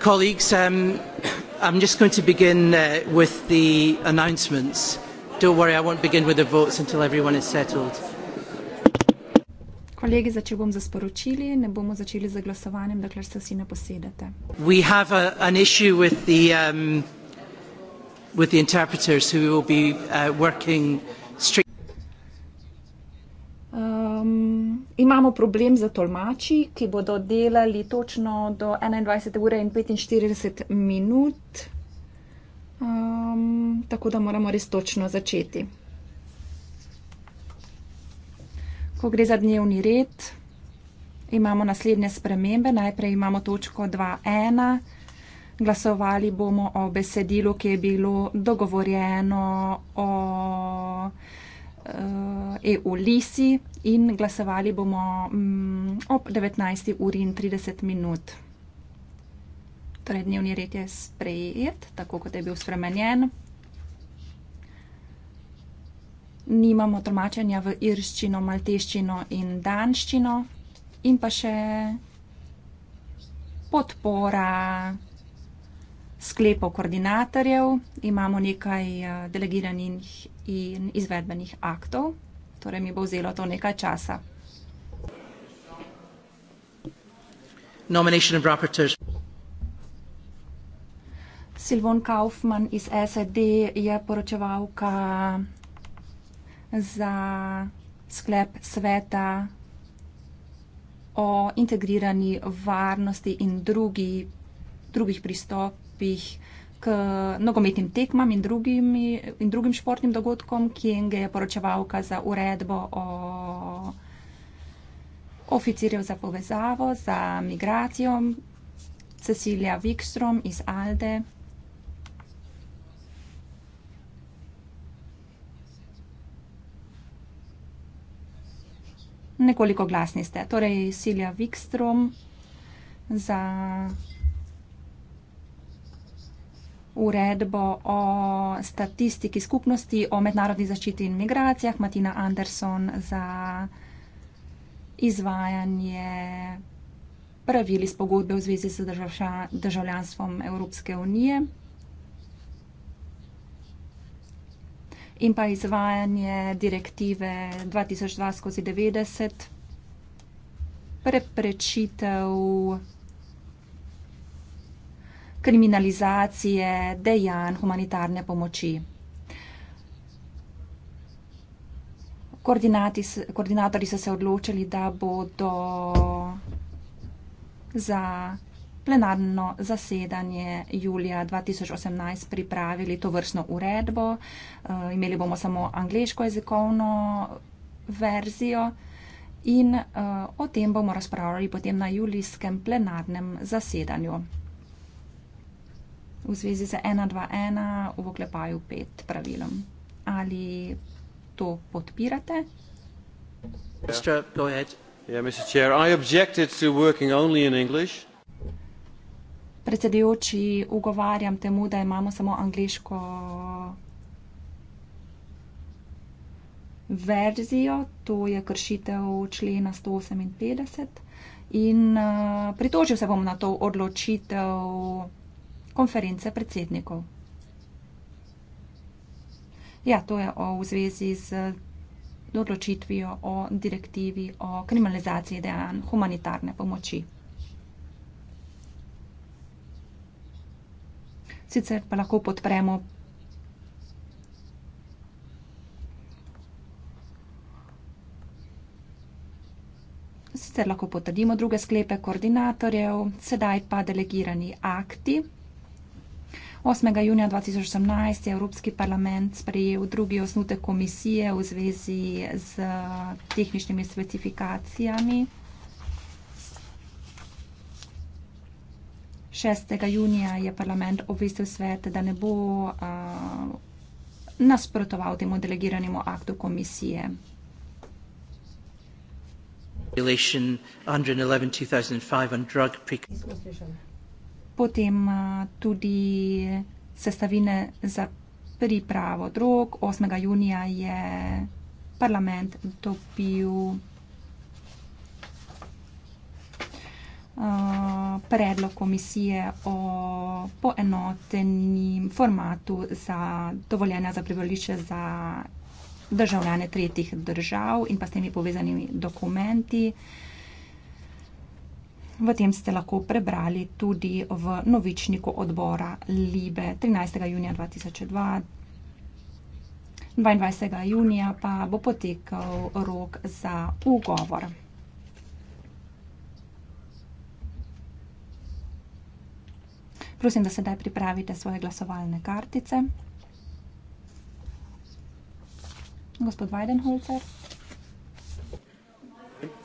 Colleagues, um, I'm just going to begin uh, with the announcements. Don't worry, I won't begin with the votes until everyone is settled. Kolegi, začel bom za sporočili, ne bomo začeli za glasovanjem, dokler se vsi ne posedete. A, the, um, the be, uh, imamo problem za tolmači, ki bodo delali točno do 21. ure in 45 minut, um, tako da moramo res točno začeti. Ko gre za dnevni red, imamo naslednje spremembe. Najprej imamo točko 2.1. Glasovali bomo o besedilu, ki je bilo dogovorjeno o uh, eh, EU-lisi in glasovali bomo mm, ob 19. uri in 30 minut. Torej, dnevni red je sprejet, tako kot je bil spremenjen. Nimamo tolmačenja v irščino, malteščino in danščino in pa še podpora sklepov koordinatorjev. Imamo nekaj eh, delegiranih in izvedbenih aktov. Torej mi bo vzelo to nekaj časa. Silvon Kaufman iz SED je poročevalka za sklep sveta o integrirani varnosti in drugi, drugih pristopih k nogometnim tekmam in, drugimi, in drugim športnim dogodkom. King je poročevalka za uredbo o oficirjev za povezavo, za migracijo. Cecilija Wikström iz Alde. Nekoliko glasni ste. Torej, Silja Wikström za uredbo o statistiki skupnosti o mednarodni zaščiti in migracijah, Matina Anderson za izvajanje pravil iz pogodbe v zvezi z državljanstvom Evropske unije in pa izvajanje direktive 2002 skozi 90, preprečitev kriminalizacije dejanj humanitarne pomoči. Koordinati, koordinatorji so se odločili, da bodo za plenarno zasedanje julija dva tisoč osemnajst pripravili tovrstno uredbo. Eh, imeli bomo samo angleško jezikovno verzijo in, eh, o tem bomo razpravljali potem na julijskem plenarnem zasedanju v zvezi z 1-2-1 v oklepaju 5 pravilom. Ali to podpirate? Yeah, Predsedujoči, ugovarjam temu, da imamo samo angliško verzijo, to je kršitev člena 158 in uh, pritožil se bom na to odločitev konference predsednikov. Ja, to je o, v zvezi z odločitvijo o direktivi o kriminalizaciji dejanj humanitarne pomoči. Sicer pa lahko podpremo sicer lahko potrdimo druge sklepe koordinatorjev, sedaj pa delegirani akti. 8. junija 2018 je Evropski parlament sprejel drugi osnutek komisije v zvezi z tehničnimi specifikacijami. 6. junija je parlament obvestil svet, da ne bo a, nasprotoval temu delegiranemu aktu komisije. Regulation 111 2005 on drug precursors potem eh, tudi sestavine za pripravo drog. 8. junija je parlament dobil eh, predlog komisije o poenotenim formatu za dovoljenja za prebivališče za državljane tretjih držav in pa s temi povezanimi dokumenti. V tem ste lahko prebrali tudi v novičniku odbora Libe 13. junija 2002. 22. junija pa bo potekal rok za ugovor. Prosim, da sedaj pripravite svoje glasovalne kartice. Gospod Weidenholzer. Gospod Weidenholzer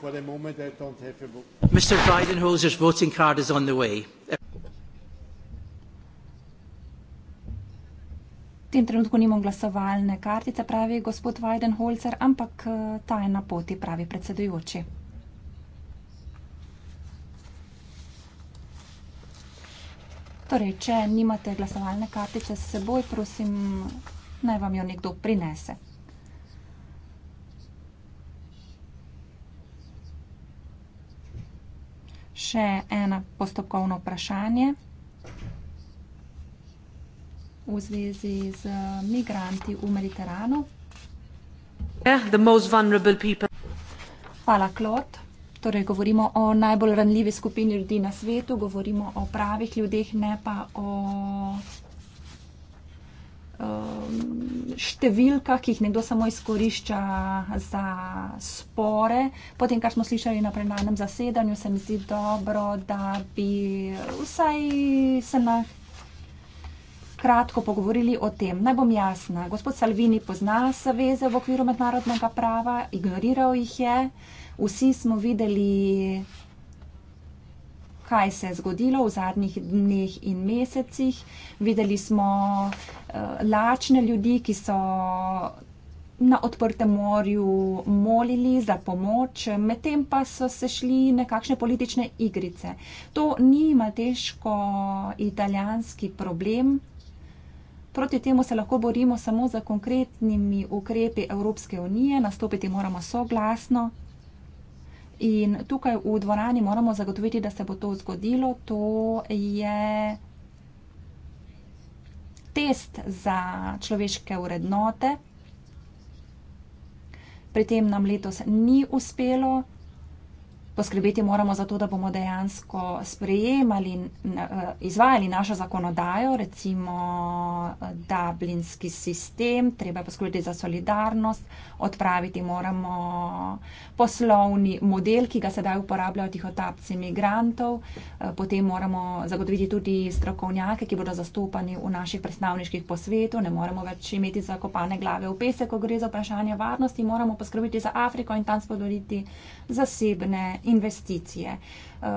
for the moment I don't have a vote. Mr. Freidenholzer's voting card is on the way. V tem trenutku nimamo glasovalne kartice, pravi gospod Weidenholzer, ampak eh, ta je na poti, pravi predsedujoči. Torej, če nimate glasovalne kartice s seboj, prosim, naj vam jo nekdo prinese. Še eno postopkovno vprašanje. V zvezi z migranti v Mediteranu. Hvala, Klot. Torej, govorimo o najbolj ranljivi skupini ljudi na svetu, govorimo o pravih ljudeh, ne pa o um, številkah, ki jih nekdo samo izkorišča za spore. Potem, kar smo slišali na prenajnem zasedanju, se mi zdi dobro, da bi vsaj se na kratko pogovorili o tem. Naj bom jasna, gospod Salvini pozna zaveze v okviru mednarodnega prava, ignoriral jih je. Vsi smo videli, kaj se je zgodilo v zadnjih dneh in mesecih. Videli smo uh, lačne ljudi, ki so na odprtem morju molili za pomoč, medtem pa so se šli nekakšne politične igrice. To ni malteško italijanski problem. Proti temu se lahko borimo samo z konkretnimi ukrepi Evropske unije, nastopiti moramo soglasno. In tukaj v dvorani moramo zagotoviti, da se bo to zgodilo. To je test za človeške vrednote. Pri tem nam letos ni uspelo. Poskrbeti moramo za to, da bomo dejansko sprejemali, izvajali našo zakonodajo, recimo eh, Dublinski sistem, treba poskrbeti za solidarnost, odpraviti moramo poslovni model, ki ga sedaj uporabljajo tihotapci imigrantov, eh, potem moramo zagotoviti tudi strokovnjake, ki bodo zastopani v naših predstavniških posvetu, ne moremo več imeti zakopane glave v pesek, ko gre za vprašanje varnosti, moramo poskrbiti za Afriko in tam spodoriti zasebne investicije. Eh,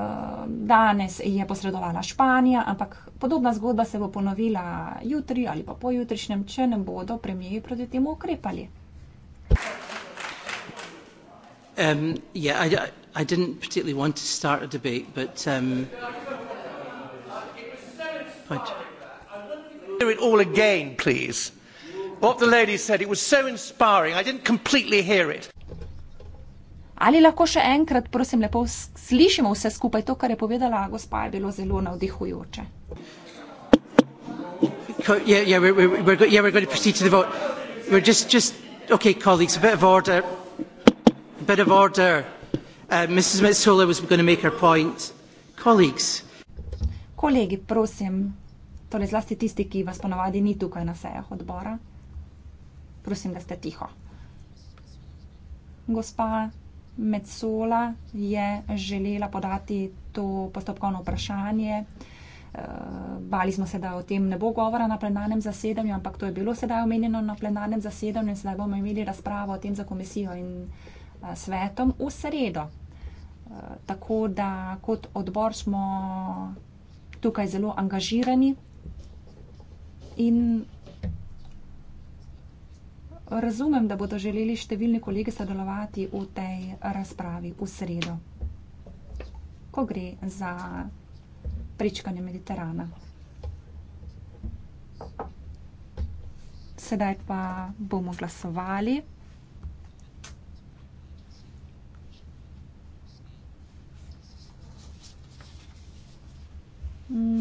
danes je posredovala Španija, ampak podobna zgodba se bo ponovila jutri ali pa pojutrišnjem, če ne bodo premijeji proti temu ukrepali. Um, yeah, I, I, I didn't particularly want to start a debate, but. Um, point. Hear it all again, please. What the lady said, it was so inspiring, I didn't completely hear it. Ali lahko še enkrat, prosim, lepo slišimo vse skupaj to, kar je povedala gospa, je bilo zelo navdihujoče. Yeah, yeah, we're, we're, we're, yeah, we're going to proceed to the vote. We're just, just okay colleagues a bit of order a bit of order uh, mrs mitsola was going to make her point colleagues kolegi prosim torej zlasti tisti ki vas ponavadi ni tukaj na sejah odbora prosim da ste tiho gospa Metsola je želela podati to postopkovno vprašanje. Uh, Bali smo se, da o tem ne bo govora na plenarnem zasedanju, ampak to je bilo sedaj omenjeno na plenarnem zasedanju in sedaj bomo imeli razpravo o tem za komisijo in svetom v sredo. Tako da kot odbor smo tukaj zelo angažirani in razumem, da bodo želeli številni kolegi sodelovati v tej razpravi v sredo. Ko gre za prečkanje Mediterana. Sedaj pa bomo glasovali.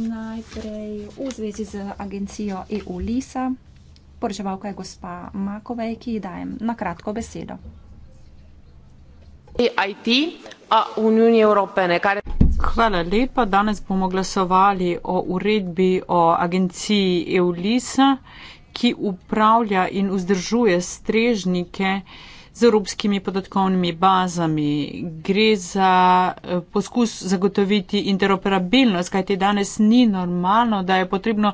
Najprej v zvezi z agencijo EU Lisa. Poročevalka je gospa Makovej, ki ji dajem na kratko besedo. IT, a Unijo Evropene, kar je... Hvala lepa. Danes bomo glasovali o uredbi o agenciji EULISA, ki upravlja in vzdržuje strežnike z evropskimi podatkovnimi bazami. Gre za eh, poskus zagotoviti interoperabilnost, kajti danes ni normalno, da je potrebno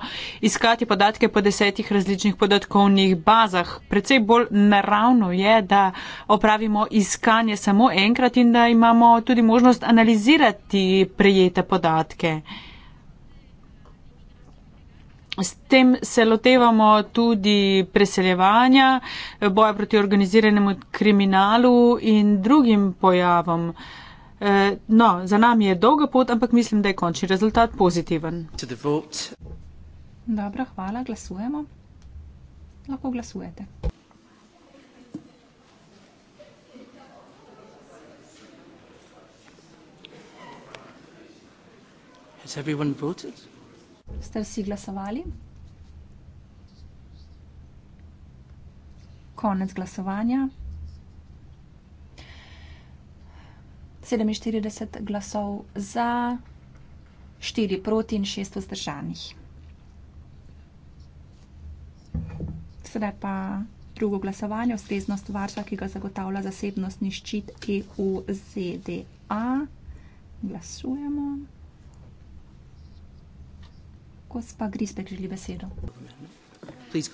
iskati podatke po desetih različnih podatkovnih bazah. Predvsej bolj naravno je, da opravimo iskanje samo enkrat in da imamo tudi možnost analizirati prejete podatke. S tem se lotevamo tudi preseljevanja, boja proti organiziranemu kriminalu in drugim pojavom. E, no, za nami je dolga pot, ampak mislim, da je končni rezultat pozitiven. Dobro, hvala, glasujemo. Lahko glasujete. Has everyone voted? Ste vsi glasovali? Konec glasovanja. 47 glasov za, 4 proti in 6 vzdržanih. Sedaj pa drugo glasovanje, ustreznost varstva, ki ga zagotavlja zasebnostni ščit EU ZDA. Glasujemo. Gospa Grisbeck želi besedo. Euh,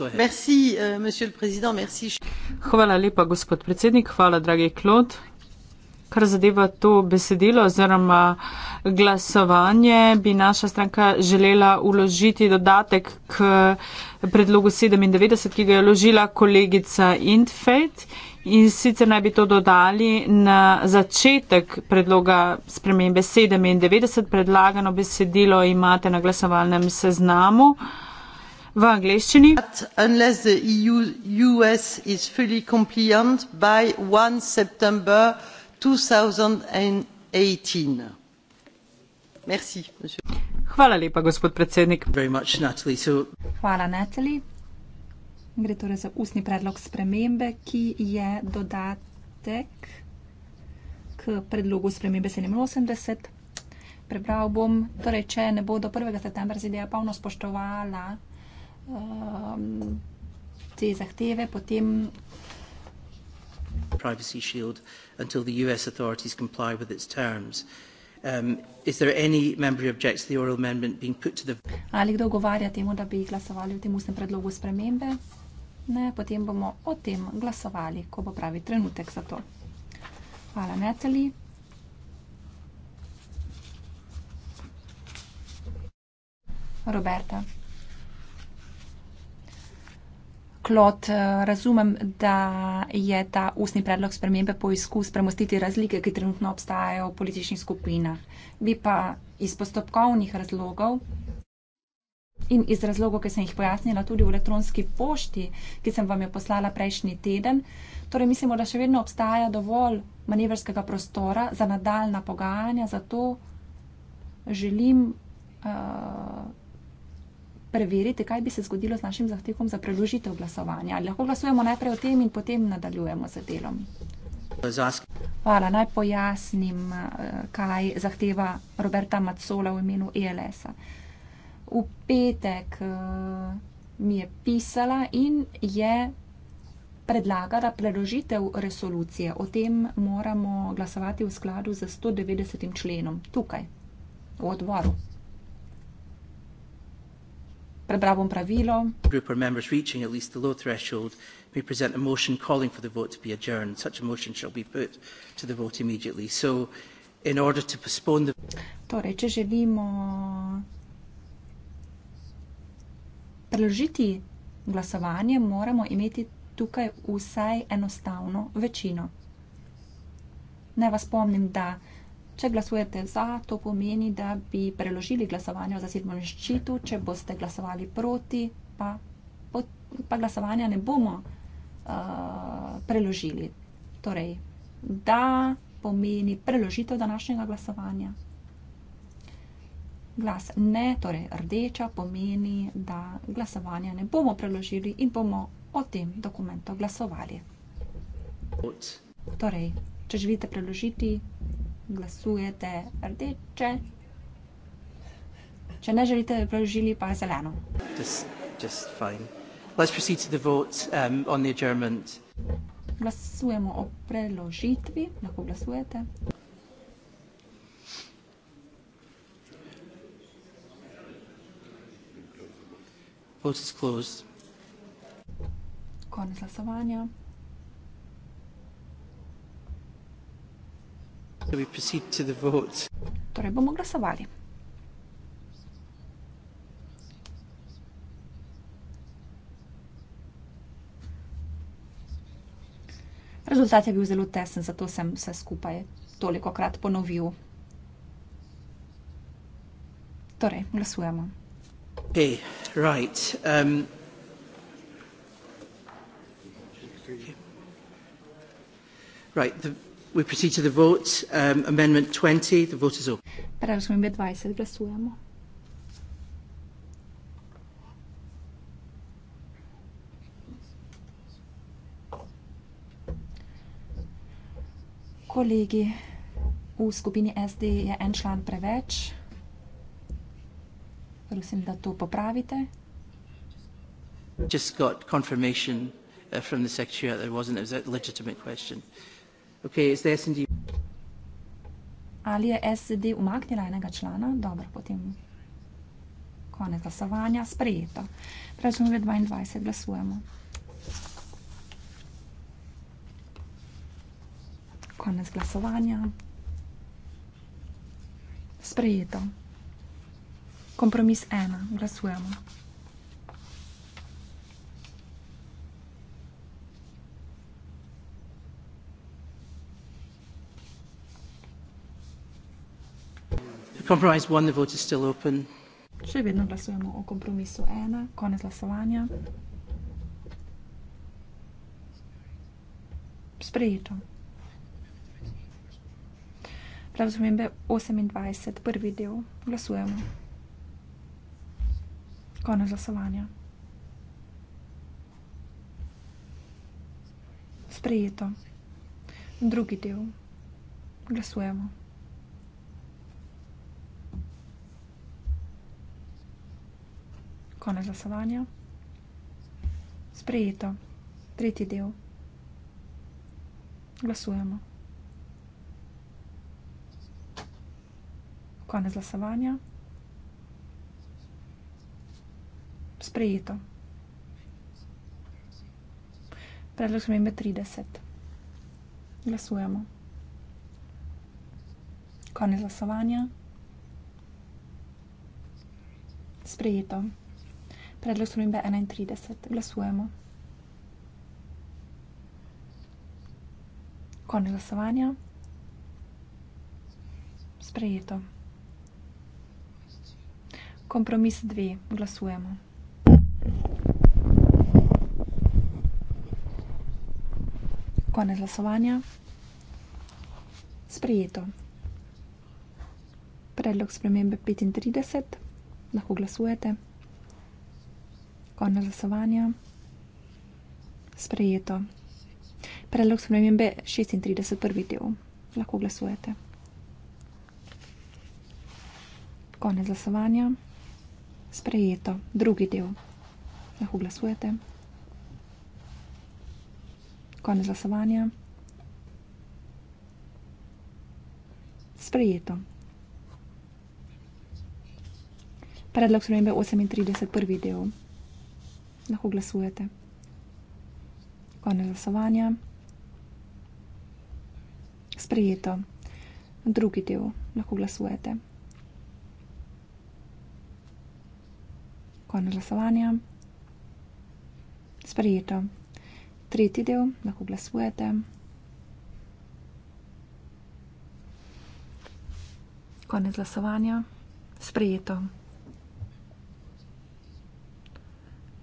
Hvala lepa, gospod predsednik. Hvala, dragi Klod. Kar zadeva to besedilo oziroma glasovanje, bi naša stranka želela uložiti dodatek k predlogu 97, ki ga je ložila kolegica Intfate. In sicer naj bi to dodali na začetek predloga spremembe 97. Predlagano besedilo imate na glasovalnem seznamu v angleščini. E Merci, Hvala lepa, gospod predsednik. Much, Natalie. So... Hvala, Natalie. Gre torej za ustni predlog spremembe, ki je dodatek k predlogu spremembe 87. Prebral bom, torej, če ne bodo 1. septembra ZDA polno spoštovala um, te zahteve, potem. Privacy shield until the US authorities comply with its terms. Um, is there any member who objects to the oral amendment being put to the. Ali kdo govarja temu, da bi glasovali v tem ustnem predlogu spremembe? Ne, potem bomo o tem glasovali, ko bo pravi trenutek za to. Hvala, Natalie. Roberta. Klot, eh, razumem, da je ta ustni predlog spremembe poizkus premostiti razlike, ki trenutno obstajajo v političnih skupinah. Vi pa iz postopkovnih razlogov in iz razlogov, ki sem jih pojasnila tudi v elektronski pošti, ki sem vam jo poslala prejšnji teden. Torej, mislimo, da še vedno obstaja dovolj manevrskega prostora za nadaljna pogajanja, zato želim uh, preveriti, kaj bi se zgodilo z našim zahtevkom za preložitev glasovanja. Ali lahko glasujemo najprej o tem in potem nadaljujemo z delom. Hvala, naj pojasnim, eh, kaj zahteva Roberta Macola v imenu ELS-a v petek eh, mi je pisala in je predlagala preložitev resolucije. O tem moramo glasovati v skladu z 190. členom tukaj, v odboru. Prebravom pravilo. Grupa members reaching at least the low threshold may present a motion calling for the vote to be adjourned. Such a motion shall be put to the vote immediately. So in order to postpone the... Torej, če želimo preložiti glasovanje, moramo imeti tukaj vsaj enostavno večino. Ne vas spomnim, da če glasujete za, to pomeni, da bi preložili glasovanje o zasilnem ščitu, če boste glasovali proti, pa, pa glasovanja ne bomo uh, preložili. Torej, da pomeni preložitev današnjega glasovanja glas ne, torej rdeča, pomeni, da glasovanja ne bomo preložili in bomo o tem dokumentu glasovali. Od. Torej, če želite preložiti, glasujete rdeče, če ne želite preložili, pa zeleno. Um, Glasujemo o preložitvi, lahko glasujete. Vote is closed. Konec glasovanja. So we proceed to the vote. Torej bomo glasovali. Rezultat je bil zelo tesen, zato sem vse skupaj toliko krat ponovil. Torej, glasujemo. Okay, right. Um, right, the, we proceed to the vote. Um, amendment 20, the vote is open. Para razumembe 20, glasujemo. Kolegi, v skupini SD je en član preveč, Prosim, da to popravite. Just got confirmation uh, from the secretary that there wasn't. It was a legitimate question. Okay, is the SND? Ali je SND umaknila enega člana? Dobro, potem konec glasovanja. Sprejeto. Prečemo, da 22 glasujemo. Konec glasovanja. Sprejeto. Kompromis ena, glasujemo. Compromise one, the vote is still open. Še vedno glasujemo o kompromisu ena, konec glasovanja. Sprejeto. Prav zmembe 28, prvi del. Glasujemo. Konec glasovanja. Sprejeto. Drugi del. Glasujemo. Konec glasovanja. Sprejeto. Tretji del. Glasujemo. Konec glasovanja. sprejeto. Predlog spremembe 30. Glasujemo. Konec glasovanja. Sprejeto. Predlog spremembe 31. Glasujemo. Konec glasovanja. Sprejeto. Kompromis 2. Glasujemo. konec glasovanja. Sprejeto. Predlog spremembe 35, lahko glasujete. Konec glasovanja. Sprejeto. Predlog spremembe 36, prvi del, lahko glasujete. Konec glasovanja. Sprejeto. Drugi del, lahko glasujete. Konec glasovanja. Sprejeto. Predlog spremembe 38, prvi del. Lahko glasujete. Konec glasovanja. Sprejeto. Drugi del. Lahko glasujete. Konec glasovanja. Sprejeto tretji del, lahko glasujete. Konec glasovanja. Sprejeto.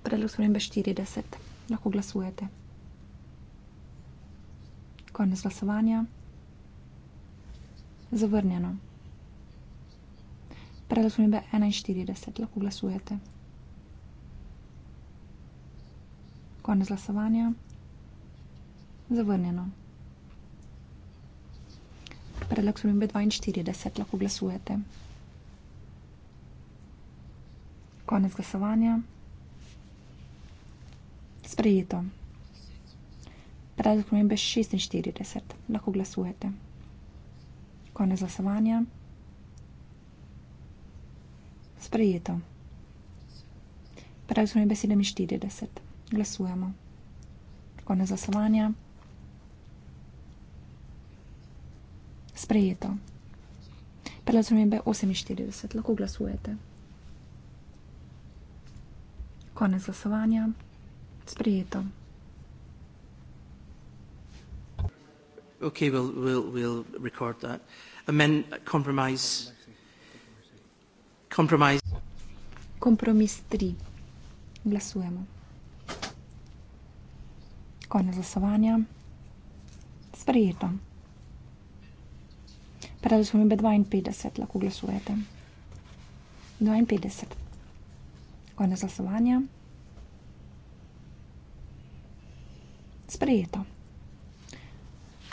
Predlog spremembe 40. Lahko glasujete. Konec glasovanja. Zavrnjeno. Predlog spremembe 41. Lahko glasujete. Konec glasovanja. Zavrnjeno. Predlog spremembe 42 lahko glasujete. Konec glasovanja. Sprejeto. Predlog spremembe 46 lahko glasujete. Konec glasovanja. Sprejeto. Predlog spremembe 47 glasujemo. Konec glasovanja. sprejeta. Predlog spremembe 48, lahko glasujete. Konec glasovanja, sprejeto. Okay, we'll, we'll, we'll record that. Amend, compromise. Compromise. Kompromis 3. Glasujemo. Konec glasovanja. Sprejeto. Razen smo imeli 52, lahko glasujete. 52. Konec glasovanja. Sprejeto.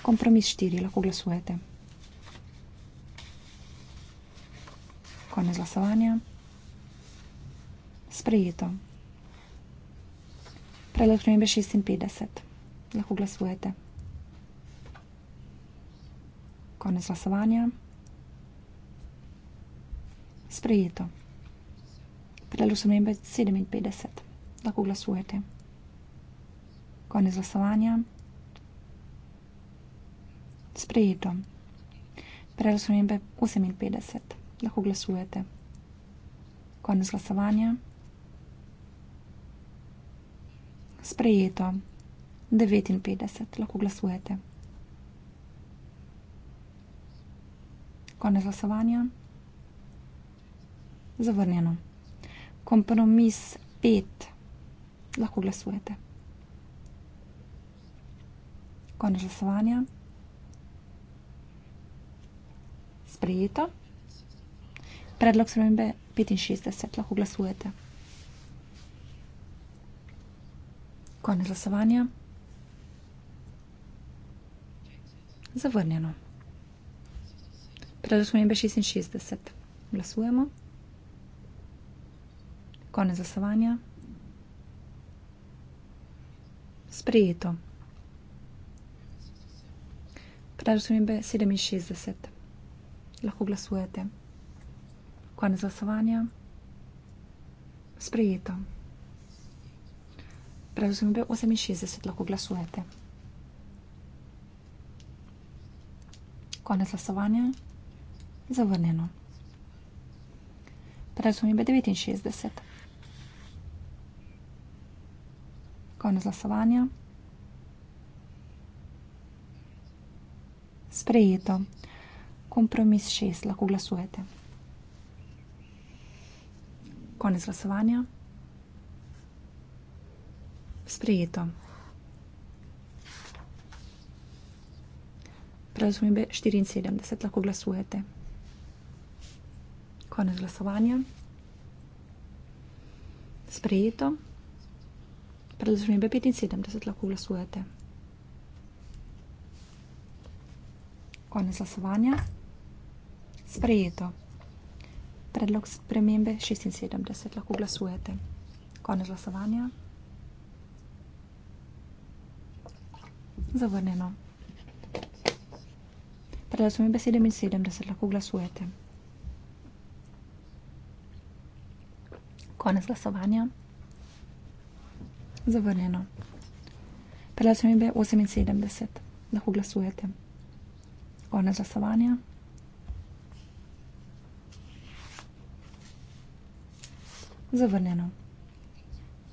Kompromis 4, lahko glasujete. Konec glasovanja. Sprejeto. Predlog spremembe 56, lahko glasujete. Konec glasovanja. Sprejeto. Predlog spremembe 57. Lahko glasujete. Konec glasovanja. Sprejeto. Predlog spremembe 58. Lahko glasujete. Konec glasovanja. Sprejeto. 59. Lahko glasujete. Konec glasovanja. Zavrnjeno. Kompromis 5. Lahko glasujete. Konec glasovanja. Sprejeto. Predlog spremembe 65. Lahko glasujete. Konec glasovanja. Zavrnjeno. Predlog spremembe 66. Glasujemo. Konec zasovanja. Sprejeto. Predlog spremembe 67. Lahko glasujete. Konec zasovanja. Sprejeto. Predlog spremembe 68. Lahko glasujete. Konec zasovanja. Zavrnjeno. Torej, sumi B69. Konec glasovanja. Sprejeto. Kompromis 6. Lahko glasujete. Konec glasovanja. Sprejeto. Prelazumi B74. Lahko glasujete. Konec glasovanja. Sprejeto. Predložim B75, da se lahko glasujete. Konec glasovanja. Sprejeto. Predlog spremembe 76, lahko glasujete. Konec glasovanja. Zavrnjeno. Predlog spremembe 77, lahko glasujete. Konec glasovanja. Zavrnjeno. Predlagam, da je 78, da lahko glasujete. Konec glasovanja. Zavrnjeno.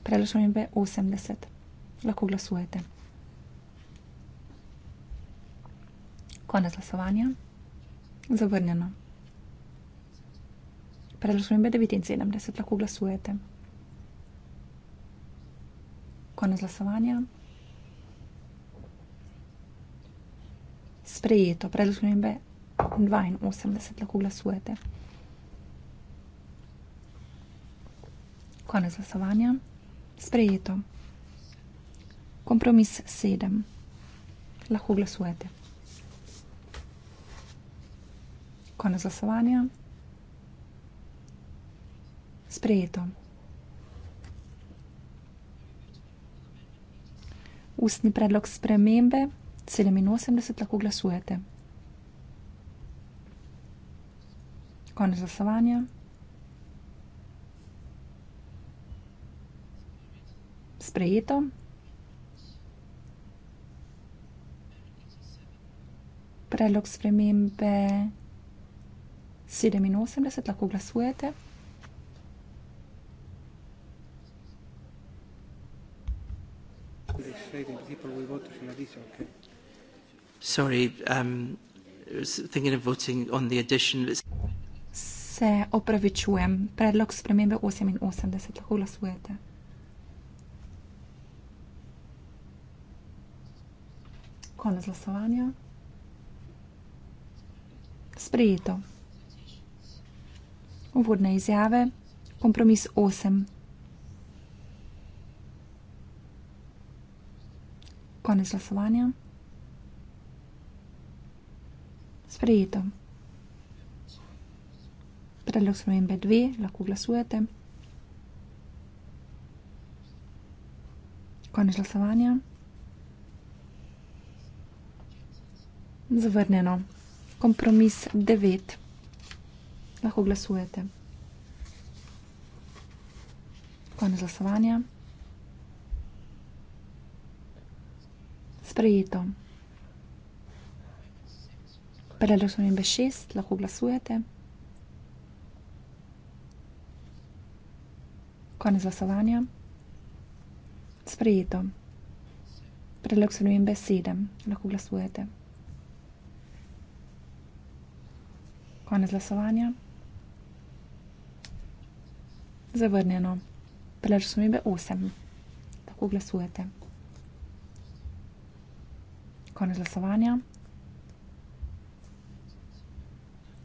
Predlagam, da je 80, da lahko glasujete. Konec glasovanja. Zavrnjeno predlog spremembe 79 lahko glasujete. Konec glasovanja. Sprejeto. Predlog spremembe 82 lahko glasujete. Konec glasovanja. Sprejeto. Kompromis 7. Lahko glasujete. Konec glasovanja sprejeto. Ustni predlog spremembe 87 lahko glasujete. Konec glasovanja. Sprejeto. Predlog spremembe 87 lahko glasujete. people will vote on addition. Okay. Sorry, um, thinking of voting on the addition. Se opravičujem. Predlog spremembe 88. Lahko glasujete. Konec glasovanja. Sprejeto. Uvodne izjave. Kompromis 8. Konec glasovanja. Sprejeto. Predlog spremembe dve, lahko glasujete. Konec glasovanja. Zavrnjeno. Kompromis 9. Lahko glasujete. Konec glasovanja. sprejeto. Predlog spremembe šest, lahko glasujete. Konec glasovanja. Sprejeto. Predlog spremembe sedem, lahko glasujete. Konec glasovanja. Zavrnjeno. Predlog spremembe osem, lahko glasujete konec glasovanja.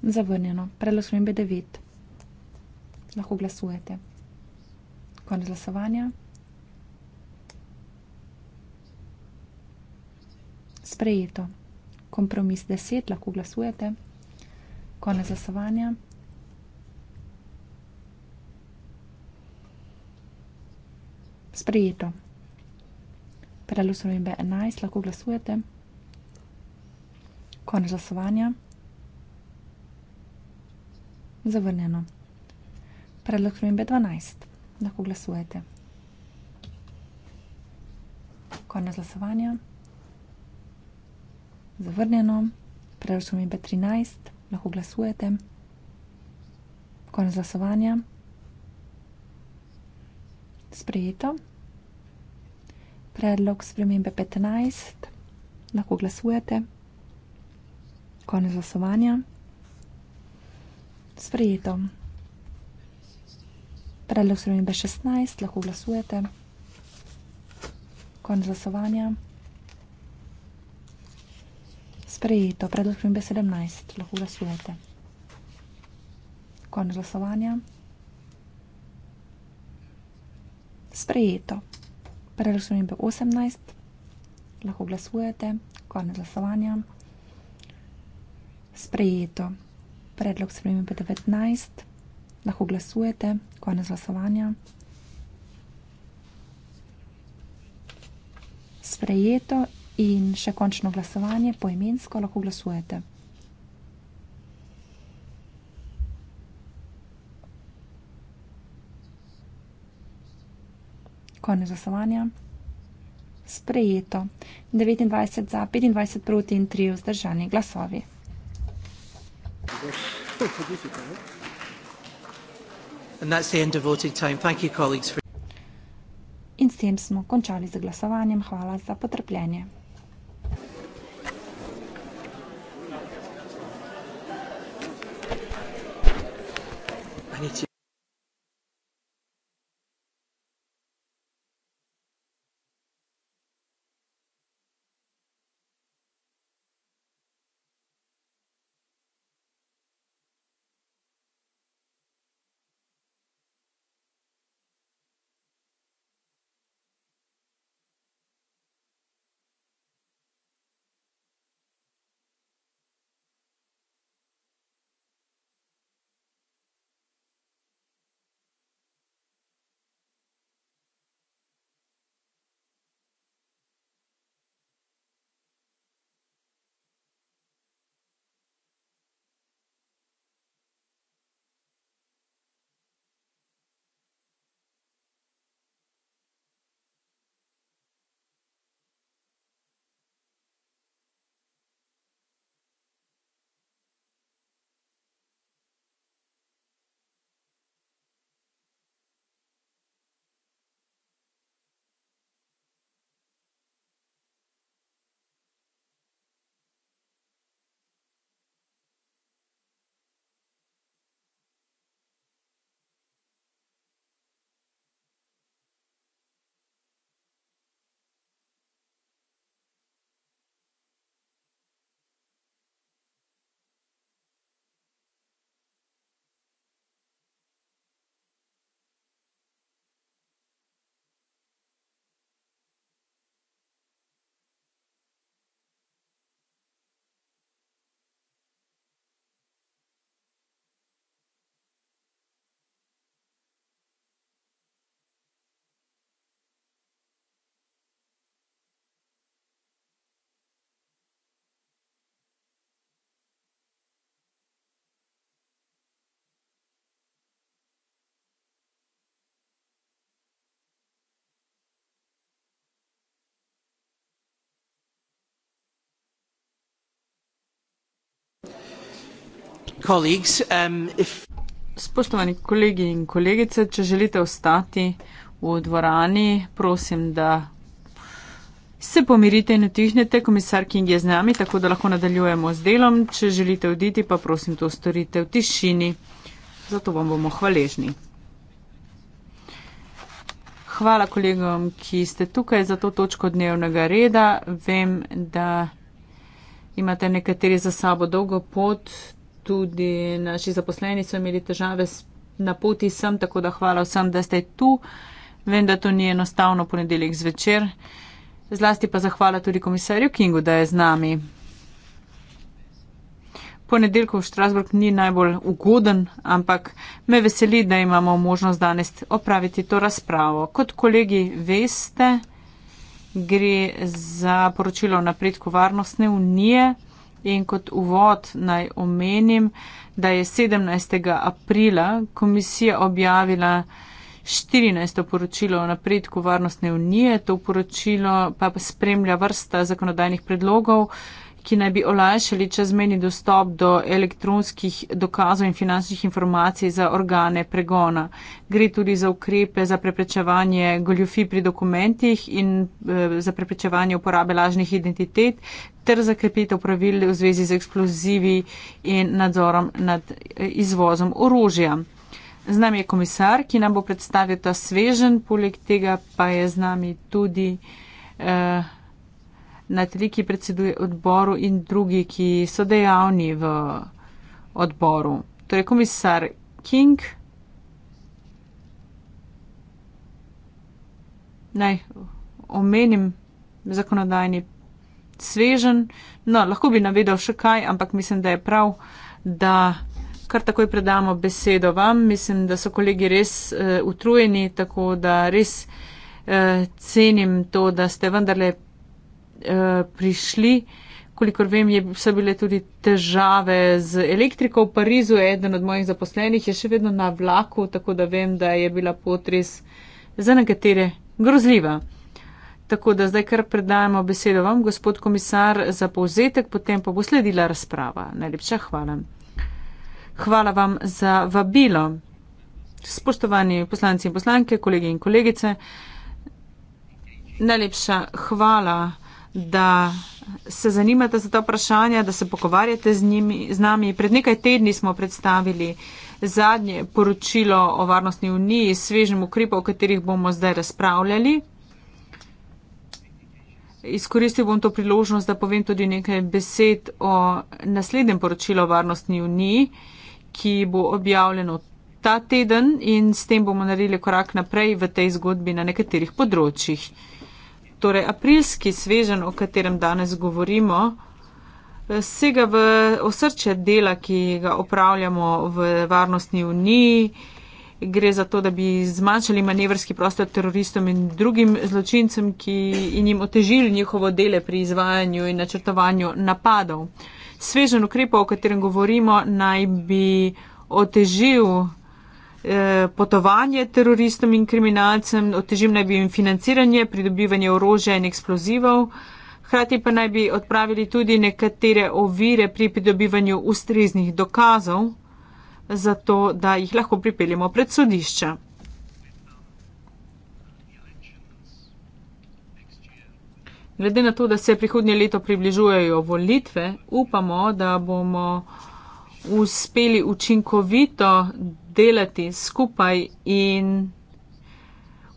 Zavrnjeno. Preglasujem B9. Lahko glasujete. Konec glasovanja. Sprejeto. Kompromis 10. Lahko glasujete. Konec glasovanja. Sprejeto. Predalo so mi B11, lahko glasujete. Konec glasovanja. Zavrnjeno. Predlog spremembe 12. Lahko glasujete. Konec glasovanja. Zavrnjeno. Predlog spremembe 13. Lahko glasujete. Konec glasovanja. Sprejeto. Predlog spremembe 15. Lahko glasujete. Konec glasovanja. Sprejeto. Predlog spremembe 16, lahko glasujete. Konec glasovanja. Sprejeto. Predlog spremembe 17, lahko glasujete. Konec glasovanja. Sprejeto. Predlog spremembe 18, lahko glasujete. Konec glasovanja sprejeto. Predlog spremembe 19. Lahko glasujete, konec glasovanja. Sprejeto in še končno glasovanje, poimensko lahko glasujete. Konec glasovanja. Sprejeto. 29 za, 25 proti in 3 vzdržani glasovi. And that's the end of voting time. Thank you, colleagues. For... In s tem smo končali z glasovanjem. Hvala za potrpljenje. Um, Spoštovani kolegi in kolegice, če želite ostati v dvorani, prosim, da se pomirite in utihnete. Komisar King je z nami, tako da lahko nadaljujemo z delom. Če želite oditi, pa prosim, to storite v tišini. Zato vam bomo hvaležni. Hvala kolegom, ki ste tukaj za to točko dnevnega reda. Vem, da imate nekateri za sabo dolgo pot, tudi naši zaposleni so imeli težave na poti sem, tako da hvala vsem, da ste tu. Vem, da to ni enostavno ponedeljek zvečer. Zlasti pa zahvala tudi komisarju Kingu, da je z nami. Ponedeljkov Štrasburg ni najbolj ugoden, ampak me veseli, da imamo možnost danes opraviti to razpravo. Kot kolegi veste, gre za poročilo o napredku Varnostne unije. In kot uvod naj omenim, da je 17. aprila komisija objavila 14. poročilo o napredku Varnostne unije. To poročilo pa spremlja vrsta zakonodajnih predlogov, ki naj bi olajšali čezmeni dostop do elektronskih dokazov in finančnih informacij za organe pregona. Gre tudi za ukrepe za preprečevanje goljufi pri dokumentih in eh, za preprečevanje uporabe lažnih identitet ter zakrepitev pravil v zvezi z eksplozivi in nadzorom nad eh, izvozom orožja. Z nami je komisar, ki nam bo predstavil ta svežen, poleg tega pa je z nami tudi eh, na tri, ki predseduje odboru in drugi, ki so dejavni v odboru. Torej, komisar King. Naj omenim zakonodajni svežen. No, lahko bi navedel še kaj, ampak mislim, da je prav, da kar takoj predamo besedo vam. Mislim, da so kolegi res uh, utrujeni, tako da res uh, cenim to, da ste vendarle Eh, prišli. Kolikor vem, je, so bile tudi težave z elektriko v Parizu. Eden od mojih zaposlenih je še vedno na vlaku, tako da vem, da je bila potres za nekatere grozljiva. Tako da zdaj kar predajamo besedo vam, gospod komisar, za povzetek, potem pa bo sledila razprava. Najlepša hvala. Hvala vam za vabilo. Spoštovani poslanci in poslanke, kolegi in kolegice, najlepša hvala da se zanimate za ta vprašanja, da se pogovarjate z, z nami. Pred nekaj tedni smo predstavili zadnje poročilo o varnostni uniji s svežim ukripom, o katerih bomo zdaj razpravljali. Izkoristil bom to priložnost, da povem tudi nekaj besed o naslednjem poročilu o varnostni uniji, ki bo objavljeno ta teden in s tem bomo naredili korak naprej v tej zgodbi na nekaterih področjih. Torej, aprilski svežen, o katerem danes govorimo, eh, sega v osrčje dela, ki ga opravljamo v Varnostni uniji. Gre za to, da bi zmanjšali manevrski prostor teroristom in drugim zločincem, ki jim otežili njihovo dele pri izvajanju in načrtovanju napadov. Svežen ukrepa, o katerem govorimo, naj bi otežil Eh, potovanje teroristom in kriminalcem, otežim naj bi jim financiranje, pridobivanje orožja in eksplozivov. Hrati pa naj bi odpravili tudi nekatere ovire pri pridobivanju ustreznih dokazov, zato da jih lahko pripeljemo pred sodišča. Glede na to, da se prihodnje leto približujejo volitve, upamo, da bomo uspeli učinkovito delati skupaj in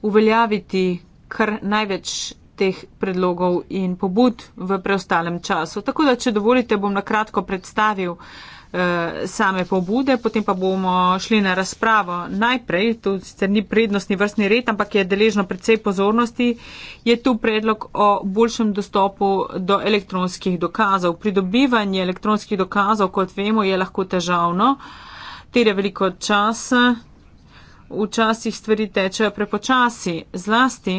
uveljaviti kar največ teh predlogov in pobud v preostalem času. Tako da, če dovolite, bom na kratko predstavil eh, same pobude, potem pa bomo šli na razpravo. Najprej, tu sicer ni prednostni vrstni red, ampak je deležno predvsej pozornosti, je tu predlog o boljšem dostopu do elektronskih dokazov. Pridobivanje elektronskih dokazov, kot vemo, je lahko težavno. Uh, terja veliko časa. Včasih stvari tečejo prepočasi, zlasti,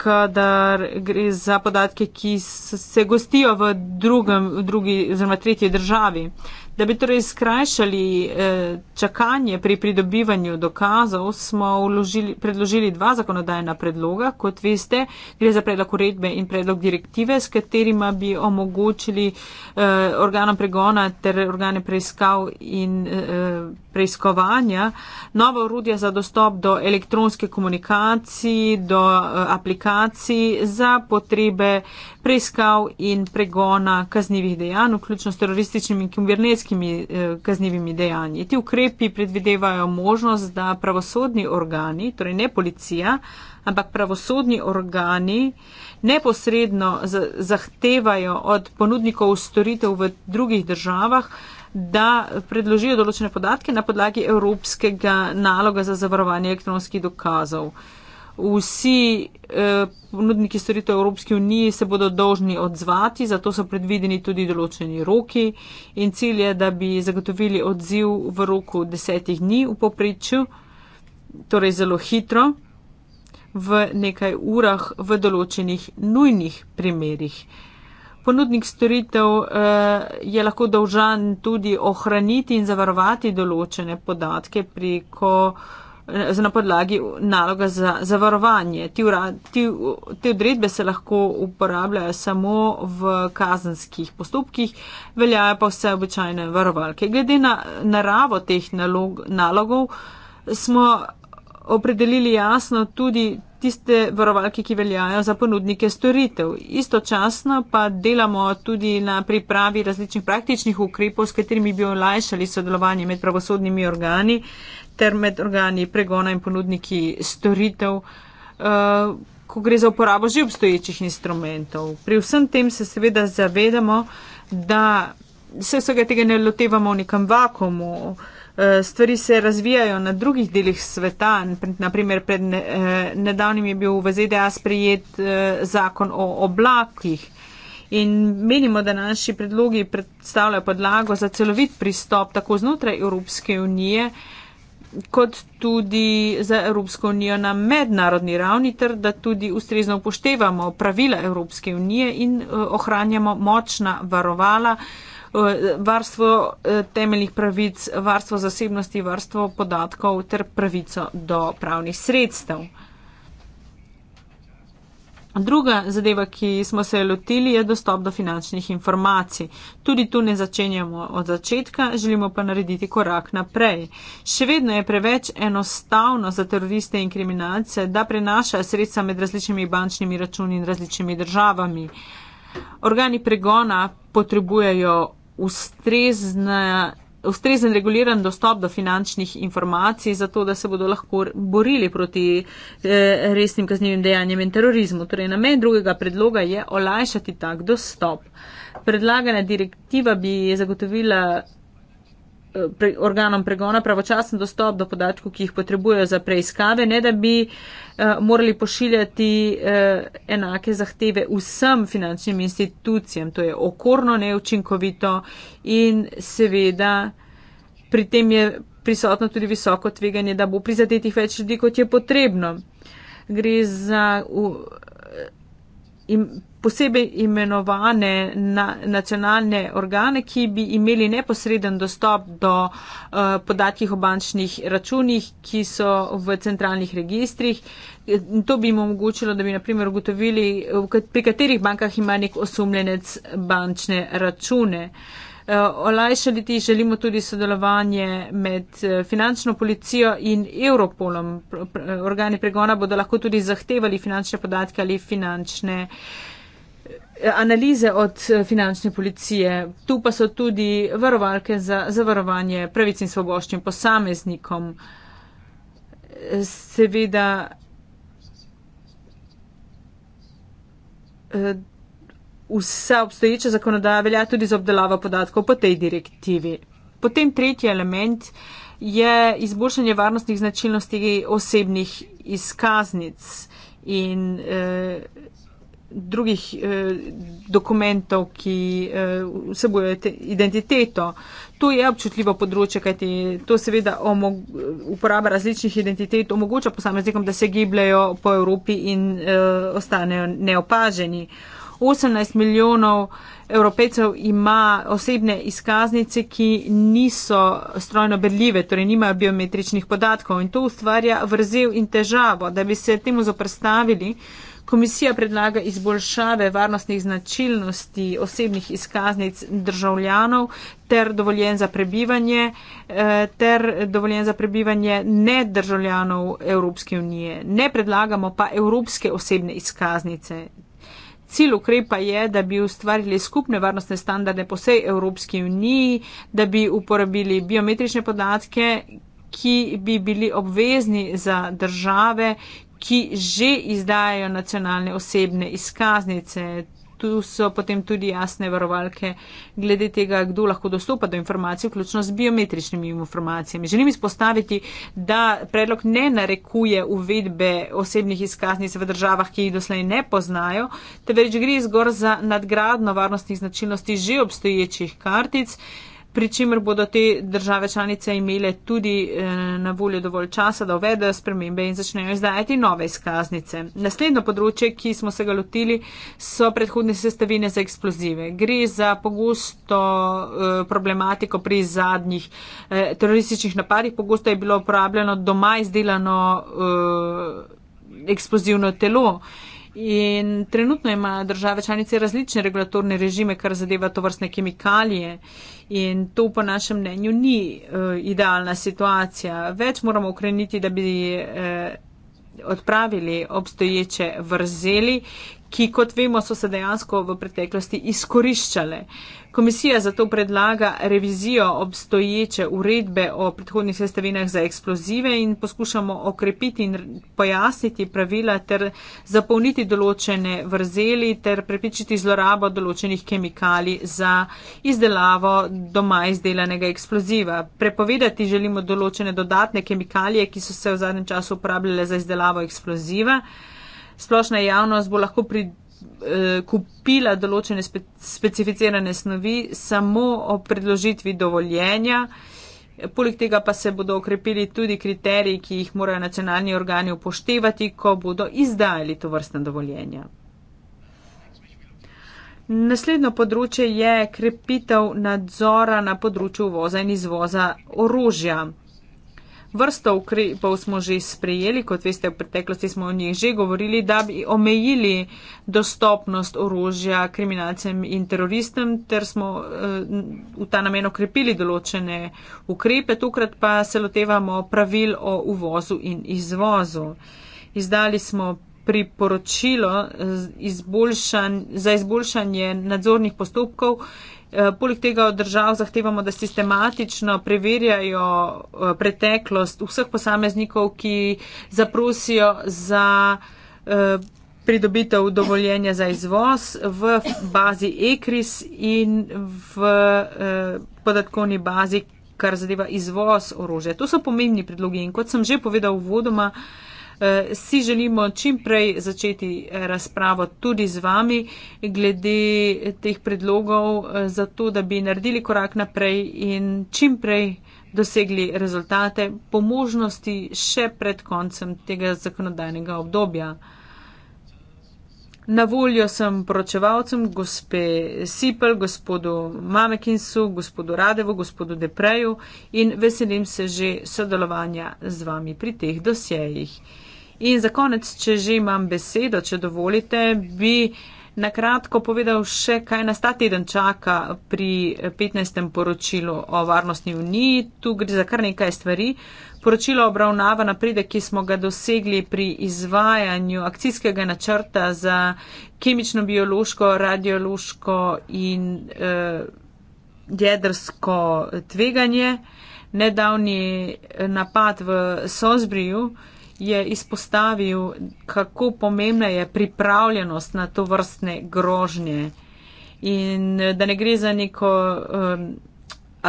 kadar gre za podatke, ki se gostijo v, drugem, v drugi oziroma tretji državi. Uh, Da bi torej skrajšali eh, čakanje pri pridobivanju dokazov, smo vložili, predložili dva zakonodajna predloga. Kot veste, gre za predlog uredbe in predlog direktive, s katerima bi omogočili eh, organom pregona ter organe preiskav in eh, preiskovanja nova urodja za dostop do elektronske komunikacije, do aplikacij za potrebe preiskav in pregona kaznjivih dejanj, vključno s terorističnimi in kibernetskimi korupcijskimi eh, kaznjivimi dejanji. Ti ukrepi predvidevajo možnost, da pravosodni organi, torej ne policija, ampak pravosodni organi neposredno zahtevajo od ponudnikov storitev v drugih državah, da predložijo določene podatke na podlagi Evropskega naloga za zavarovanje elektronskih dokazov vsi eh, ponudniki storitev Evropske unije se bodo dolžni odzvati, zato so predvideni tudi določeni roki in cilj je, da bi zagotovili odziv v roku desetih dni v poprečju, torej zelo hitro, v nekaj urah, v določenih nujnih primerih. Ponudnik storitev eh, je lahko dolžan tudi ohraniti in zavarovati določene podatke preko eh, Eh, na podlagi naloga za zavarovanje. Ti, ti, te odredbe se lahko uporabljajo samo v kazenskih postopkih, veljajo pa vse običajne varovalke. Glede na naravo teh nalog, nalogov smo opredelili jasno tudi tiste varovalke, ki veljajo za ponudnike storitev. Istočasno pa delamo tudi na pripravi različnih praktičnih ukrepov, s katerimi bi olajšali sodelovanje med pravosodnimi organi, ter med organi pregona in ponudniki storitev, eh, ko gre za uporabo že obstoječih instrumentov. Pri vsem tem se seveda zavedamo, da se vsega tega ne lotevamo v nekem vakumu. Eh, stvari se razvijajo na drugih delih sveta. Naprimer, pred eh, nedavnim je bil v ZDA sprejet zakon o oblakih. In menimo, da naši predlogi predstavljajo podlago za celovit pristop tako znotraj Evropske unije, kot tudi za Evropsko unijo na mednarodni ravni, ter da tudi ustrezno upoštevamo pravila Evropske unije in eh, ohranjamo močna varovala, eh, varstvo eh, temeljnih pravic, varstvo zasebnosti, varstvo podatkov ter pravico do pravnih sredstev. Druga zadeva, ki smo se lotili, je dostop do finančnih informacij. Tudi tu ne začenjamo od začetka, želimo pa narediti korak naprej. Še vedno je preveč enostavno za teroriste in kriminalce, da prenašajo sredstva med različnimi bančnimi računi in različnimi državami. Organi pregona potrebujejo ustrezna ustrezen reguliran dostop do finančnih informacij, zato da se bodo lahko borili proti eh, resnim kaznjivim dejanjem in terorizmu. Torej, namen drugega predloga je olajšati tak dostop. Predlagana direktiva bi zagotovila pre, organom pregona pravočasen dostop do podatkov, ki jih potrebujejo za preiskave, ne da bi uh, morali pošiljati uh, enake zahteve vsem finančnim institucijam. To je okorno, neučinkovito in seveda pri tem je prisotno tudi visoko tveganje, da bo prizadetih več ljudi, kot je potrebno. Gre za. Uh, eh, in, posebej imenovane na, nacionalne organe, ki bi imeli neposreden dostop do uh, podatkih o bančnih računih, ki so v centralnih registrih. To bi jim omogočilo, da bi naprimer ugotovili, pri katerih bankah ima nek osumljenec bančne račune. Eh, olajšati želimo tudi sodelovanje med eh, finančno policijo in Europolom. Organi pregona bodo lahko tudi zahtevali finančne podatke ali finančne analize od eh, finančne policije. Tu pa so tudi varovalke za zavarovanje pravic in svoboščin posameznikom. Seveda. Eh, vsa obstoječa zakonodaja velja tudi za obdelavo podatkov po tej direktivi. Potem tretji element je izboljšanje varnostnih značilnosti osebnih izkaznic in eh, drugih eh, dokumentov, ki eh, vsebojo identiteto. To je občutljivo področje, kajti to seveda uporaba različnih identitet omogoča posameznikom, da se gibljajo po Evropi in eh, ostanejo neopaženi. 18 milijonov evropejcev ima osebne izkaznice, ki niso strojno berljive, torej nimajo biometričnih podatkov in to ustvarja vrzel in težavo, da bi se temu zoprstavili. Eh, Komisija predlaga izboljšave varnostnih značilnosti osebnih izkaznic državljanov ter dovoljen za prebivanje, eh, ter dovoljen za prebivanje ne državljanov Evropske unije. Ne predlagamo pa evropske osebne izkaznice. Cilj ukrepa je, da bi ustvarili skupne varnostne standarde po vsej Evropski uniji, da bi uporabili biometrične podatke, ki bi bili obvezni za države, ki že izdajajo nacionalne osebne izkaznice. Tu so potem tudi jasne varovalke glede tega, kdo lahko dostopa do informacij, vključno z biometričnimi informacijami. Želim izpostaviti, da predlog ne narekuje uvedbe osebnih izkaznic v državah, ki jih doslej ne poznajo, te več gre zgor za nadgradno varnostnih značilnosti že obstoječih kartic pri čemer bodo te države članice imele tudi eh, na voljo dovolj časa, da uvedejo spremembe in začnejo izdajati nove izkaznice. Naslednjo področje, ki smo se ga lotili, so predhodne sestavine za eksplozive. Gre za pogosto eh, problematiko pri zadnjih eh, terorističnih napadih. Pogosto je bilo uporabljeno doma izdelano eksplozivno telo. In trenutno imajo države članice različne regulatorne režime, kar zadeva to vrstne kemikalije. In to po našem mnenju ni uh, idealna situacija. Več moramo ukreniti, da bi. Uh, odpravili obstoječe vrzeli, ki, kot vemo, so se dejansko v preteklosti izkoriščale. Komisija zato predlaga revizijo obstoječe uredbe o predhodnih sestavinah za eksplozive in poskušamo okrepiti in pojasniti pravila ter zapolniti določene vrzeli ter prepričiti zlorabo določenih kemikali za izdelavo doma izdelanega eksploziva. Prepovedati želimo določene dodatne kemikalije, ki so se v zadnjem času uporabljale za izdelavo eksploziva splošna javnost bo lahko pri, eh, kupila določene spe, specificirane snovi samo o predložitvi dovoljenja. Poleg tega pa se bodo okrepili tudi kriteriji, ki jih morajo nacionalni organi upoštevati, ko bodo izdajali to vrstne dovoljenja. Naslednjo področje je krepitev nadzora na področju uvoza in izvoza orožja. Vrsto ukrepov smo že sprejeli, kot veste, v preteklosti smo o njih že govorili, da bi omejili dostopnost orožja kriminalcem in teroristem, ter smo eh, v ta namen okrepili določene ukrepe. Tokrat pa se lotevamo pravil o uvozu in izvozu. Izdali smo priporočilo eh, za izboljšanje nadzornih postopkov Eh, poleg tega od držav zahtevamo, da sistematično preverjajo eh, preteklost vseh posameznikov, ki zaprosijo za eh, pridobitev dovoljenja za izvoz v bazi ECRIS in v podatkovni bazi, kar zadeva izvoz orožja. To so pomembni predlogi in kot sem že povedal v vodoma, Eh, si želimo čim prej začeti eh, razpravo tudi z vami glede teh predlogov, eh, zato da bi naredili korak naprej in čim prej dosegli rezultate po možnosti še pred koncem tega zakonodajnega obdobja. Na voljo sem poročevalcem gospe Sipel, gospodu Mamekinsu, gospodu Radevu, gospodu Depreju in veselim se že sodelovanja z vami pri teh dosjejih. In za konec, če že imam besedo, če dovolite, bi na kratko povedal še, kaj nas ta teden čaka pri 15. poročilu o varnostni uniji. Tu gre za kar nekaj stvari. Poročilo obravnava napredek, ki smo ga dosegli pri izvajanju akcijskega načrta za kemično, biološko, radiološko in eh, jedrsko tveganje. Nedavni eh, napad v Sosbriju je izpostavil, kako pomembna je pripravljenost na to vrstne grožnje in eh, da ne gre za neko um,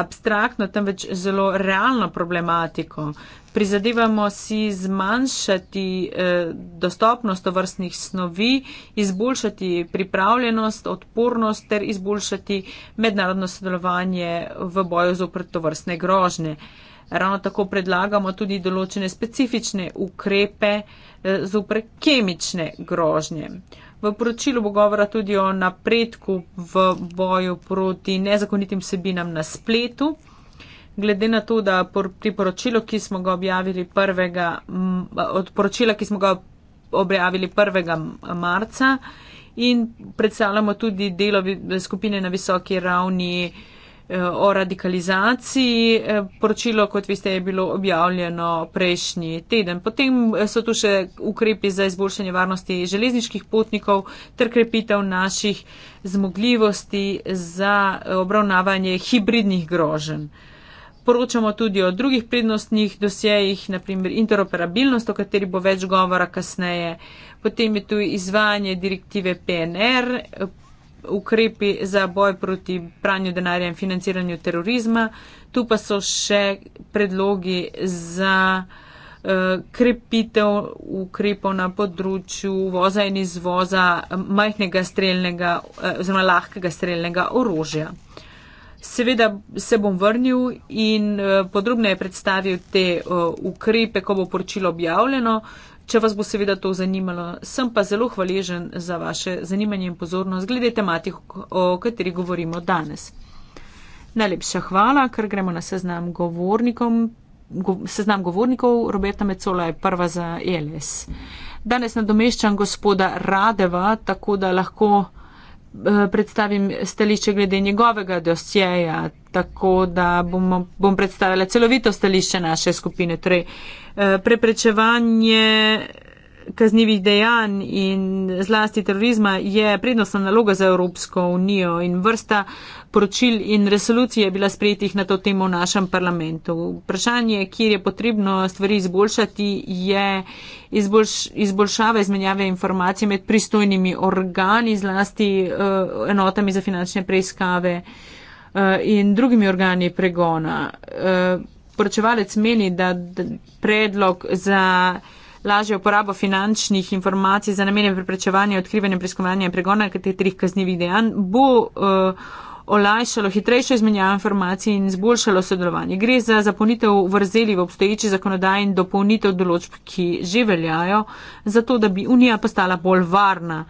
abstraktno, temveč zelo realno problematiko. Prizadevamo si zmanjšati eh, dostopnost ovrstnih snovi, izboljšati pripravljenost, odpornost ter izboljšati mednarodno sodelovanje v boju z oprto vrstne grožnje. Eh, Ravno tako predlagamo tudi določene specifične ukrepe eh, zopr kemične grožnje. V poročilu bo govora tudi o napredku v boju proti nezakonitim sebinam na spletu. Glede na to, da priporočilo, ki smo ga objavili 1. od poročila, ki smo ga objavili 1. marca in predstavljamo tudi delo skupine na visoki ravni eh, Eh, o radikalizaciji. Eh, poročilo, kot veste, je bilo objavljeno prejšnji teden. Potem eh, so tu še ukrepi za izboljšanje varnosti železniških potnikov ter krepitev naših zmogljivosti za obravnavanje hibridnih grožen. Poročamo tudi o drugih prednostnih dosjejih, naprimer interoperabilnost, o kateri bo več govora kasneje. Potem je tu izvajanje direktive PNR, ukrepi za boj proti pranju denarja in financiranju terorizma. Tu pa so še predlogi za uh, krepitev ukrepov na področju voza in izvoza eh, majhnega streljnega eh, oziroma uh, lahkega streljnega orožja. Seveda se bom vrnil in podrobneje predstavil te ukrepe, ko bo poročilo objavljeno če vas bo seveda to zanimalo. Sem pa zelo hvaležen za vaše zanimanje in pozornost glede tematik, o kateri govorimo danes. Najlepša hvala, ker gremo na seznam govornikom. Seznam govornikov Roberta Mecola je prva za ELS. Danes nadomeščam gospoda Radeva, tako da lahko Eh, predstavim stališče glede njegovega dosjeja, tako da bom, bom predstavila celovito stališče naše skupine. Torej, eh, preprečevanje kaznjivih dejanj in zlasti terorizma je prednostna naloga za Evropsko unijo in vrsta poročil in resolucij je bila sprejetih na to temo v našem parlamentu. Vprašanje, kjer je potrebno stvari izboljšati, je izboljš, izboljšava izmenjave informacij med pristojnimi organi, zlasti uh, enotami za finančne preiskave uh, in drugimi organi pregona. Uh, poročevalec meni, da, da predlog za lažjo uporabo finančnih informacij za namene preprečevanja, odkrivanja, preiskovanja in pregona katerih kaznjivih dejanj, bo uh, olajšalo hitrejšo izmenjavo informacij in zboljšalo sodelovanje. Gre za zapolnitev vrzeli v obstoječi zakonodaji in dopolnitev določb, ki že veljajo, zato da bi Unija postala bolj varna.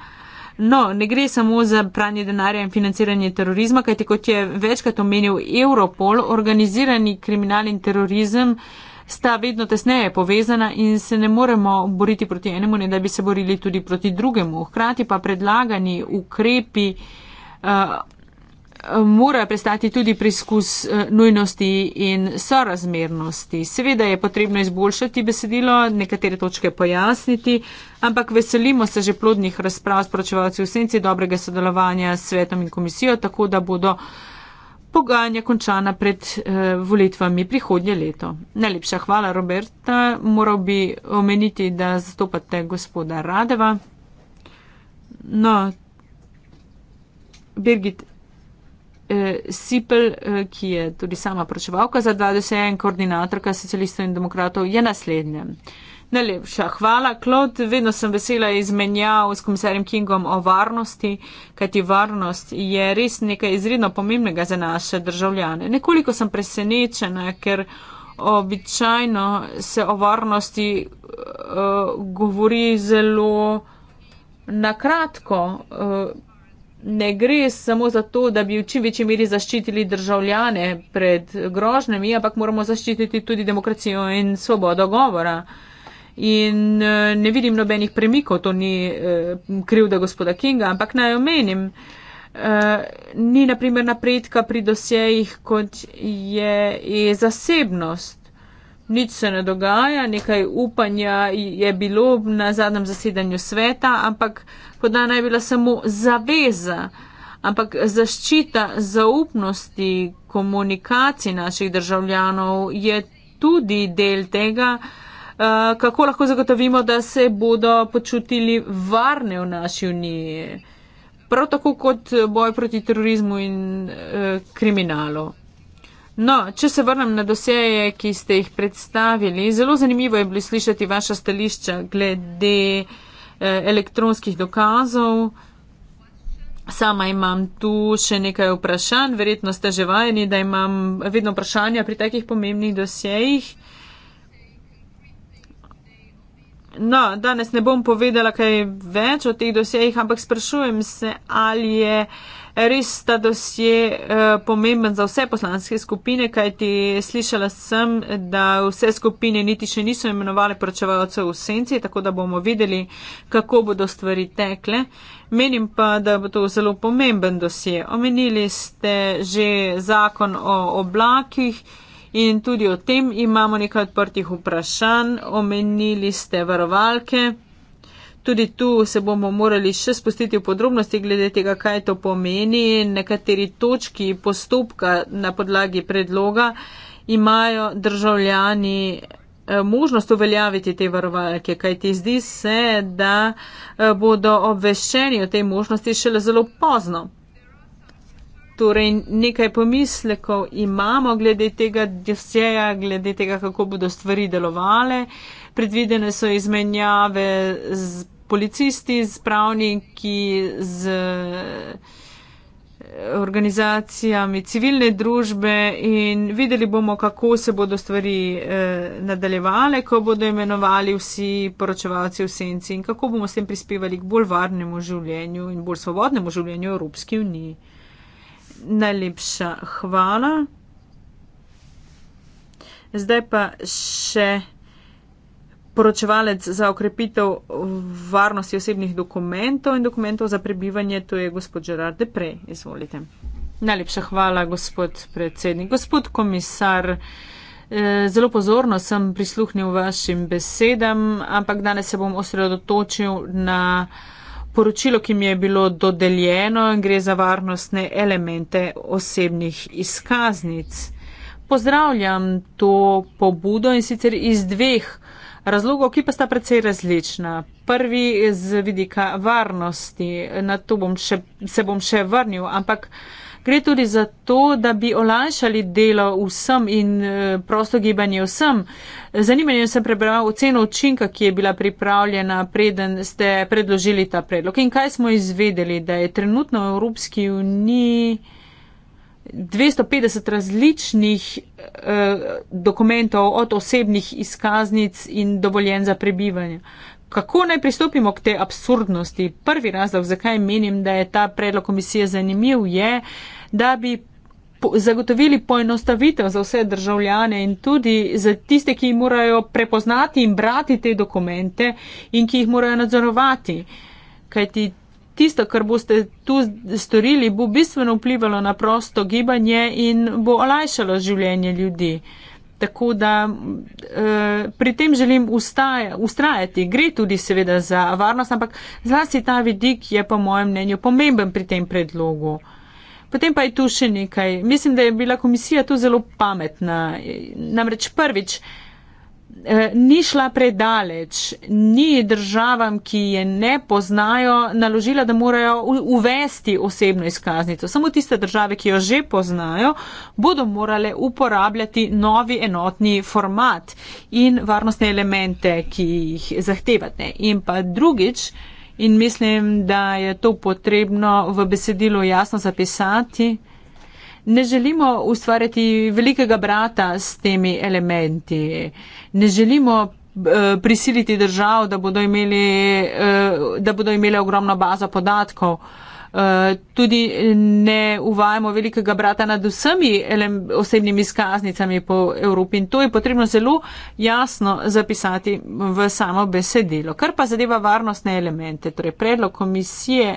No, ne gre samo za pranje denarja in financiranje terorizma, kajti kot je večkrat omenil Europol, organizirani kriminal in terorizem sta vedno tesneje povezana in se ne moremo boriti proti enemu, ne da bi se borili tudi proti drugemu. Hkrati pa predlagani ukrepi uh, morajo prestati tudi preizkus eh, nujnosti in sorazmernosti. Seveda je potrebno izboljšati besedilo, nekatere točke pojasniti, ampak veselimo se že plodnih razprav s pročevalci v senci dobrega sodelovanja s svetom in komisijo, tako da bodo pogajanja končana pred eh, volitvami prihodnje leto. Najlepša hvala, Roberta. Moral bi omeniti, da zastopate gospoda Radeva. No, Birgit eh, Sipel, eh, ki je tudi sama pročevalka za 21 koordinatorka socialistov in demokratov, je naslednja. Eh, Najlepša hvala, Klod. Vedno sem vesela izmenjav s komisarjem Kingom o varnosti, kajti varnost je res nekaj izredno pomembnega za naše državljane. Nekoliko sem presenečena, ker običajno se o varnosti uh, govori zelo nakratko. Uh, eh, Ne gre samo za to, da bi v čim večji meri zaščitili državljane pred grožnjami, ampak moramo zaščititi tudi demokracijo in svobodo govora. Uh, in eh, ne vidim nobenih premikov, to ni eh, krivda gospoda Kinga, ampak naj omenim, eh, ni naprimer napredka pri dosejih, kot je, je zasebnost. Nič se ne dogaja, nekaj upanja je bilo na zadnjem zasedanju sveta, ampak podana je bila samo zaveza, ampak zaščita zaupnosti komunikacij naših državljanov je tudi del tega, uh, Eh, kako lahko zagotovimo, da se bodo počutili varne v naši uniji, prav tako kot boj proti terorizmu in uh, kriminalu. No, če se vrnem na doseje, ki ste jih predstavili, zelo zanimivo je bilo slišati vaša stališča glede eh, elektronskih dokazov. Sama imam tu še nekaj vprašanj, verjetno ste že vajeni, da imam vedno vprašanja pri takih pomembnih dosejih. No, danes ne bom povedala kaj več o teh dosjejih, ampak sprašujem se, ali je res ta dosje uh, pomemben za vse poslanske skupine, kajti slišala sem, da vse skupine niti še niso imenovali poročevalcev v senci, tako da bomo videli, kako bodo stvari tekle. Menim pa, da bo to zelo pomemben dosje. Omenili ste že zakon o oblakih. In tudi o tem imamo nekaj odprtih vprašanj. Omenili ste varovalke. Tudi tu se bomo morali še spustiti v podrobnosti glede tega, kaj to pomeni. Nekateri točki postopka na podlagi predloga imajo državljani eh, možnost uveljaviti te varovalke, kajti zdi se, da eh, bodo obveščeni o tej možnosti šele zelo pozno. Torej, nekaj pomislekov imamo glede tega dosjeja, glede tega, kako bodo stvari delovale. Predvidene so izmenjave z policisti, z pravniki, z eh, organizacijami civilne družbe in videli bomo, kako se bodo stvari eh, nadaljevale, ko bodo imenovali vsi poročevalci v senci in kako bomo s tem prispevali k bolj varnemu življenju in bolj svobodnemu življenju Evropske unije. Najlepša hvala. Zdaj pa še poročevalec za okrepitev varnosti osebnih dokumentov in dokumentov za prebivanje, to je gospod Gerard Deprej. Izvolite. Najlepša hvala, gospod predsednik. Gospod komisar, eh, zelo pozorno sem prisluhnil vašim besedam, ampak danes se bom osredotočil na poročilo, ki mi je bilo dodeljeno in gre za varnostne elemente osebnih izkaznic. Pozdravljam to pobudo in sicer iz dveh razlogov, ki pa sta precej različna. Prvi z vidika varnosti, na to bom še, se bom še vrnil, ampak gre tudi za to, da bi olajšali delo vsem in eh, prosto gibanje vsem. Zanimanje sem prebral oceno učinka, ki je bila pripravljena, preden ste predložili ta predlog. In kaj smo izvedeli, da je trenutno v Evropski uniji 250 različnih eh, dokumentov od osebnih izkaznic in dovoljen za prebivanje. Kako naj pristopimo k te absurdnosti? Prvi razlog, zakaj menim, da je ta predlog komisije zanimiv, je, eh, da bi zagotovili poenostavitev za vse državljane in tudi za tiste, ki morajo prepoznati in brati te dokumente in ki jih morajo nadzorovati. Kajti tisto, kar boste tu storili, bo bistveno vplivalo na prosto gibanje in bo olajšalo življenje ljudi. Tako da eh, pri tem želim ustaja, ustrajati. Gre tudi seveda za varnost, ampak zlasti ta vidik je po mojem mnenju pomemben pri tem predlogu. Potem pa je tu še nekaj. Mislim, da je bila komisija tu zelo pametna. Namreč prvič, eh, ni šla predaleč, ni državam, ki je ne poznajo, naložila, da morajo uvesti osebno izkaznico. Samo tiste države, ki jo že poznajo, bodo morale uporabljati novi enotni format in varnostne elemente, ki jih zahtevate. In pa drugič, in mislim, da je to potrebno v besedilu jasno zapisati. Ne želimo ustvarjati velikega brata s temi elementi. Ne želimo eh, prisiliti držav, da bodo, imeli, eh, da bodo imeli ogromno bazo podatkov. Eh, tudi ne uvajamo velikega brata nad vsemi osebnimi izkaznicami po Evropi in to je potrebno zelo jasno zapisati v samo besedilo. Kar pa zadeva varnostne elemente, torej predlog komisije.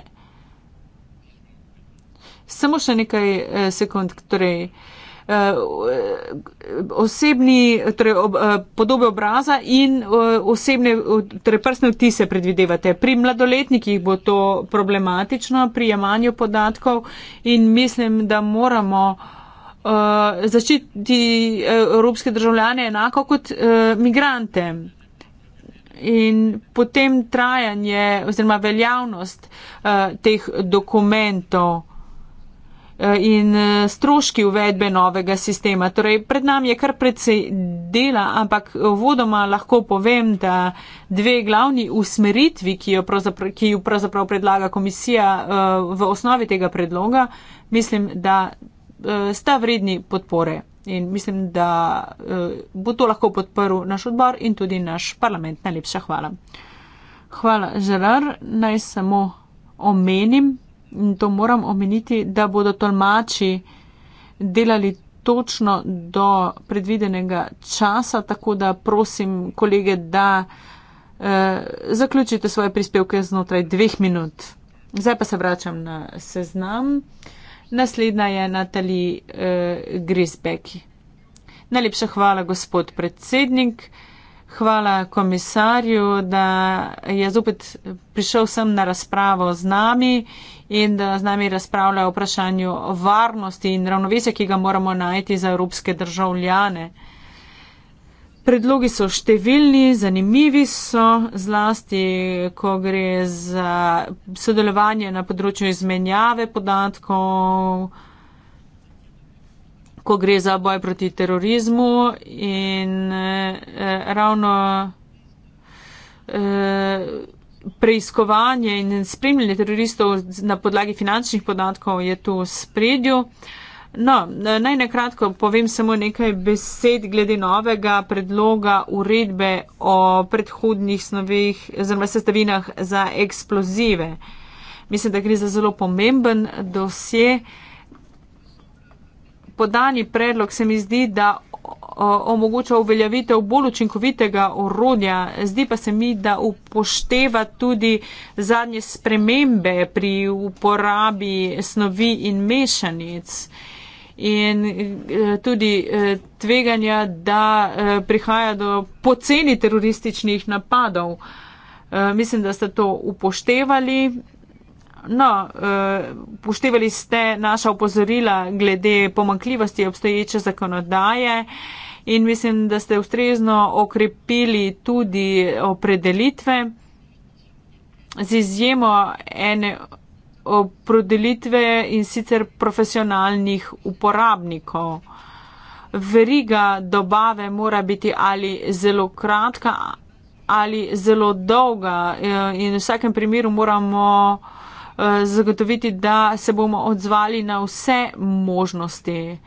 Samo še nekaj eh, sekund, torej. Eh, osebni, torej ob, eh, podobe obraza in eh, osebne, torej prstne vtise predvidevate. Pri mladoletnikih bo to problematično, pri jemanju podatkov in mislim, da moramo zaščititi evropske državljane enako kot migrante. In potem trajanje oziroma veljavnost uh, teh dokumentov. Eh, in eh, stroški uvedbe novega sistema. Torej, pred nami je kar precej dela, ampak eh, vodoma lahko povem, da dve glavni usmeritvi, ki jo pravzaprav, ki jo pravzaprav predlaga komisija v osnovi tega predloga, mislim, da sta vredni podpore. In mislim, da bo to lahko podprl naš odbor in tudi naš parlament. Najlepša hvala. Hvala, Žerar. Naj samo omenim, in to moram omeniti, da bodo tolmači delali točno do predvidenega časa, tako da prosim kolege, da eh, zaključite svoje prispevke znotraj dveh minut. Zdaj pa se vračam na seznam. Naslednja je Natali eh, Grisbeki. Najlepša hvala, gospod predsednik. Hvala komisarju, da je zopet prišel sem na razpravo z nami in da eh, z nami razpravlja o vprašanju varnosti in ravnovesja, ki ga moramo najti za evropske državljane. Predlogi so številni, zanimivi so, zlasti, ko gre za sodelovanje na področju izmenjave podatkov, ko gre za boj proti terorizmu in eh, ravno eh, preiskovanje in spremljanje teroristov na podlagi finančnih podatkov je tu v spredju. No, naj nakratko povem samo nekaj besed glede novega predloga uredbe o predhodnih snovih oziroma sestavinah za eksplozive. Mislim, da gre za zelo pomemben dosje podani predlog se mi zdi, da omogoča uveljavitev bolj učinkovitega orodja. Zdi pa se mi, da upošteva tudi zadnje spremembe pri uporabi snovi in mešanic in e, tudi e, tveganja, da e, prihaja do poceni terorističnih napadov. Mislim, da ste to upoštevali. No, eh, upoštevali uh, ste naša upozorila glede pomankljivosti obstoječe zakonodaje in mislim, da ste ustrezno okrepili tudi opredelitve z izjemo ene opredelitve in sicer profesionalnih uporabnikov. Veriga dobave mora biti ali zelo kratka ali zelo dolga eh, in v vsakem primeru moramo uh, Eh, zagotoviti, da se bomo odzvali na vse možnosti.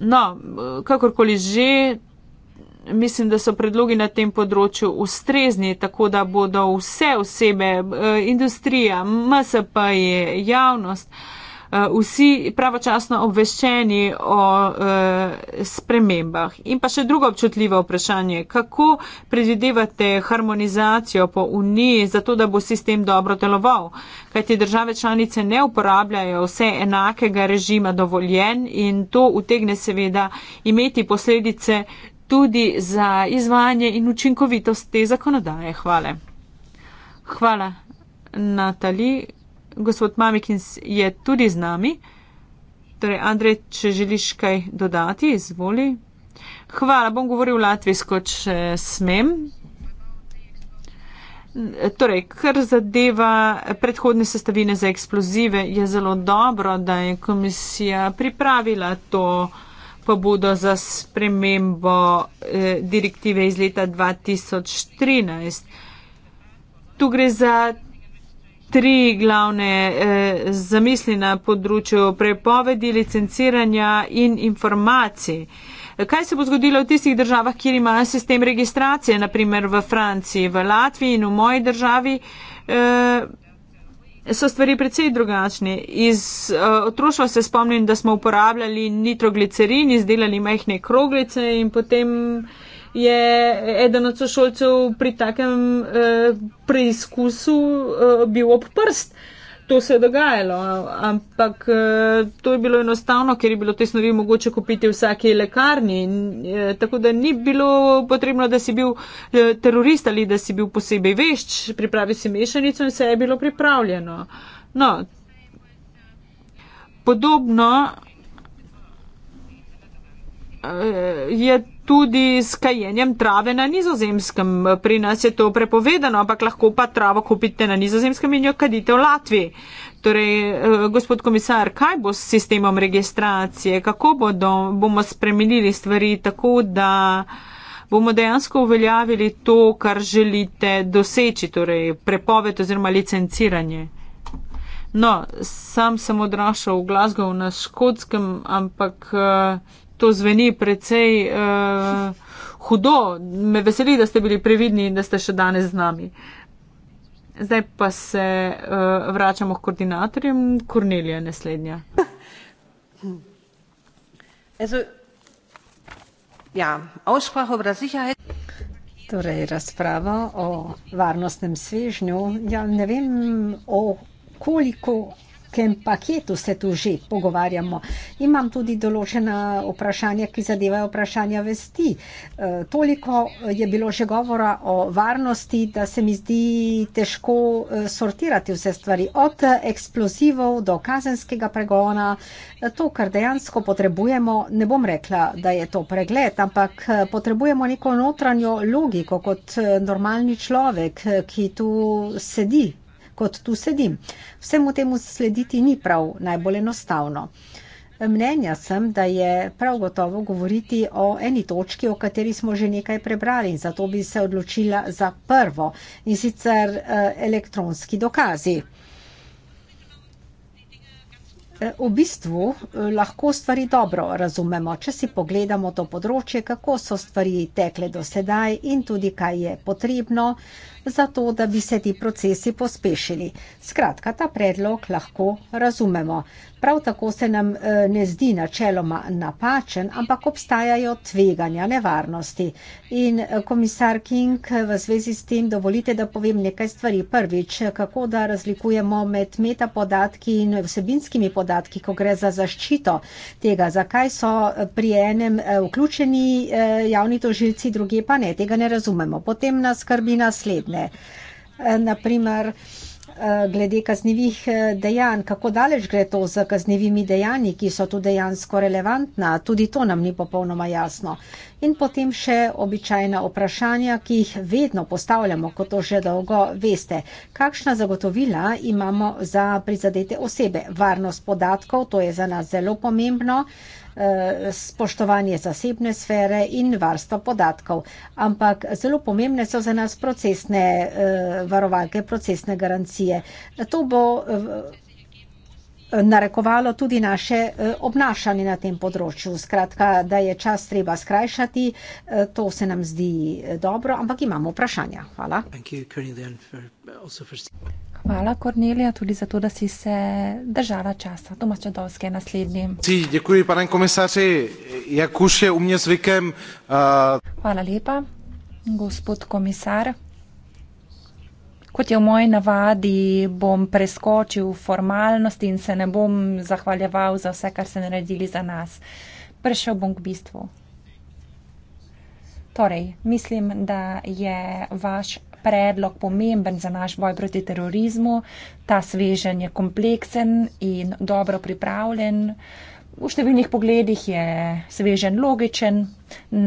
No, eh, kakorkoli že, mislim, da so predlogi na tem področju ustrezni, tako da bodo vse osebe, eh, industrija, MSP, javnost. Eh, vsi pravočasno obveščeni o uh, spremembah. In pa še drugo občutljivo vprašanje, kako predvidevate harmonizacijo po uniji, zato da bo sistem dobro deloval? Kaj ti države članice ne uporabljajo vse enakega režima dovoljen in to utegne seveda imeti posledice tudi za izvajanje in učinkovitost te zakonodaje. Hvala. Hvala, Natalija gospod Mamikins je tudi z nami. Torej, Andrej, če želiš kaj dodati, izvoli. Hvala, bom govoril latvijsko, če smem. Torej, kar zadeva predhodne sestavine za eksplozive, je zelo dobro, da je komisija pripravila to pobudo za spremembo eh, direktive iz leta 2013. Tu gre za tri glavne eh, zamisli na področju prepovedi, licenciranja in informacij. Kaj se bo zgodilo v tistih državah, kjer imajo sistem registracije, naprimer v Franciji, v Latviji in v moji državi? Eh, So stvari precej drugačne. Iz uh, otroštva se spomnim, da smo uporabljali nitroglicerin, izdelali majhne kroglice in potem uh, je eden od sošolcev pri takem eh, preizkusu eh, bil ob prst. To se je dogajalo, ampak eh, to je bilo enostavno, ker je bilo te snovi mogoče kupiti v vsaki lekarni. In, eh, tako da ni bilo potrebno, da si bil eh, terorist ali da si bil posebej vešč, pripravi si mešanico in vse je bilo pripravljeno. No, podobno. Eh, je tudi s kajenjem trave na nizozemskem. Pri nas je to prepovedano, ampak lahko pa travo kupite na nizozemskem in jo kadite v Latviji. Torej, eh, gospod komisar, kaj bo s sistemom registracije? Kako bodo, bomo spremenili stvari tako, da bomo dejansko uveljavili to, kar želite doseči, torej prepoved oziroma licenciranje? No, sam sem odrašal v Glasgow na škotskem, ampak uh, to zveni precej uh, hudo. Me veseli, da ste bili previdni in da ste še danes z nami. Zdaj pa se uh, vračamo k koordinatorjem. Kornelija je naslednja. Ja, torej, razprava o varnostnem svežnju. Ja, ne vem, o koliko kakšnem paketu se tu že pogovarjamo. Imam tudi določena vprašanja, ki zadevajo vprašanja vesti. E, toliko je bilo že govora o varnosti, da se mi zdi težko e, sortirati vse stvari, od eksplozivov do kazenskega pregona. E, to, kar dejansko potrebujemo, ne bom rekla, da je to pregled, ampak e, potrebujemo neko notranjo logiko kot normalni človek, ki tu sedi kot tu sedim. Vsemu temu slediti ni prav najbolj enostavno. Mnenja sem, da je prav gotovo govoriti o eni točki, o kateri smo že nekaj prebrali in zato bi se odločila za prvo in sicer eh, elektronski dokazi. Eh, v bistvu eh, lahko stvari dobro razumemo, če si pogledamo to področje, kako so stvari tekle do sedaj in tudi kaj je potrebno zato da bi se ti procesi pospešili. Skratka, ta predlog lahko razumemo. Prav tako se nam eh, ne zdi načeloma napačen, ampak obstajajo tveganja, nevarnosti. In eh, komisar King, eh, v zvezi s tem dovolite, da povem nekaj stvari. Prvič, kako da razlikujemo med metapodatki in vsebinskimi podatki, ko gre za zaščito tega, zakaj so pri enem vključeni javni tožilci, druge pa ne, tega ne razumemo. Potem nas skrbi naslednje ne. Eh, na primer, eh, glede kaznjivih eh, dejanj, kako daleč gre to z kaznjivimi dejanji, ki so tu dejansko relevantna, tudi to nam ni popolnoma jasno. In potem še običajna vprašanja, ki jih vedno postavljamo, kot to že dolgo veste. Kakšna zagotovila imamo za prizadete osebe? Varnost podatkov, to je za nas zelo pomembno eh, spoštovanje zasebne sfere in varstvo podatkov. Ampak zelo pomembne so za nas procesne eh, varovalke, procesne garancije. To bo eh, narekovalo tudi naše eh, obnašanje na tem področju. Skratka, da je čas treba skrajšati, eh, to se nam zdi eh, dobro, ampak imamo vprašanja. Hvala. Thank you, Hvala, Kornelija, tudi za to, da si se držala časa. Tomas Čadovski je naslednji. Si, děkuji, pane komisaři, jak už je u mě zvykem. Uh... Hvala lepa, gospod komisar. Kot je v moji navadi, bom preskočil formalnosti in se ne bom zahvaljeval za vse, kar ste naredili za nas. Prešel bom k bistvu. Torej, mislim, da je vaš predlog pomemben za naš boj proti terorizmu. Ta svežen je kompleksen in dobro pripravljen. V številnih pogledih je svežen logičen.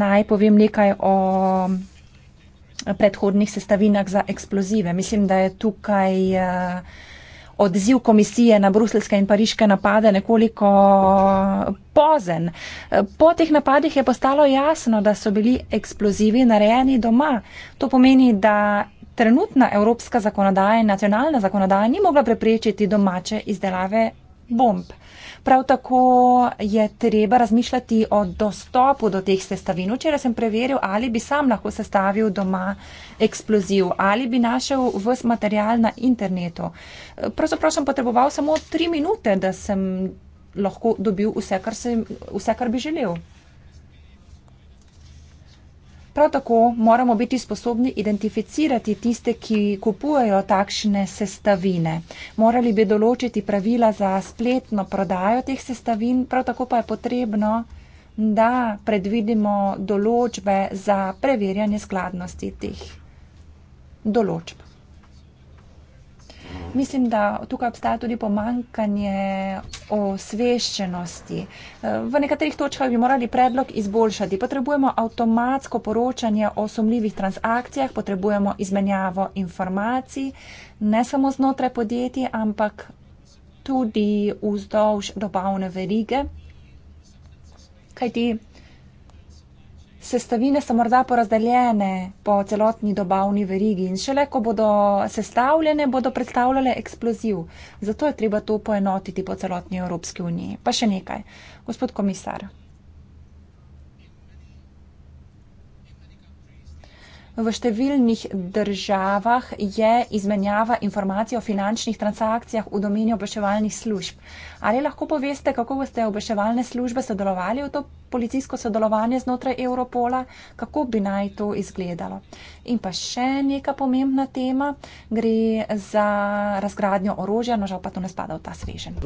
Naj povem nekaj o predhodnih sestavinah za eksplozive. Mislim, da je tukaj. Uh, odziv komisije na bruselske in pariške napade nekoliko eh, pozen. Eh, po teh napadih je postalo jasno, da so bili eksplozivi narejeni doma. To pomeni, da trenutna evropska zakonodaja in nacionalna zakonodaja ni mogla preprečiti domače izdelave bomb. Prav tako je treba razmišljati o dostopu do teh sestavin. Včeraj sem preveril, ali bi sam lahko sestavil doma eksploziv, ali bi našel ves material na internetu. Pravzaprav sem potreboval samo tri minute, da sem lahko dobil vse, kar, sem, vse, kar bi želel. Prav tako moramo biti sposobni identificirati tiste, ki kupujejo takšne sestavine. Morali bi določiti pravila za spletno prodajo teh sestavin, prav tako pa je potrebno, da predvidimo določbe za preverjanje skladnosti teh določb. Mislim, da tukaj obstaja tudi pomankanje osveščenosti. Eh, v nekaterih točkah bi morali predlog izboljšati. Potrebujemo avtomatsko poročanje o sumljivih transakcijah, potrebujemo izmenjavo informacij, ne samo znotraj podjetij, ampak tudi vzdolž dobavne verige. Kaj ti? sestavine so morda porazdeljene po celotni dobavni verigi in šele, ko bodo sestavljene, bodo predstavljale eksploziv. Zato je treba to poenotiti po celotni Evropski uniji. Pa še nekaj. Gospod komisar, V številnih državah je izmenjava informacij o finančnih transakcijah v domeni obveščevalnih služb. Ali lahko poveste, kako boste obveščevalne službe sodelovali v to policijsko sodelovanje znotraj Europola, kako bi naj to izgledalo? In pa še neka pomembna tema, gre za razgradnjo orožja, no žal pa to ne spada v ta svežen.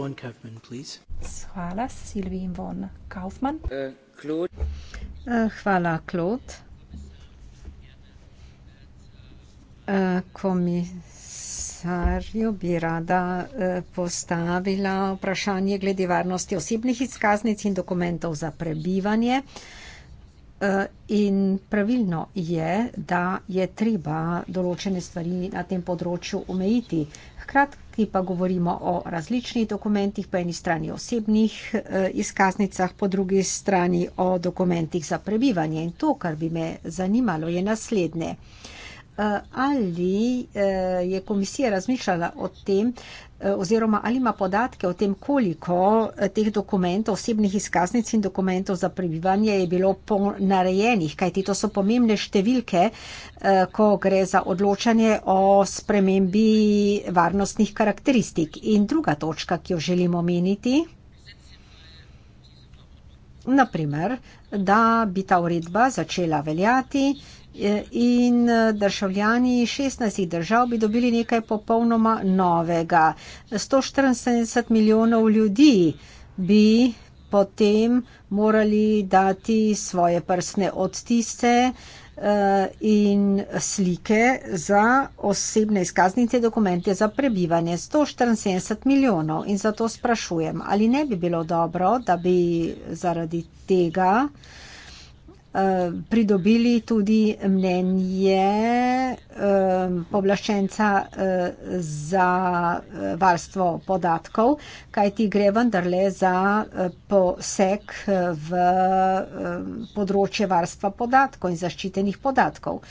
Hvala, Silvi in Von Kaufmann. Uh, Hvala, Klod. komisarju bi rada eh, postavila vprašanje glede varnosti osebnih izkaznic in dokumentov za prebivanje. Eh, in pravilno je, da je treba določene stvari na tem področju omejiti. Hkrati pa govorimo o različnih dokumentih, po eni strani osebnih eh, izkaznicah, po drugi strani o dokumentih za prebivanje. In to, kar bi me zanimalo, je naslednje ali eh, je komisija razmišljala o tem, eh, oziroma ali ima podatke o tem, koliko eh, teh dokumentov, osebnih izkaznic in dokumentov za prebivanje je bilo ponarejenih, kajti to so pomembne številke, ko gre za odločanje o spremembi varnostnih karakteristik. In druga točka, ki jo želimo meniti, naprimer, da bi ta uredba začela veljati, in eh, državljani 16 držav bi dobili nekaj popolnoma novega. 174 milijonov ljudi bi potem morali dati svoje prsne odtise eh, in slike za osebne izkaznice, dokumente za prebivanje. 174 milijonov in zato sprašujem, ali ne bi bilo dobro, da bi zaradi tega Eh, pridobili tudi mnenje eh, povlašenca eh, za varstvo podatkov, kaj ti gre vendarle za poseg v področje varstva podatkov in zaščitenih podatkov.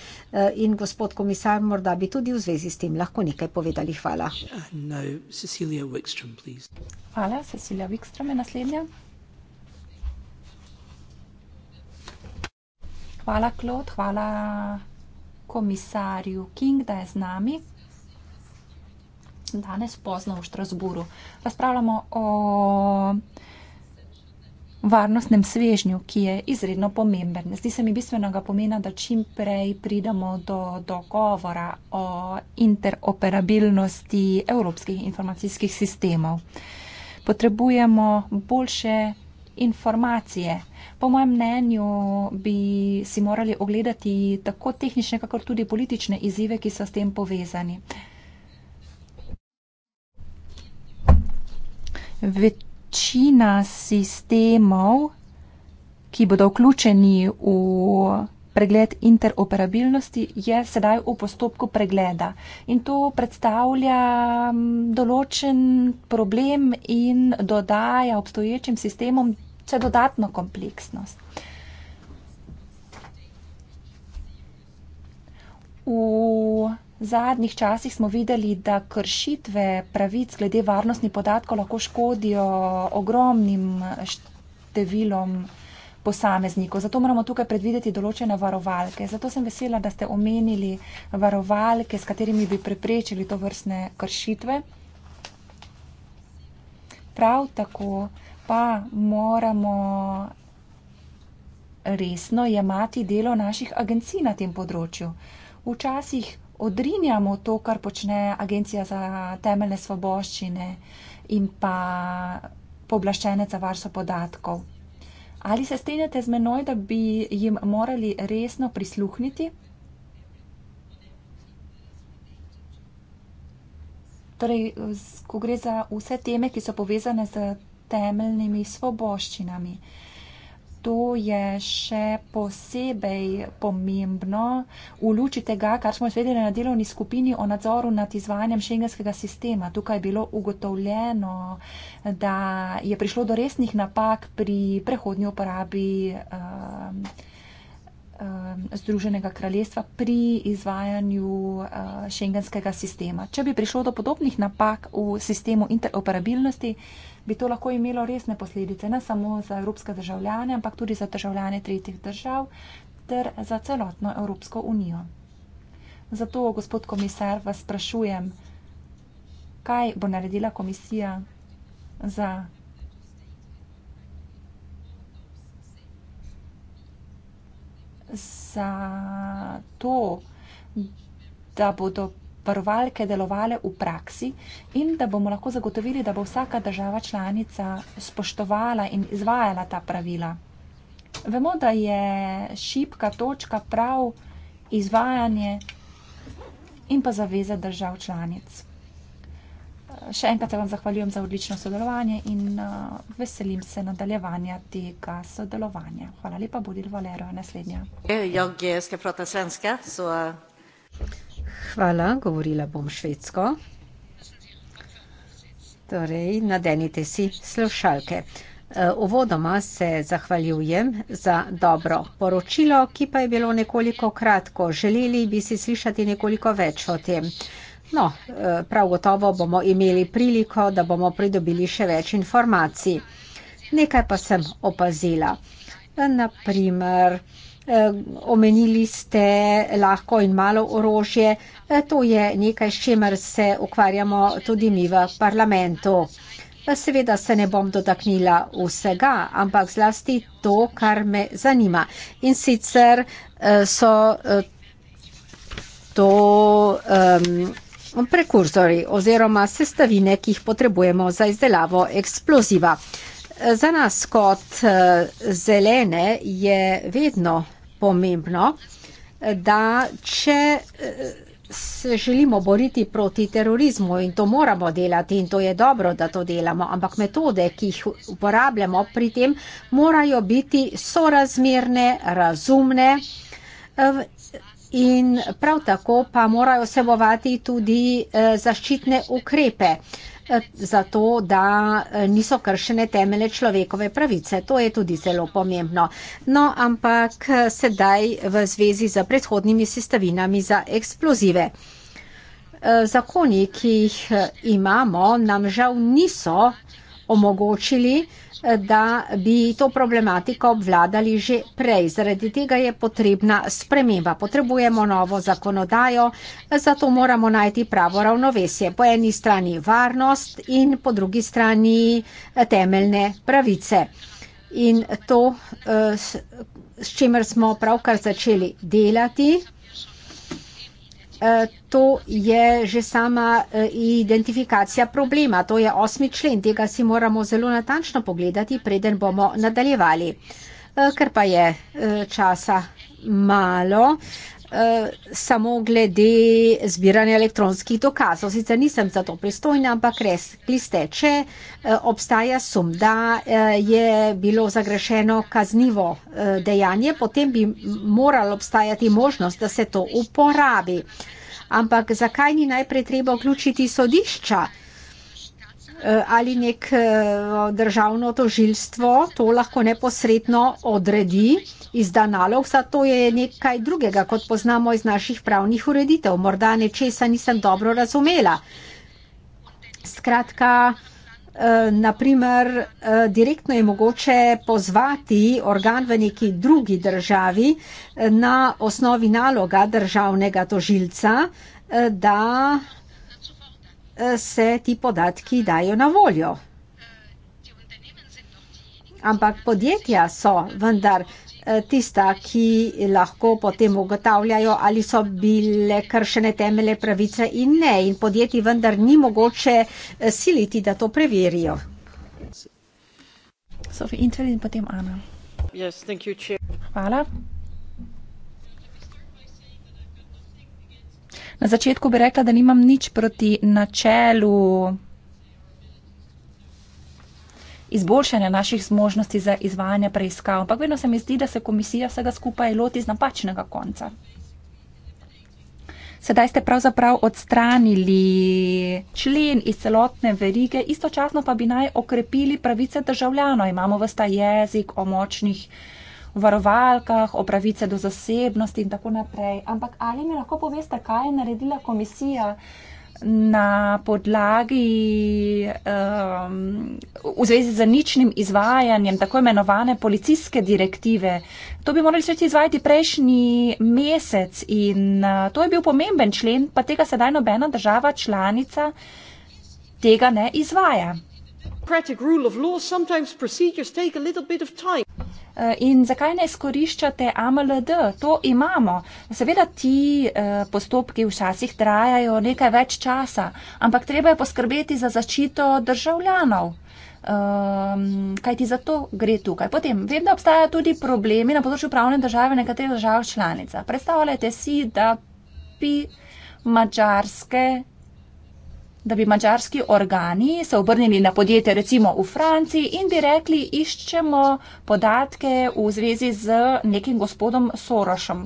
In gospod komisar, morda bi tudi v zvezi s tem lahko nekaj povedali. Hvala. Uh, no, Hvala, Cecilija Wikström je naslednja. Hvala, Klod, hvala komisarju King, da je z nami. Danes pozno v Štrasburu. Razpravljamo o varnostnem svežnju, ki je izredno pomemben. Zdi se mi bistvenega pomena, da čim prej pridemo do dogovora o interoperabilnosti evropskih informacijskih sistemov. Potrebujemo boljše informacije. Po mojem mnenju bi si morali ogledati tako tehnične, kakor tudi politične izzive, ki so s tem povezani. Večina sistemov, ki bodo vključeni v pregled interoperabilnosti, je sedaj v postopku pregleda. In to predstavlja mm, določen problem in dodaja obstoječim sistemom še dodatno kompleksnost. V zadnjih časih smo videli, da kršitve pravic glede varnostnih podatkov lahko škodijo ogromnim številom posameznikov. Zato moramo tukaj predvideti določene varovalke. Zato sem vesela, da ste omenili varovalke, s katerimi bi preprečili to vrstne kršitve. Prav tako pa moramo resno jemati delo naših agencij na tem področju. Včasih odrinjamo to, kar počne Agencija za temeljne svoboščine in pa poblaščenec za varstvo podatkov. Ali se strinjate z menoj, da bi jim morali resno prisluhniti? Torej, ko gre za vse teme, ki so povezane z temeljnimi svoboščinami. To je še posebej pomembno v luči tega, kar smo izvedeli na delovni skupini o nadzoru nad izvajanjem šengenskega sistema. Tukaj je bilo ugotovljeno, da je prišlo do resnih napak pri prehodni uporabi. Uh, Združenega kraljestva pri izvajanju uh, šengenskega sistema. Če bi prišlo do podobnih napak v sistemu interoperabilnosti, bi to lahko imelo resne posledice, ne samo za evropske državljane, ampak tudi za državljane tretjih držav ter za celotno Evropsko unijo. Zato, gospod komisar, vas sprašujem, kaj bo naredila komisija za za to, da bodo varovalke delovale v praksi in da bomo lahko zagotovili, da bo vsaka država članica spoštovala in izvajala ta pravila. Vemo, da je šipka točka prav izvajanje in pa zaveze držav članic. Še enkrat se vam zahvaljujem za odlično sodelovanje in uh, veselim se nadaljevanja tega sodelovanja. Hvala lepa, Budil Valero, naslednja. Ja, jaz, ki spravljam svenska, so. Uh... Hvala, govorila bom švedsko. Torej, nadenite si slušalke. E, uvodoma se zahvaljujem za dobro poročilo, ki pa je bilo nekoliko kratko. Želeli bi si slišati nekoliko več o tem. No, e, prav gotovo bomo imeli priliko, da bomo pridobili še več informacij. Nekaj pa sem opazila. E, Naprimer, Eh, omenili ste lahko in malo orožje. Eh, to je nekaj, s čemer se ukvarjamo tudi mi v parlamentu. Eh, seveda se ne bom dotaknila vsega, ampak zlasti to, kar me zanima. In sicer so to um, prekurzori oziroma sestavine, ki jih potrebujemo za izdelavo eksploziva. Za nas kot zelene je vedno pomembno, da če eh, se želimo boriti proti terorizmu in to moramo delati in to je dobro, da to delamo, ampak metode, ki jih uporabljamo pri tem, morajo biti sorazmerne, razumne eh, in prav tako pa morajo sebovati tudi eh, zaščitne ukrepe zato, da eh, niso kršene temele človekove pravice. To je tudi zelo pomembno. No, ampak eh, sedaj v zvezi z predhodnimi sestavinami za eksplozive. Eh, zakoni, ki jih imamo, nam žal niso omogočili, da bi to problematiko obvladali že prej. Zaradi tega je potrebna sprememba. Potrebujemo novo zakonodajo, zato moramo najti pravo ravnovesje. Po eni strani varnost in po drugi strani eh, temeljne pravice. In to, eh, s čimer smo pravkar začeli delati. Eh, to je že sama eh, identifikacija problema. To je osmi člen. Tega si moramo zelo natančno pogledati, preden bomo nadaljevali. Eh, ker pa je časa malo, Eh, samo glede zbiranja elektronskih dokazov. Sicer nisem za to pristojna, ampak res, ki ste, če eh, obstaja sum, da eh, je bilo zagrešeno kaznivo dejanje, potem bi moralo obstajati možnost, da se to uporabi. Ampak zakaj ni najprej treba vključiti sodišča? Eh, ali nek eh, državno tožilstvo to lahko neposredno odredi, izda nalog, vsa to je nekaj drugega, kot poznamo iz naših pravnih ureditev. Morda nečesa nisem dobro razumela. Skratka, eh, naprimer, direktno je mogoče pozvati organ v neki drugi državi na osnovi naloga državnega tožilca, da se ti podatki dajo na voljo. Ampak podjetja so vendar eh, tista, ki lahko potem ugotavljajo, ali so bile kršene temele pravice in ne. In podjetji vendar ni mogoče eh, siliti, da to preverijo. Sofi Intel in potem Ana. Yes, thank you, Hvala. Na začetku bi rekla, da nimam nič proti načelu izboljšanja naših zmožnosti za izvajanje preiskav, ampak vedno se mi zdi, da se komisija vsega skupaj loti z napačnega konca. Sedaj ste pravzaprav odstranili člen iz celotne verige, istočasno pa bi naj okrepili pravice državljanov. Imamo vsta jezik o močnih državljanov varovalkah, o pravice do zasebnosti in tako naprej. Ampak ali mi lahko poveste, kaj je naredila komisija na podlagi um, v zvezi z ničnim izvajanjem tako imenovane policijske direktive? To bi morali začeti izvajati prejšnji mesec in uh, to je bil pomemben člen, pa tega sedaj nobena država članica tega ne izvaja democratic rule of law, sometimes procedures take a little bit of time. Eh, in zakaj ne izkoriščate AMLD? To imamo. Seveda ti eh, postopki včasih trajajo nekaj več časa, ampak treba je poskrbeti za zaščito državljanov. Ehm, Kaj ti za to gre tukaj? Potem, vem, da obstajajo tudi problemi na področju pravne države nekaterih držav članica. Predstavljajte si, da bi mačarske da bi mačarski organi se obrnili na podjetje, recimo v Franciji, in bi rekli, iščemo podatke v zvezi z nekim gospodom Sorošem.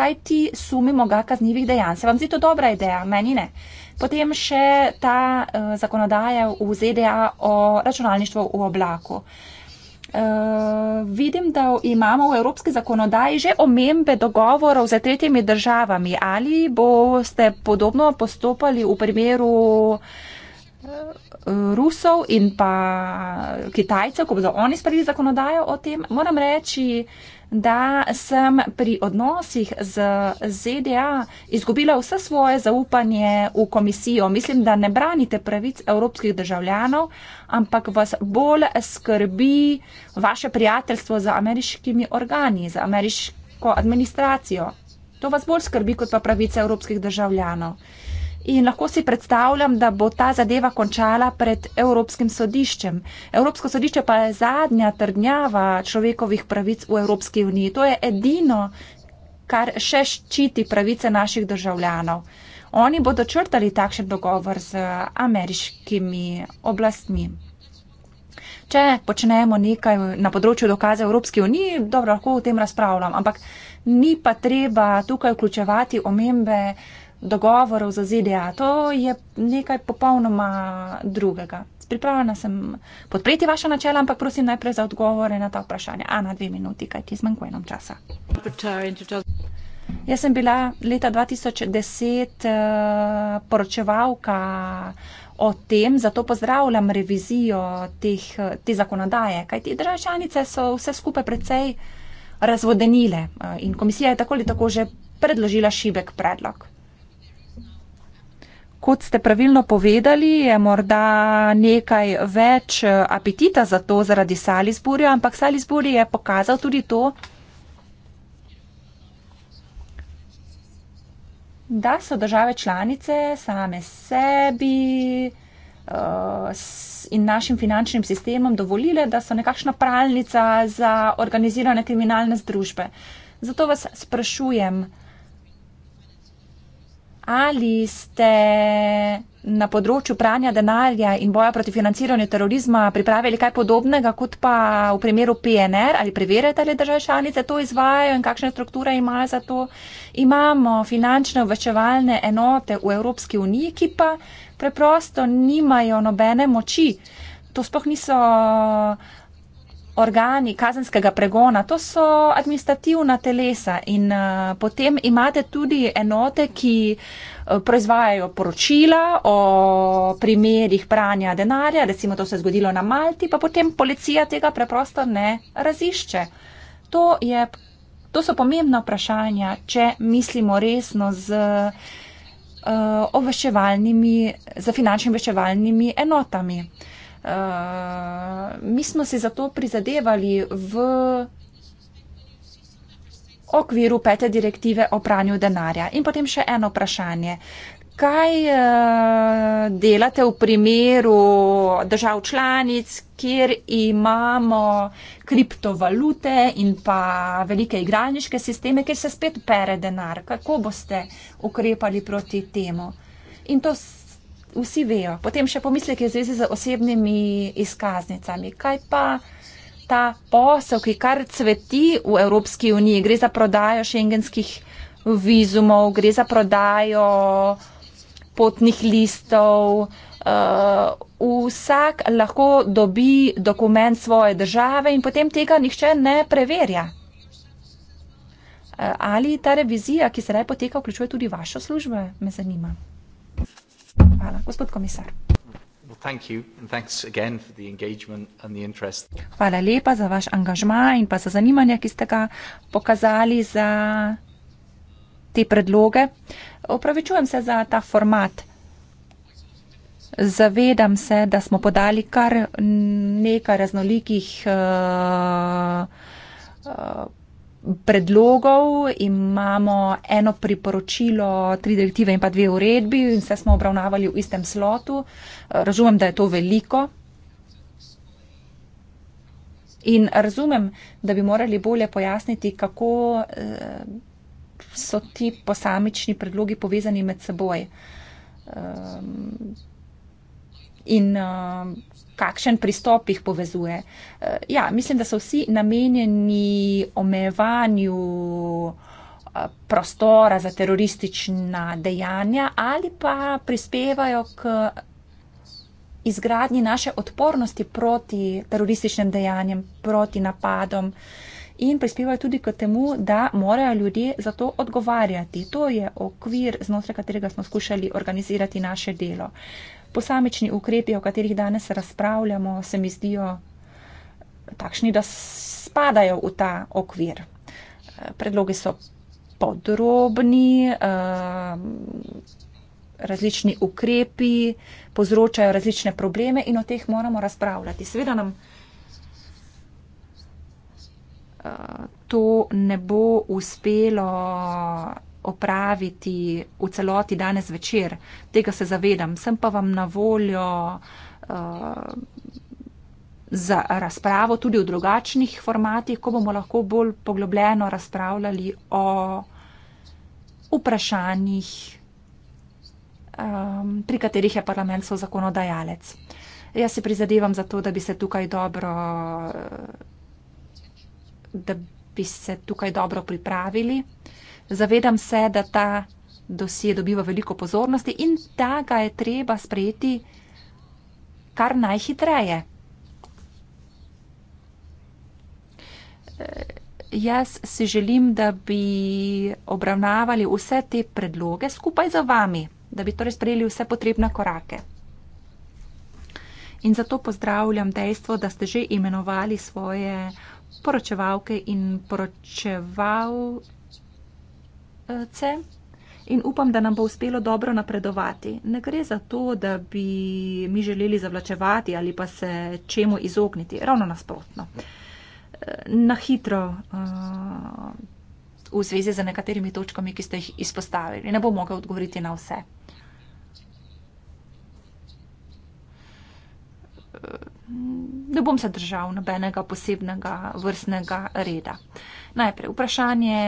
Kaj ti sumimo ga kaznjivih dejanj? Se vam zdi to dobra ideja? Meni ne. Potem še ta uh, zakonodaja v ZDA o računalništvu v oblaku. Uh, Eh, vidim, da imamo v evropski zakonodaji že omembe dogovorov z tretjimi državami. Ali boste podobno postopali v primeru eh, Rusov in pa Kitajcev, ko bodo oni sprejeli zakonodajo o tem? Moram reči, da da sem pri odnosih z ZDA izgubila vse svoje zaupanje v komisijo. Mislim, da ne branite pravic evropskih državljanov, ampak vas bolj skrbi vaše prijateljstvo z ameriškimi organi, z ameriško administracijo. To vas bolj skrbi kot pa pravice evropskih državljanov. In lahko si predstavljam, da bo ta zadeva končala pred Evropskim sodiščem. Evropsko sodišče pa je zadnja trdnjava človekovih pravic v Evropski uniji. To je edino, kar še ščiti pravice naših državljanov. Oni bodo črtali takšen dogovor z ameriškimi oblastmi. Če počnemo nekaj na področju dokaze Evropske unije, dobro, lahko o tem razpravljam, ampak ni pa treba tukaj vključevati omembe dogovorov za ZDA. To je nekaj popolnoma drugega. Pripravljena sem podpreti vaše načela, ampak prosim najprej za odgovore na ta vprašanja. Ana, dve minuti, kaj ti zmanjkuje nam časa. Jaz sem bila leta 2010 uh, eh, poročevalka o tem, zato pozdravljam revizijo teh, te zakonodaje, kaj ti države članice so vse skupaj precej razvodenile uh, in komisija je tako ali tako že predložila šibek predlog. Kot ste pravilno povedali, je morda nekaj več eh, apetita za to zaradi Salisburja, ampak Salisburji je pokazal tudi to, da so države članice same sebi eh, in našim finančnim sistemom dovolile, da so nekakšna pralnica za organizirane kriminalne združbe. Zato vas sprašujem, ali ste na področju pranja denarja in boja proti financiranju terorizma pripravili kaj podobnega, kot pa v primeru PNR, ali preverjate, ali države članice to izvajajo in kakšne strukture imajo za to. Imamo finančne obveščevalne enote v Evropski uniji, ki pa preprosto nimajo nobene moči. To sploh niso organi kazenskega pregona, to so administrativna telesa in uh, potem imate tudi enote, ki eh, proizvajajo poročila o primerih pranja denarja, recimo to se je zgodilo na Malti, pa potem policija tega preprosto ne razišče. To, je, to so pomembna vprašanja, če mislimo resno z uh, obveščevalnimi, z finančnimi obveščevalnimi enotami. Uh, Eh, mi smo si zato prizadevali v okviru pete direktive o pranju denarja. In potem še eno vprašanje. Kaj eh, delate v primeru držav članic, kjer imamo kriptovalute in pa velike igralniške sisteme, kjer se spet pere denar? Kako boste ukrepali proti temu? In to vsi vejo. Potem še pomislek je v zvezi z osebnimi izkaznicami. Kaj pa ta posel, ki kar cveti v Evropski uniji, gre za prodajo šengenskih vizumov, gre za prodajo potnih listov. Uh, vsak lahko dobi dokument svoje države in potem tega nihče ne preverja. Uh, ali ta revizija, ki se raje poteka, vključuje tudi vašo službo, me zanima. Hvala. Gospod komisar. Hvala lepa za vaš angažma in pa za zanimanje, ki ste ga pokazali za te predloge. Opravičujem se za ta format. Zavedam se, da smo podali kar nekaj raznolikih uh, uh, predlogov, imamo eno priporočilo, tri direktive in pa dve uredbi in vse smo obravnavali v istem slotu. Razumem, da je to veliko. In razumem, da bi morali bolje pojasniti, kako eh, so ti posamični predlogi povezani med seboj. Ehm, in eh, kakšen pristop jih povezuje. Eh, ja, mislim, da so vsi namenjeni omejevanju eh, prostora za teroristična dejanja ali pa prispevajo k izgradnji naše odpornosti proti terorističnim dejanjem, proti napadom in prispevajo tudi k temu, da morajo ljudje za to odgovarjati. To je okvir, znotraj katerega smo skušali organizirati naše delo. Uh, posamični ukrepi, o katerih danes razpravljamo, se mi zdijo takšni, da spadajo v ta okvir. Predlogi so podrobni, eh, različni ukrepi povzročajo različne probleme in o teh moramo razpravljati. Sveda nam eh, to ne bo uspelo opraviti v celoti danes večer. Tega se zavedam. Sem pa vam na voljo uh, za razpravo tudi v drugačnih formatih, ko bomo lahko bolj poglobljeno razpravljali o vprašanjih, um, pri katerih je parlament so zakonodajalec. Jaz se prizadevam za to, da bi se tukaj dobro. Uh, da bi se tukaj dobro pripravili. Uh, Zavedam se, da ta dosje dobiva veliko pozornosti in da ga je treba sprejeti kar najhitreje. Jaz si želim, da bi obravnavali vse te predloge skupaj za vami, da bi torej sprejeli vse potrebne korake. In zato pozdravljam dejstvo, da ste že imenovali svoje poročevalke in poročeval, se in upam, da nam bo uspelo dobro napredovati. Ne gre za to, da bi mi želeli zavlačevati ali pa se čemu izogniti, ravno nasprotno. Na hitro eh, v zvezi z nekaterimi točkami, ki ste jih izpostavili. Ne bom mogel odgovoriti na vse. Ne bom se držal nobenega posebnega vrstnega reda. Najprej vprašanje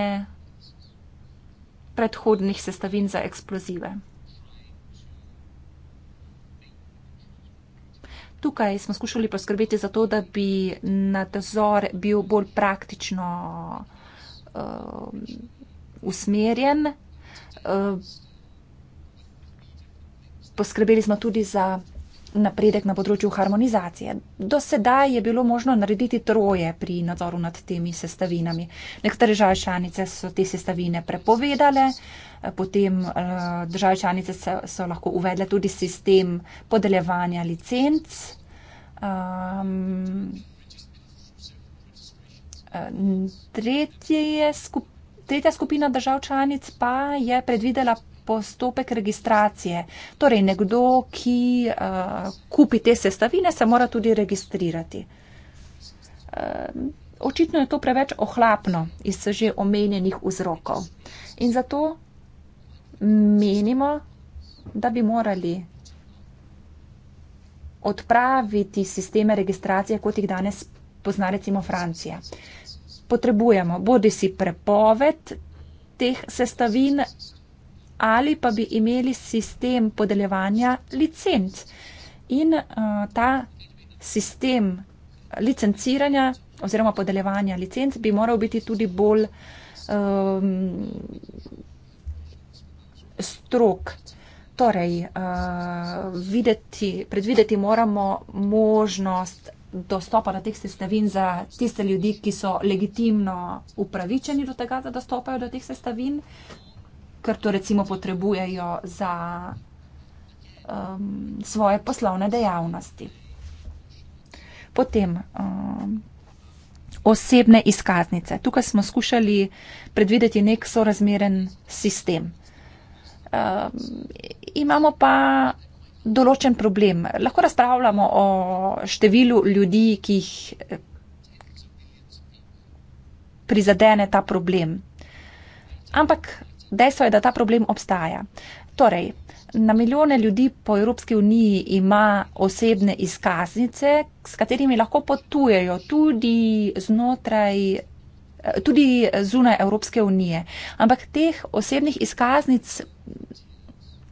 predhodnih sestavin za eksplozive. Tukaj smo skušali poskrbeti za to, da bi nadzor bil bolj praktično uh, usmerjen. Uh, poskrbeli smo tudi za napredek na področju harmonizacije. Do sedaj je bilo možno narediti troje pri nadzoru nad temi sestavinami. Nekatere države članice so te sestavine prepovedale, eh, potem eh, države članice so, so lahko uvedle tudi sistem podeljevanja licenc. Um, tretje je skupina. Tretja skupina držav članic pa je predvidela postopek registracije. Torej, nekdo, ki uh, kupi te sestavine, se mora tudi registrirati. Uh, očitno je to preveč ohlapno iz že omenjenih vzrokov. In zato menimo, da bi morali odpraviti sisteme registracije, kot jih danes pozna recimo Francija. Potrebujemo bodi si prepoved teh sestavin ali pa bi imeli sistem podeljevanja licenc. In uh, ta sistem licenciranja oziroma podeljevanja licenc bi moral biti tudi bolj um, ehm, strok. Torej, uh, videti, predvideti moramo možnost dostopa do teh sestavin za tiste ljudi, ki so legitimno upravičeni do tega, da dostopajo do teh sestavin, kar to recimo potrebujejo za um, svoje poslovne dejavnosti. Potem um, osebne izkaznice. Tukaj smo skušali predvideti nek sorazmeren sistem. Um, imamo pa določen problem. Lahko razpravljamo o številu ljudi, ki jih eh, prizadene ta problem. Ampak dejstvo je, da ta problem obstaja. Torej, na milijone ljudi po Evropski uniji ima osebne izkaznice, s katerimi lahko potujejo tudi znotraj. Tudi zunaj Evropske unije. Ampak teh osebnih izkaznic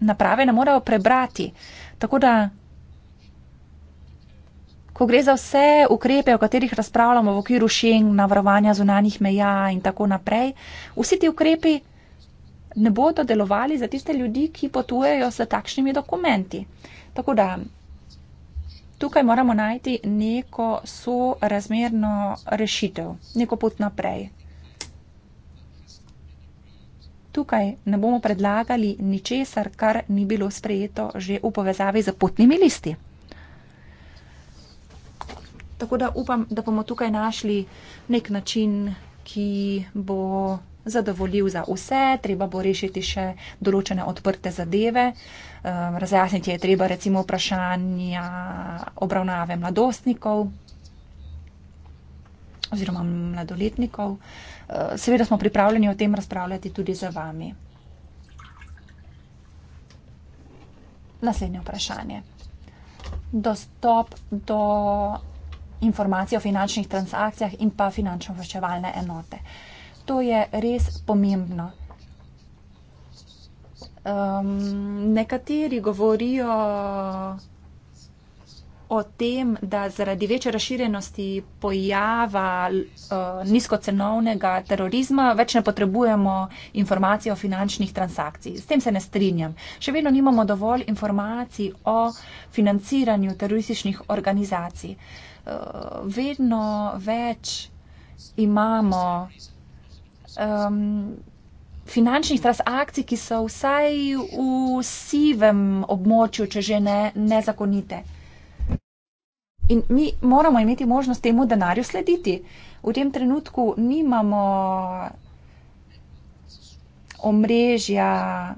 naprave ne morejo prebrati. Tako da, ko gre za vse ukrepe, o katerih razpravljamo v okviru šeng, navrovanja zunanjih meja in tako naprej, vsi ti ukrepi ne bodo delovali za tiste ljudi, ki potujejo s takšnimi dokumenti. Tako da tukaj moramo najti neko sorazmerno rešitev, neko pot naprej. Tukaj ne bomo predlagali ničesar, kar ni bilo sprejeto že v povezavi z potnimi listi. Tako da upam, da bomo tukaj našli nek način, ki bo zadovoljiv za vse, treba bo rešiti še določene odprte zadeve. Ehm, razjasniti je treba recimo vprašanja obravnave mladostnikov oziroma mladoletnikov. Ehm, seveda smo pripravljeni o tem razpravljati tudi z vami. Naslednje vprašanje. Dostop do informacij o finančnih transakcijah in pa finančno-obveščevalne enote to je res pomembno. Um, nekateri govorijo o tem, da zaradi večje razširjenosti pojava uh, nizkocenovnega terorizma več ne potrebujemo informacij o finančnih transakcij. S tem se ne strinjam. Še vedno nimamo dovolj informacij o financiranju terorističnih organizacij. Uh, vedno več imamo um, finančnih transakcij, ki so vsaj v sivem območju, če že ne nezakonite. In mi moramo imeti možnost temu denarju slediti. V tem trenutku nimamo omrežja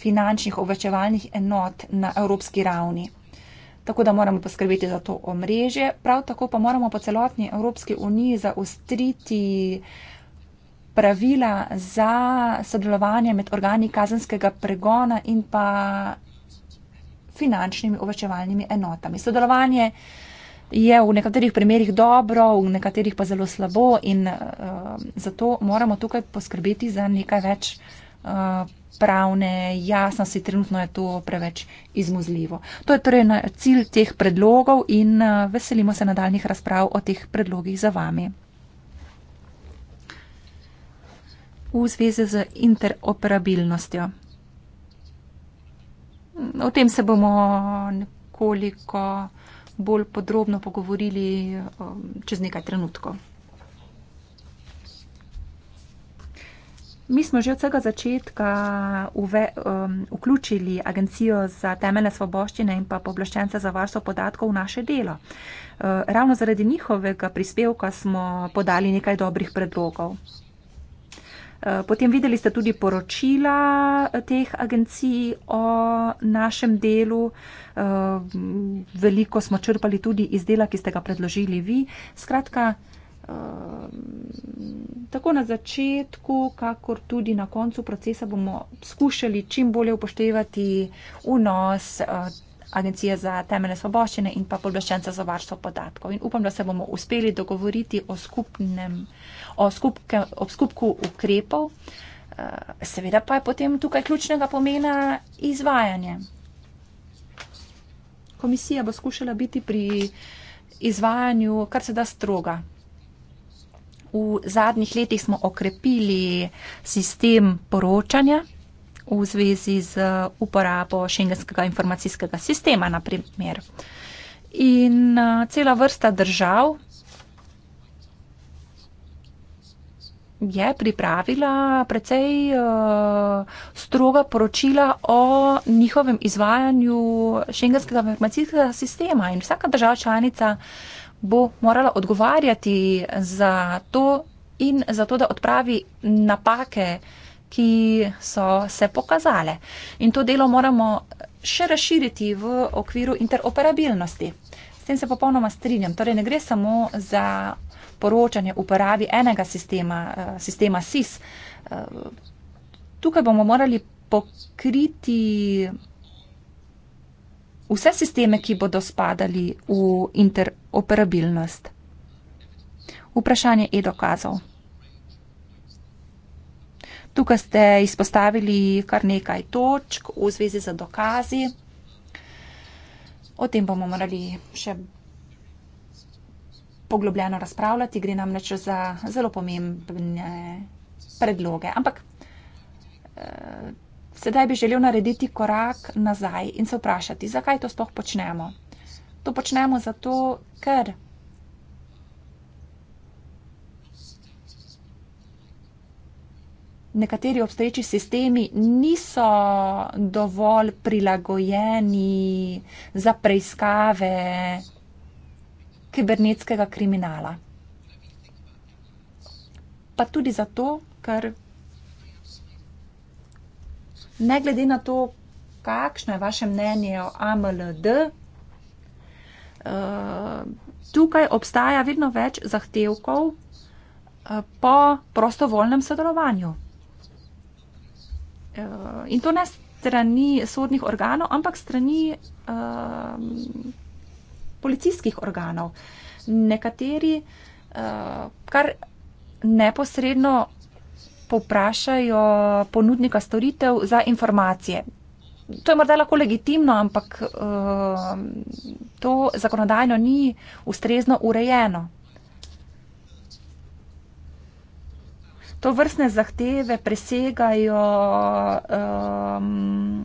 finančnih obvečevalnih enot na evropski ravni. Tako da moramo poskrbeti za to omrežje. Prav tako pa moramo po celotni Evropski uniji zaustriti uh, pravila za sodelovanje med organi kazenskega pregona in pa finančnimi uvečevalnimi enotami. Sodelovanje je v nekaterih primerjih dobro, v nekaterih pa zelo slabo in uh, zato moramo tukaj poskrbeti za nekaj več uh, pravne jasnosti. Trenutno je to preveč izmuzljivo. To je torej cilj teh predlogov in uh, veselimo se nadaljnih razprav o teh predlogih za vami. v zvezi z interoperabilnostjo. O tem se bomo nekoliko bolj podrobno pogovorili um, čez nekaj trenutkov. Mi smo že od vsega začetka uve, um, vključili Agencijo za temeljne svoboščine in pa poblaščence za varstvo podatkov v naše delo. Uh, ravno zaradi njihovega prispevka smo podali nekaj dobrih predlogov. Eh, potem videli ste tudi poročila eh, teh agencij o našem delu. Eh, veliko smo črpali tudi iz dela, ki ste ga predložili vi. Skratka, tako na začetku, kakor tudi na koncu procesa bomo skušali čim bolje upoštevati vnos Agencije za temeljne svoboščine in pa podlaščenca za varstvo podatkov. In upam, da se bomo uspeli dogovoriti o skupnem, skupke, ob skupku ukrepov. Eh, seveda pa je potem tukaj ključnega pomena izvajanje. Komisija bo skušala biti pri izvajanju kar se da stroga. V zadnjih letih smo okrepili sistem poročanja v zvezi z uporabo šengenskega informacijskega sistema, naprimer. In eh, cela vrsta držav, je pripravila precej uh, stroga poročila o njihovem izvajanju šengenskega informacijskega sistema in vsaka država članica bo morala odgovarjati za to in za to, da odpravi napake, ki so se pokazale. In to delo moramo še razširiti v okviru interoperabilnosti. S tem se popolnoma strinjam. Torej ne gre samo za poročanje uporabi enega sistema, eh, sistema SIS. Eh, tukaj bomo morali pokriti vse sisteme, ki bodo spadali v interoperabilnost. Vprašanje e-dokazov. Tukaj ste izpostavili kar nekaj točk v zvezi z dokazi. O tem bomo morali še poglobljeno razpravljati, gre namreč za zelo pomembne predloge. Ampak eh, sedaj bi želel narediti korak nazaj in se vprašati, zakaj to sploh počnemo. To počnemo zato, ker. Nekateri obstoječi sistemi niso dovolj prilagojeni za preiskave kibernetskega kriminala. Pa tudi zato, ker ne glede na to, kakšno je vaše mnenje o AMLD, eh, tukaj obstaja vedno več zahtevkov eh, po prostovoljnem sodelovanju. Eh, in to ne strani sodnih organov, ampak strani policijskih organov. Nekateri uh, kar neposredno poprašajo ponudnika storitev za informacije. To je morda lahko legitimno, ampak uh, to zakonodajno ni ustrezno urejeno. To vrstne zahteve presegajo um,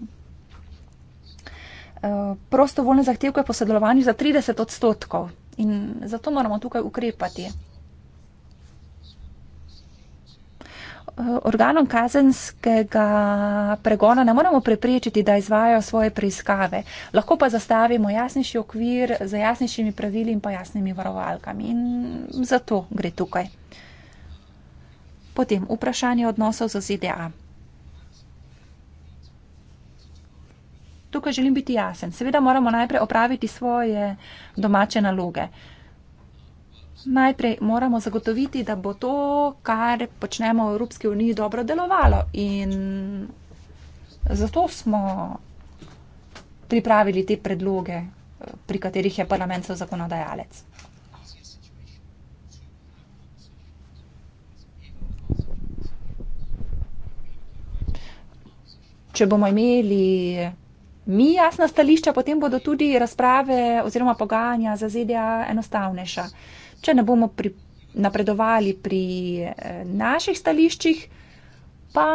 Eh, prostovoljne zahtevke po sodelovanju za 30 odstotkov. In zato moramo tukaj ukrepati. Eh, organom kazenskega pregona ne moremo preprečiti, da izvajo svoje preiskave. Lahko pa zastavimo jasnejši okvir z jasnejšimi pravili in pa jasnimi varovalkami. In zato gre tukaj. Potem vprašanje odnosov z ZDA. tukaj želim biti jasen. Seveda moramo najprej opraviti svoje domače naloge. Najprej moramo zagotoviti, da bo to, kar počnemo v Evropski uniji, dobro delovalo. In zato smo pripravili te predloge, pri katerih je parlament zakonodajalec. Če bomo imeli mi jasna stališča, potem bodo tudi razprave oziroma pogajanja za ZDA enostavnejša. Če ne bomo pri, napredovali pri eh, naših stališčih, pa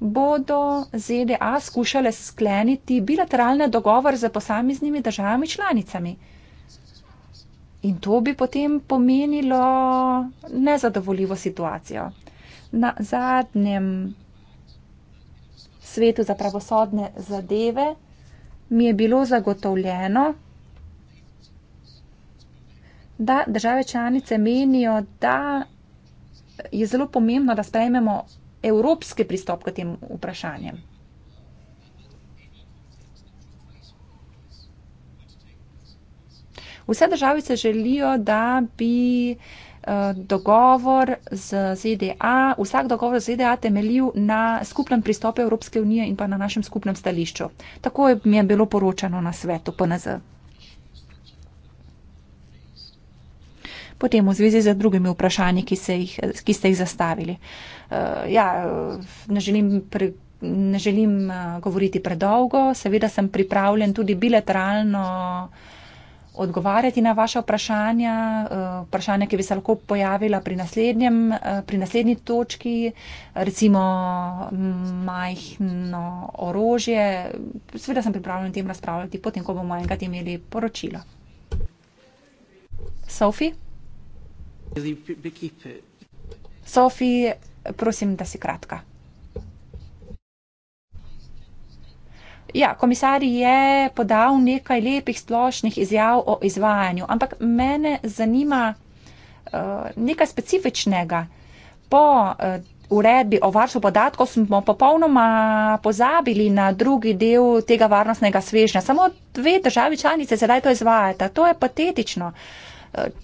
bodo ZDA skušale skleniti bilateralne dogovore z posameznimi državami članicami. In to bi potem pomenilo nezadovoljivo situacijo. Na zadnjem svetu za pravosodne zadeve, mi je bilo zagotovljeno, da države članice menijo, da je zelo pomembno, da sprejmemo evropski pristop k tem vprašanjem. Vse države se želijo, da bi Eh, dogovor z ZDA, vsak dogovor z ZDA temeljil na skupnem pristopu Evropske unije in pa na našem skupnem stališču. Tako je mi je bilo poročano na svetu PNZ. Potem v zvezi z drugimi vprašanji, ki, jih, ki ste jih zastavili. Uh, ja, ne želim, pre, ne želim uh, govoriti predolgo, seveda sem pripravljen tudi bilateralno uh, odgovarjati na vaše vprašanja, eh, vprašanja, ki bi se lahko pojavila pri, eh, pri naslednji točki, recimo mm, majhno orožje. Sveda sem pripravljen o tem razpravljati, potem, ko bomo enkrat imeli poročilo. Sofi? Sofi, prosim, da si kratka. Ja, komisar je podal nekaj lepih splošnih izjav o izvajanju, ampak mene zanima uh, nekaj specifičnega. Po uh, uredbi o varstvu podatkov smo popolnoma pozabili na drugi del tega varnostnega svežnja. Samo dve državi članice sedaj to izvajata. To je patetično. Uh,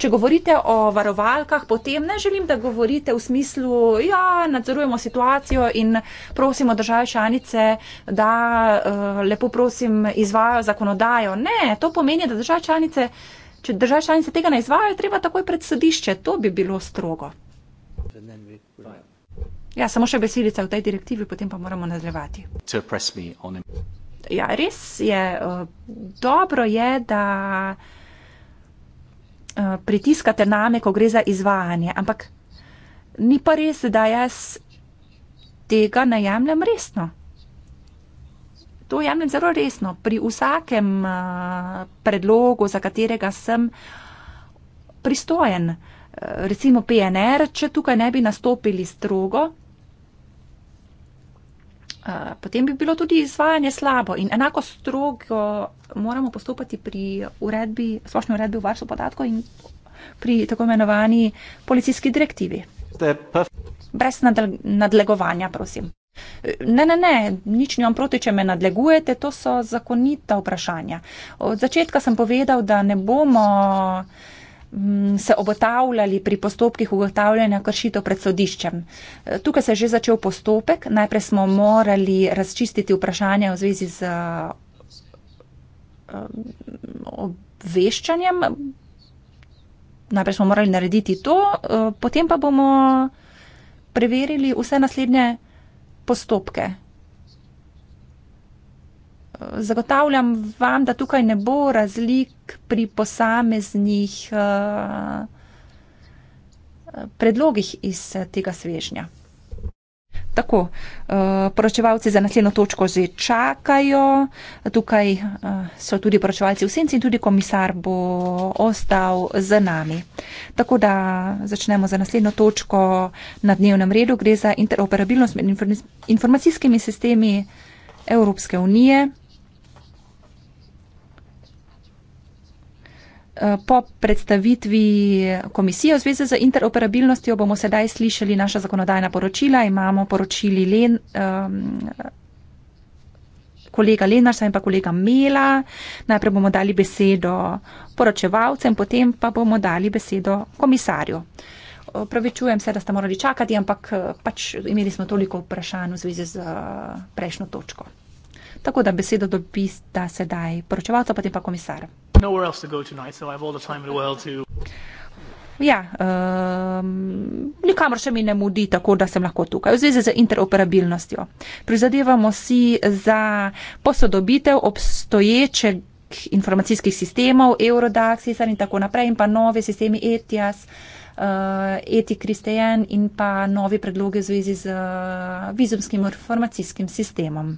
Če govorite o varovalkah, potem ne želim, da govorite v smislu, da ja, nadzorujemo situacijo in prosimo države članice, da eh, lepo prosim izvajo zakonodajo. Ne, to pomeni, da države članice, če države članice tega ne izvajo, treba takoj pred sodišče. To bi bilo strogo. Ja, samo še besedica v tej direktivi, potem pa moramo nadaljevati. Ja, res je, eh, dobro je, da. Eh, pritiskate name, ko gre za izvajanje, ampak ni pa res, da jaz tega ne jemljem resno. To jemljem zelo resno. Pri vsakem uh, predlogu, za katerega sem pristojen, uh, recimo PNR, če tukaj ne bi nastopili strogo, Eh, potem bi bilo tudi izvajanje slabo in enako strogo moramo postopati pri uredbi, splošni uredbi o varstvu podatkov in pri tako imenovani policijski direktivi. Brez nadlegovanja, prosim. Eh, ne, ne, ne, nič njom proti, če me nadlegujete, to so zakonita vprašanja. Od začetka sem povedal, da ne bomo. Mm, se obotavljali pri postopkih ugotavljanja kršitev pred sodiščem. E, tukaj se je že začel postopek. Najprej smo morali razčistiti vprašanja v zvezi z e, obveščanjem. Najprej smo morali narediti to, e, potem pa bomo preverili vse naslednje postopke zagotavljam vam, da tukaj ne bo razlik pri posameznih eh, predlogih iz eh, tega svežnja. Tako, eh, poročevalci za naslednjo točko že čakajo, tukaj so tudi poročevalci v senci in tudi komisar bo ostal z nami. Tako da začnemo za naslednjo točko na dnevnem redu, gre za interoperabilnost med informacijskimi sistemi Evropske unije. Eh, po predstavitvi komisije v zvezi z interoperabilnostjo bomo sedaj slišali naša zakonodajna poročila. Imamo poročili Len, um, kolega Lenarsa in pa kolega Mela. Najprej bomo dali besedo poročevalcem, potem pa bomo dali besedo komisarju. Pravičujem se, da ste morali čakati, ampak eh, pač imeli smo toliko vprašanj v zvezi z eh, prejšnjo točko. Tako da besedo dobi sta sedaj poročevalca, potem pa komisar nowhere else to go tonight, so I have all the time in the world to. Ja, um, nikamor še mi ne mudi, tako da sem lahko tukaj. V zvezi z interoperabilnostjo. Prizadevamo si za posodobitev obstoječeg informacijskih sistemov, Eurodax, ISR in tako naprej, in pa nove sistemi ETIAS, uh, ETI Kristejen in pa nove predloge v zvezi z uh, vizumskim informacijskim sistemom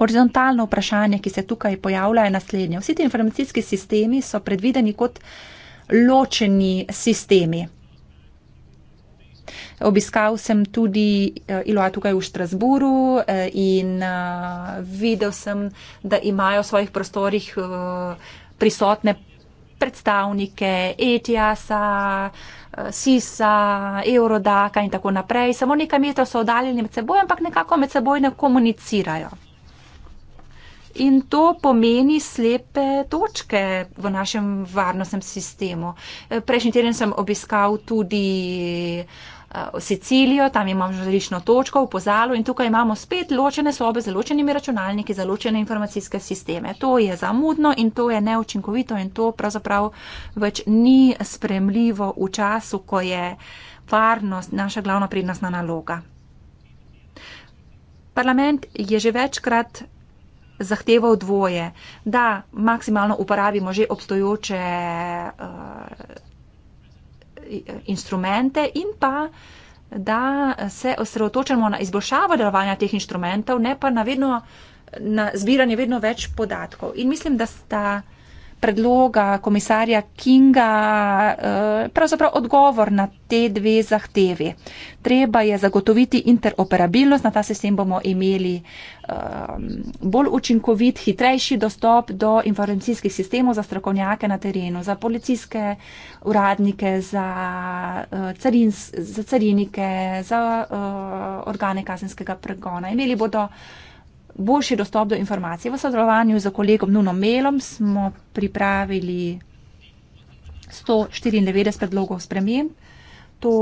horizontalno vprašanje, ki se tukaj pojavlja, je naslednje. Vsi ti informacijski sistemi so predvideni kot ločeni sistemi. Obiskal sem tudi eh, Iloa tukaj v Štrasburu eh, in eh, videl sem, da imajo v svojih prostorih prisotne predstavnike ETIAS-a, SIS-a, Eurodaka in tako naprej. Samo nekaj metrov so oddaljeni med seboj, ampak nekako med seboj ne komunicirajo in to pomeni slepe točke v našem varnostnem sistemu. Eh, prejšnji teden sem obiskal tudi eh, Sicilijo, tam imamo žarišno točko v pozalu in tukaj imamo spet ločene sobe z ločenimi računalniki, za ločene informacijske sisteme. To je zamudno in to je neučinkovito in to pravzaprav več ni spremljivo v času, ko je varnost naša glavna prednostna naloga. Parlament je že večkrat zahteval dvoje, da maksimalno uporabimo že obstojoče uh, eh, instrumente in pa da se osredotočamo na izboljšavo delovanja teh instrumentov, ne pa na, vedno, na zbiranje vedno več podatkov. In mislim, da sta predloga komisarja Kinga eh, pravzaprav odgovor na te dve zahtevi. Treba je zagotoviti interoperabilnost, na ta sistem bomo imeli eh, bolj učinkovit, hitrejši dostop do informacijskih sistemov za strokovnjake na terenu, za policijske uradnike, za, eh, carin, za carinike, za organe kazenskega pregona. Imeli bodo boljši dostop do informacij. V sodelovanju z kolegom Nuno Melom smo pripravili 194 predlogov sprememb. To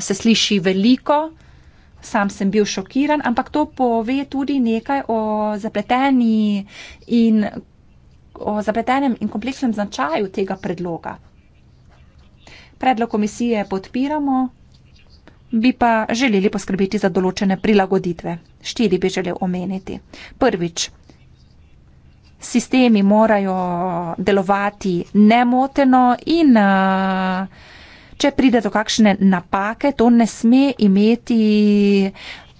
se sliši veliko, sam sem bil šokiran, ampak to pove tudi nekaj o zapleteni in o zapletenem in kompleksnem značaju tega predloga. Predlog komisije podpiramo bi pa želeli poskrbeti za določene prilagoditve. Štiri bi želel omeniti. Prvič, sistemi morajo delovati nemoteno in če pride do kakšne napake, to ne sme imeti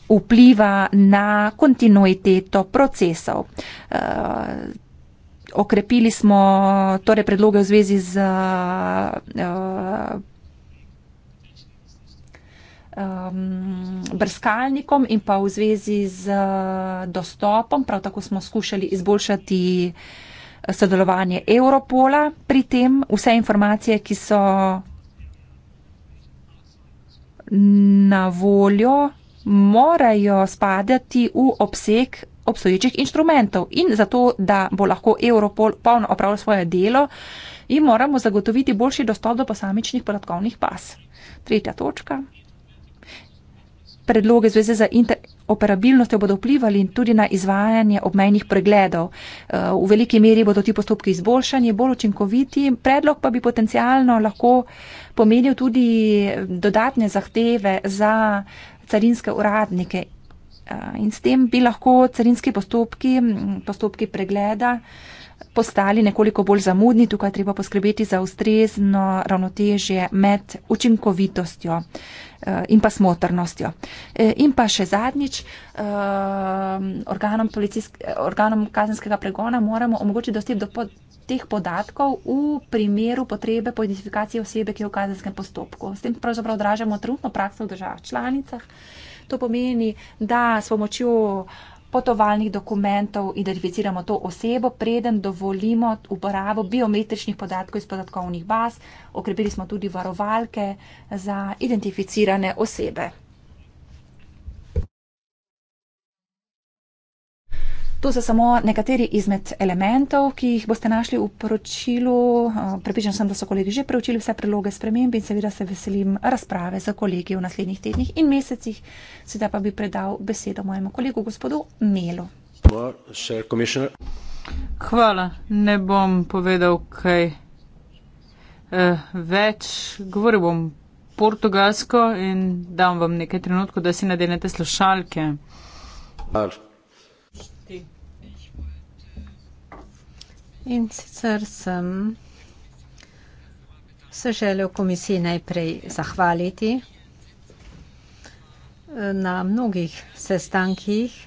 vpliva na kontinuiteto procesov. Okrepili smo torej predloge v zvezi z um, brskalnikom in pa v zvezi z uh, dostopom. Prav tako smo skušali izboljšati uh, sodelovanje Europola pri tem. Vse informacije, ki so na voljo, morajo spadati v obseg obstoječih inštrumentov in zato, da bo lahko Europol polno opravil svoje delo in moramo zagotoviti boljši dostop do posamičnih podatkovnih pas. Tretja točka predloge zveze za interoperabilnostjo bodo vplivali tudi na izvajanje obmejnih pregledov. Eh, v veliki meri bodo ti postopki izboljšani, bolj učinkoviti, predlog pa bi potencialno lahko pomenil tudi dodatne zahteve za carinske uradnike. Eh, in s tem bi lahko carinski postopki, postopki pregleda postali nekoliko bolj zamudni, tukaj treba poskrbeti za ustrezno ravnotežje med učinkovitostjo Eh, in pa smotrnostjo. Eh, in pa še zadnjič, eh, organom, organom kazenskega pregona moramo omogočiti dostop do pod teh podatkov v primeru potrebe po identifikaciji osebe, ki je v kazenskem postopku. S tem pravzaprav odražamo trenutno prakso v državah članicah. To pomeni, da s pomočjo uh, potovalnih dokumentov, identificiramo to osebo, preden dovolimo uporabo biometričnih podatkov iz podatkovnih baz. Okrepili smo tudi varovalke za identificirane osebe. To so samo nekateri izmed elementov, ki jih boste našli v poročilu. Eh, Prepričan sem, da so kolegi že preučili vse priloge sprememb in seveda se veselim razprave za kolegi v naslednjih tednih in mesecih. Sedaj pa bi predal besedo mojemu kolegu, gospodu Melu. Hvala. Ne bom povedal kaj eh, več. Govoril bom portugalsko in dam vam nekaj trenutkov, da si nadenete slušalke. Hvala. In sicer sem se želel komisiji najprej zahvaliti eh, na mnogih sestankih.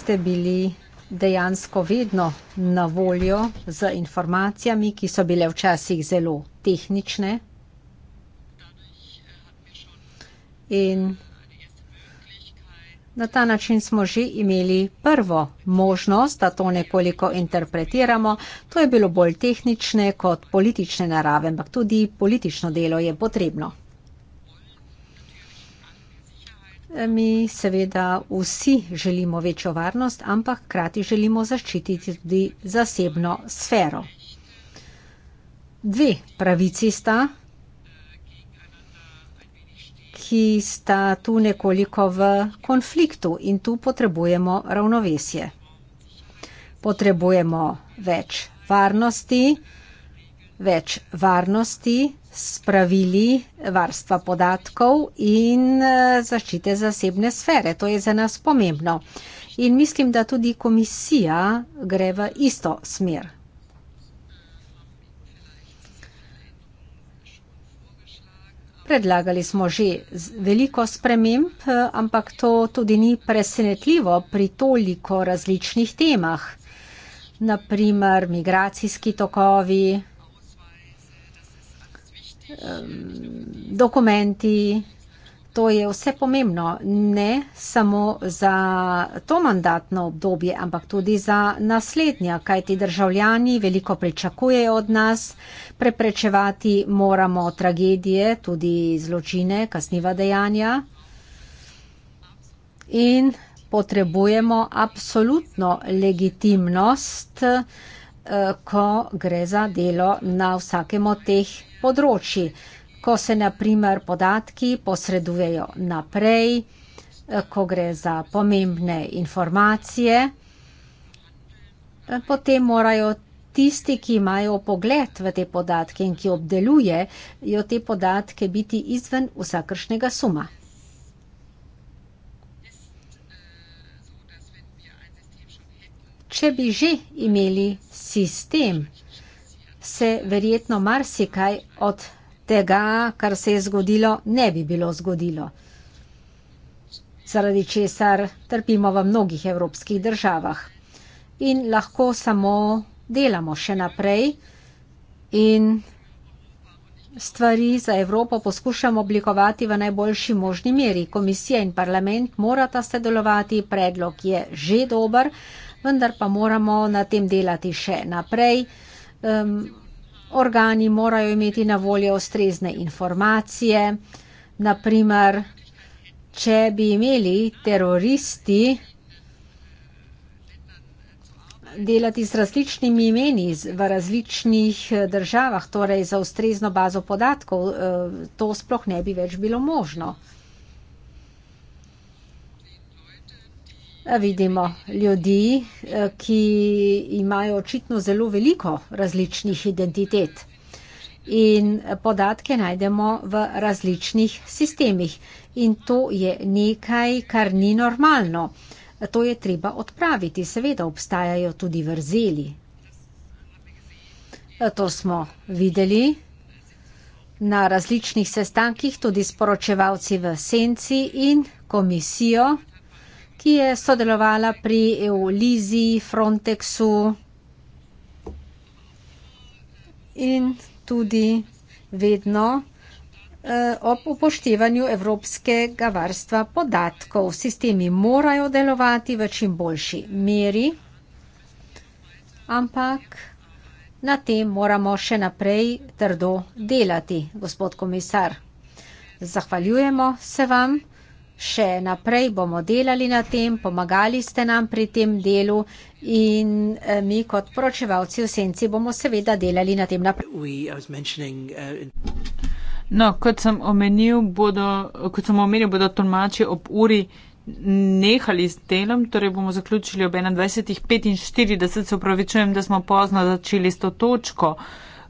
Ste bili dejansko vedno na voljo z informacijami, ki so bile včasih zelo tehnične. In Na ta način smo že imeli prvo možnost, da to nekoliko interpretiramo. To je bilo bolj tehnične kot politične narave, ampak tudi politično delo je potrebno. Mi seveda vsi želimo večjo varnost, ampak krati želimo zaščititi tudi zasebno sfero. Dve pravici sta ki sta tu nekoliko v konfliktu in tu potrebujemo ravnovesje. Potrebujemo več varnosti, več varnosti, spravili varstva podatkov in eh, zaščite zasebne sfere. To je za nas pomembno. In mislim, da tudi komisija gre v isto smer. predlagali smo že veliko sprememb, eh, ampak to tudi ni presenetljivo pri toliko različnih temah. Naprimer, migracijski tokovi, ehm, dokumenti, To je vse pomembno, ne samo za to mandatno obdobje, ampak tudi za naslednja, kaj ti državljani veliko pričakujejo od nas. Preprečevati moramo tragedije, tudi zločine, kasniva dejanja. In potrebujemo absolutno legitimnost, eh, ko gre za delo na vsakem od teh področji ko se naprimer podatki posredujejo naprej, eh, ko gre za pomembne informacije, eh, potem morajo tisti, ki imajo pogled v te podatke in ki obdelujejo te podatke, biti izven vsakršnega suma. Če bi že imeli sistem, se verjetno marsikaj od tega, kar se je zgodilo, ne bi bilo zgodilo, zaradi česar trpimo v mnogih evropskih državah. In lahko samo delamo še naprej in stvari za Evropo poskušamo oblikovati v najboljši možni meri. Komisija in parlament morata sodelovati, predlog je že dober, vendar pa moramo na tem delati še naprej. Um, organi morajo imeti na voljo ustrezne informacije. Naprimer, če bi imeli teroristi delati z različnimi imeni v različnih eh, državah, torej za ustrezno bazo podatkov, eh, to sploh ne bi več bilo možno. Vidimo ljudi, eh, ki imajo očitno zelo veliko različnih identitet. In podatke najdemo v različnih sistemih. In to je nekaj, kar ni normalno. To je treba odpraviti. Seveda obstajajo tudi vrzeli. Eh, to smo videli na različnih sestankih, tudi sporočevalci v senci in komisijo ki je sodelovala pri Eulizi, Frontexu in tudi vedno eh, ob upoštevanju evropskega varstva podatkov. Sistemi morajo delovati v čim boljši meri, ampak na tem moramo še naprej trdo delati, gospod komisar. Zahvaljujemo se vam še naprej bomo delali na tem, pomagali ste nam pri tem delu in eh, mi kot poročevalci v senci bomo seveda delali na tem naprej. Uh, no, kot sem omenil, bodo, kot sem omenil, bodo tolmači ob uri nehali s delom, torej bomo zaključili ob 21.45, se upravičujem, da smo pozno začeli s to točko.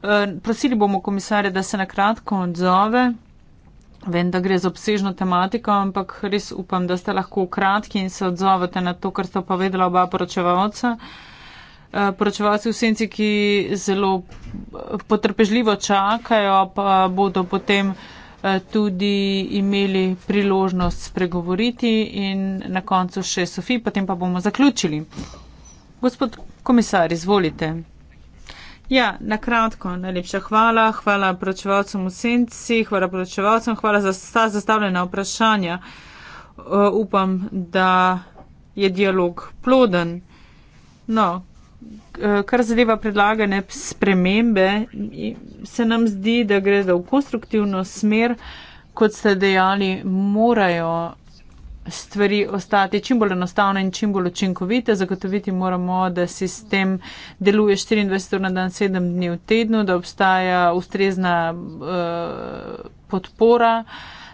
Eh, prosili bomo komisarja, da se na kratko odzove. Vem, da gre za obsežno tematiko, ampak res upam, da ste lahko kratki in se odzovete na to, kar sta povedala oba poročevalca. Eh, poročevalci v senci, ki zelo eh, potrpežljivo čakajo, pa bodo potem eh, tudi imeli priložnost spregovoriti in na koncu še Sofi, potem pa bomo zaključili. Gospod komisar, izvolite. Ja, na kratko, najlepša hvala. Hvala poročevalcem v senci, hvala poročevalcem, hvala za sta zastavljena vprašanja. Uh, upam, da je dialog ploden. No, kar zadeva predlagane spremembe, se nam zdi, da gre za v konstruktivno smer, kot ste dejali, morajo stvari ostati čim bolj enostavne in čim bolj učinkovite. Zagotoviti moramo, da sistem deluje 24 ur na dan, 7 dni v tednu, da obstaja ustrezna uh, podpora,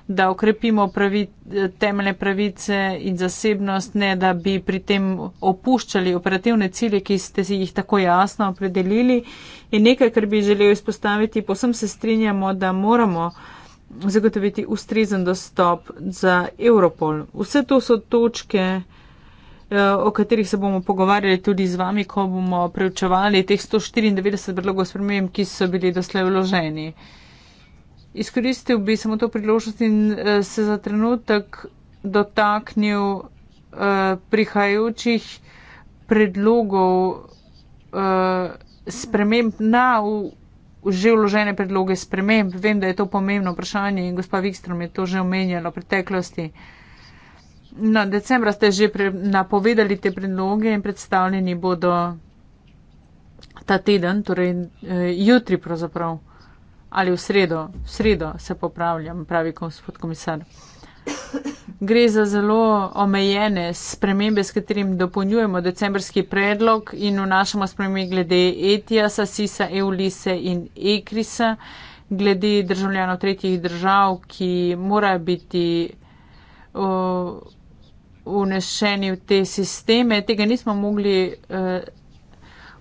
da okrepimo pravi, temeljne pravice in zasebnost, ne da bi pri tem opuščali operativne cilje, ki ste si jih tako jasno opredelili. In nekaj, kar bi želel izpostaviti, posem se strinjamo, da moramo zagotoviti ustrezen dostop za Europol. Vse to so točke, eh, o katerih se bomo pogovarjali tudi z vami, ko bomo preučevali teh 194 predlogov sprememb, ki so bili doslej vloženi. Izkoristil bi samo to priložnost in eh, se za trenutek dotaknil eh, prihajajočih predlogov sprememb na že vložene predloge sprememb. Vem, da je to pomembno vprašanje in gospa Vikstrom je to že omenjala v preteklosti. No, decembra ste že napovedali te predloge in predstavljeni bodo ta teden, torej eh, jutri pravzaprav ali v sredo, v sredo se popravljam, pravi gospod komisar gre za zelo omejene spremembe, s katerim dopolnjujemo decembrski predlog in vnašamo spremembe glede ETIAS-a, SIS-a, EULISE in EKRIS-a, glede državljanov tretjih držav, ki morajo biti unešeni v te sisteme. Tega nismo mogli uh,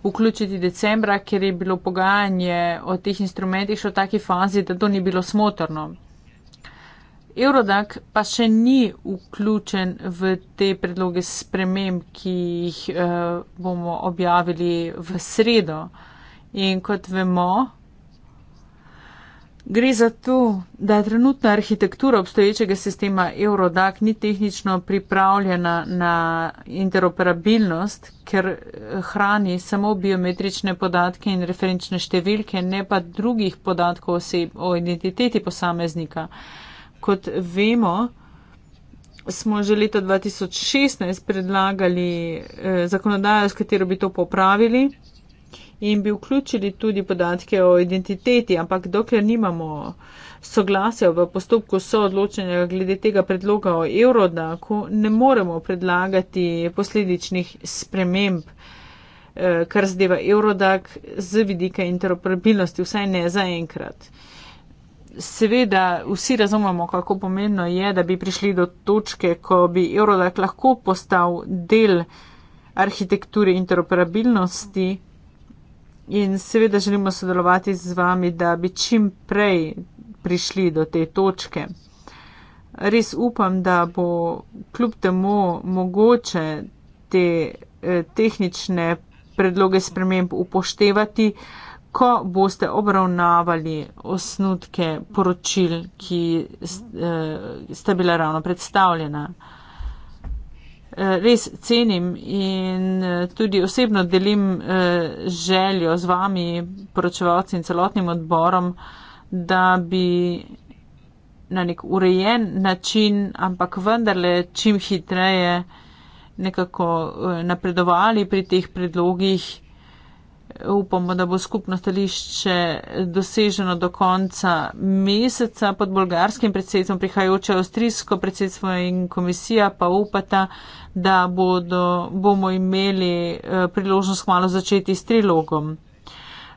vključiti decembra, ker je bilo pogajanje o teh instrumentih še v taki fazi, da to ni bilo smotrno. Eurodac pa še ni vključen v te predloge sprememb, ki jih uh, bomo objavili v sredo. In kot vemo, gre za to, da trenutna arhitektura obstoječega sistema Eurodac ni tehnično pripravljena na interoperabilnost, ker eh, hrani samo biometrične podatke in referenčne številke, ne pa drugih podatkov oseb, o identiteti posameznika kot vemo, smo že leta 2016 predlagali eh, zakonodajo, s katero bi to popravili in bi vključili tudi podatke o identiteti, ampak dokler nimamo soglasja v postopku soodločenja glede tega predloga o evrodnaku, ne moremo predlagati posledičnih sprememb, eh, kar zadeva evrodak z vidika interoperabilnosti, vsaj ne zaenkrat seveda vsi razumemo, kako pomembno je, da bi prišli do točke, ko bi Eurodac lahko postal del arhitekture interoperabilnosti in seveda želimo sodelovati z vami, da bi čim prej prišli do te točke. Res upam, da bo kljub temu mogoče te eh, tehnične predloge sprememb upoštevati. Eh, ko boste obravnavali osnutke poročil, ki eh, sta bila ravno predstavljena. Eh, res cenim in eh, tudi osebno delim željo z vami, poročevalci in celotnim odborom, da bi na nek urejen način, ampak vendarle čim hitreje nekako napredovali pri teh predlogih upamo, da bo skupno stališče doseženo do konca meseca pod bolgarskim predsedstvom, prihajajoče avstrijsko predsedstvo in komisija pa upata, da bodo, bomo imeli eh, priložnost hmalo začeti s trilogom.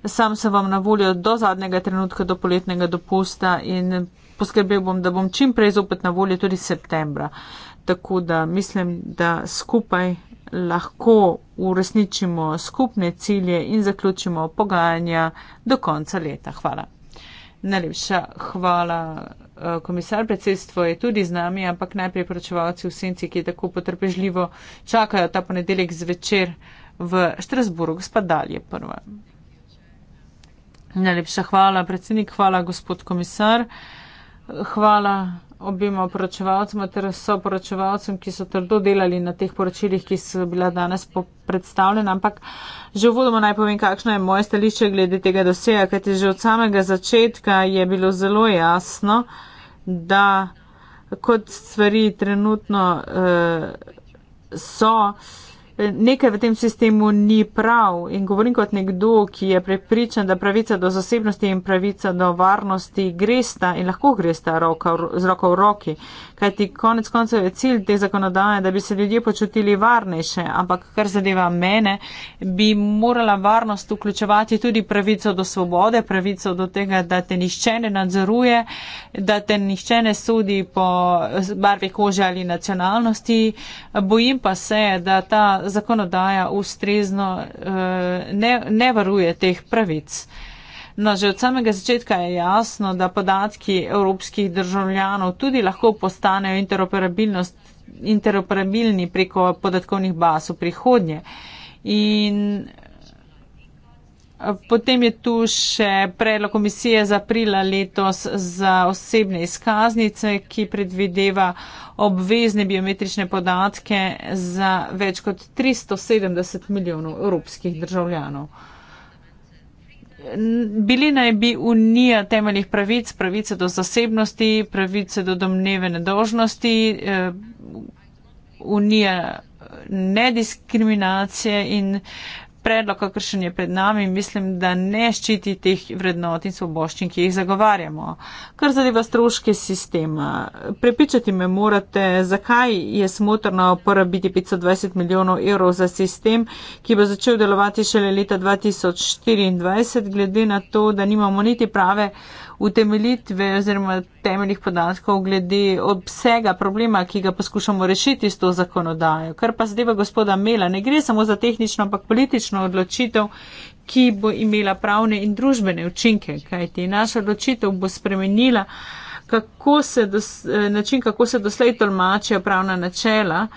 Sam sem vam na voljo do zadnjega trenutka, do poletnega dopusta in poskrbel bom, da bom čim prej zopet na voljo tudi septembra. Tako da mislim, da skupaj lahko uresničimo skupne cilje in zaključimo pogajanja do konca leta. Hvala. Najlepša hvala. Eh, komisar predsedstvo je tudi z nami, ampak najprej poročevalci v Senci, ki tako potrpežljivo čakajo ta ponedeljek zvečer v Štrasburu. Gospod Dalje prva. Najlepša hvala, predsednik. Hvala, gospod komisar. Hvala obima poročevalcima ter soporočevalcem, ki so trdo delali na teh poročilih, ki so bila danes predstavljena. Ampak že v vodoma naj povem, kakšno je moje stališče glede tega doseja, kajti že od samega začetka je bilo zelo jasno, da kot stvari trenutno uh, so. Uh, nekaj v tem sistemu ni prav in govorim kot nekdo, ki je prepričan, da pravica do zasebnosti in pravica do varnosti gresta in lahko gresta roka, z roko v roki kajti konec koncev je cilj te zakonodaje, da bi se ljudje počutili varnejše, ampak kar zadeva mene, bi morala varnost vključevati tudi pravico do svobode, pravico do tega, da te nišče ne nadzoruje, da te nišče ne sudi po barvi kože ali nacionalnosti. Bojim pa se, da ta zakonodaja ustrezno eh, ne, ne varuje teh pravic. No, že od samega začetka je jasno, da podatki evropskih državljanov tudi lahko postanejo interoperabilni preko podatkovnih baz v prihodnje. In eh, potem je tu še predlog komisije za aprila letos za osebne izkaznice, ki predvideva obvezne biometrične podatke za več kot 370 milijonov evropskih državljanov. Bili naj bi unija temeljih pravic, pravice do zasebnosti, pravice do domneve nedožnosti, eh, unija nediskriminacije in predlog, kakršen je pred nami, mislim, da ne ščiti teh vrednot in svoboščin, ki jih zagovarjamo. Kar zadeva stroške sistema, prepričati me morate, zakaj je smotrno porabiti 520 milijonov evrov za sistem, ki bo začel delovati šele leta 2024, glede na to, da nimamo niti prave utemeljitve oziroma temeljih podatkov glede obsega problema, ki ga poskušamo rešiti s to zakonodajo. Kar pa zdaj v gospoda Mela ne gre samo za tehnično, ampak politično odločitev, ki bo imela pravne in družbene učinke, kajti naša odločitev bo spremenila kako dos, eh, način, kako se doslej tolmačijo pravna načela.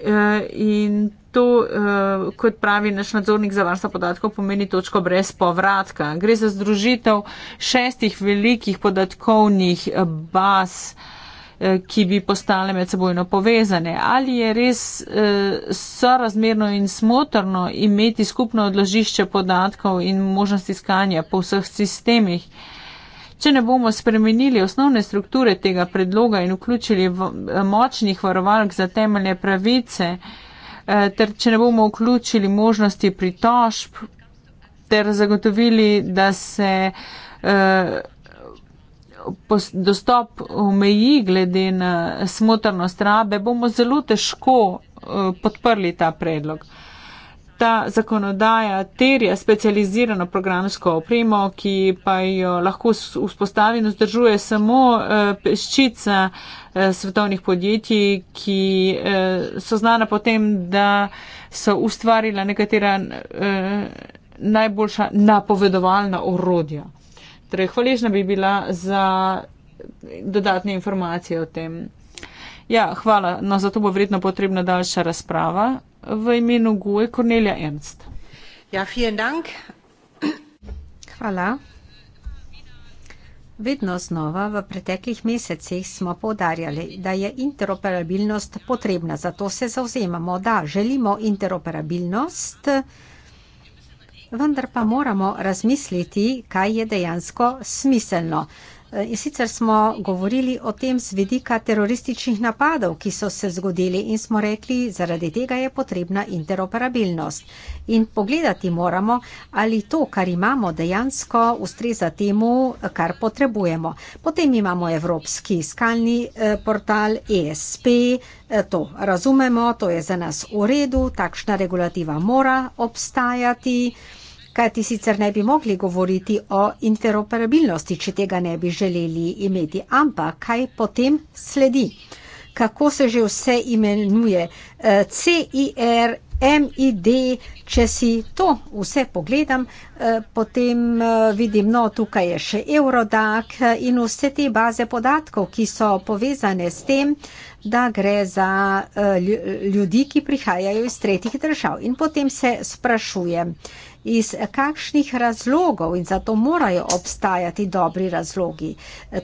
Eh, in to, eh, kot pravi naš nadzornik za varstvo podatkov, pomeni točko brez povratka. Gre za združitev šestih velikih podatkovnih eh, baz ki bi postale medsebojno povezane. Ali je res eh, sorazmerno in smotrno imeti skupno odložišče podatkov in možnost iskanja po vseh sistemih? Eh, Če ne bomo spremenili osnovne strukture tega predloga in vključili v, eh, močnih varovalk za temeljne pravice, eh, ter če ne bomo vključili možnosti pritožb, ter zagotovili, da se eh, dostop omeji glede na smotrnost rabe, bomo zelo težko podprli ta predlog ta zakonodaja terja specializirano programsko opremo, ki pa jo lahko vzpostavi in vzdržuje samo eh, peščica eh, svetovnih podjetij, ki eh, so znana potem, da so ustvarila nekatera najboljša napovedovalna orodja. Torej, hvaležna bi bila za dodatne informacije o tem. Ja, hvala. No, zato bo vredno potrebna daljša razprava v imenu GUE Kornelija Ernst. Ja, vielen Dank. Hvala. Vedno znova v preteklih mesecih smo povdarjali, da je interoperabilnost potrebna, zato se zauzemamo, da želimo interoperabilnost, vendar pa moramo razmisliti, kaj je dejansko smiselno. In sicer smo govorili o tem z vidika terorističnih napadov, ki so se zgodili in smo rekli, zaradi tega je potrebna interoperabilnost. In pogledati moramo, ali to, kar imamo, dejansko ustreza temu, kar potrebujemo. Potem imamo Evropski skalni eh, portal ESP, eh, to razumemo, to je za nas v redu, takšna regulativa mora obstajati. Kajti sicer ne bi mogli govoriti o interoperabilnosti, če tega ne bi želeli imeti. Ampak kaj potem sledi? Kako se že vse imenuje? CIR, MID, če si to vse pogledam, eh, potem eh, vidim, no, tukaj je še Eurodac eh, in vse te baze podatkov, ki so povezane s tem, da gre za eh, ljudi, ki prihajajo iz tretjih držav. In potem se sprašuje, iz kakšnih razlogov in zato morajo obstajati dobri razlogi.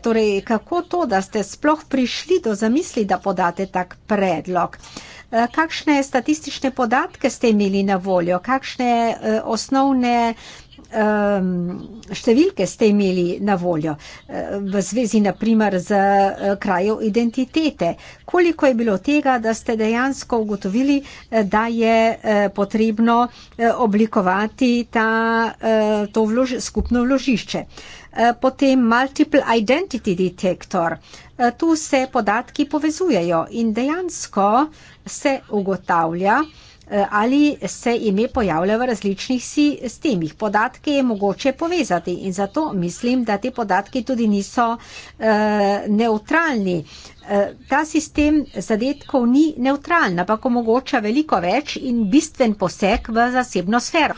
Torej, kako to, da ste sploh prišli do zamisli, da podate tak predlog? Eh, kakšne statistične podatke ste imeli na voljo? Kakšne eh, osnovne um, številke ste imeli na voljo uh, v zvezi naprimer z uh, krajev identitete? Koliko je bilo tega, da ste dejansko ugotovili, uh, da je potrebno oblikovati ta, to vlož, skupno vložišče? Potem Multiple Identity Detector. Tu se podatki povezujejo in dejansko se ugotavlja, Eh, ali se ime pojavlja v različnih sistemih. Podatke je mogoče povezati in zato mislim, da te podatke tudi niso uh, eh, neutralni. Uh, eh, ta sistem zadetkov ni neutralna, ampak omogoča veliko več in bistven poseg v zasebno sfero.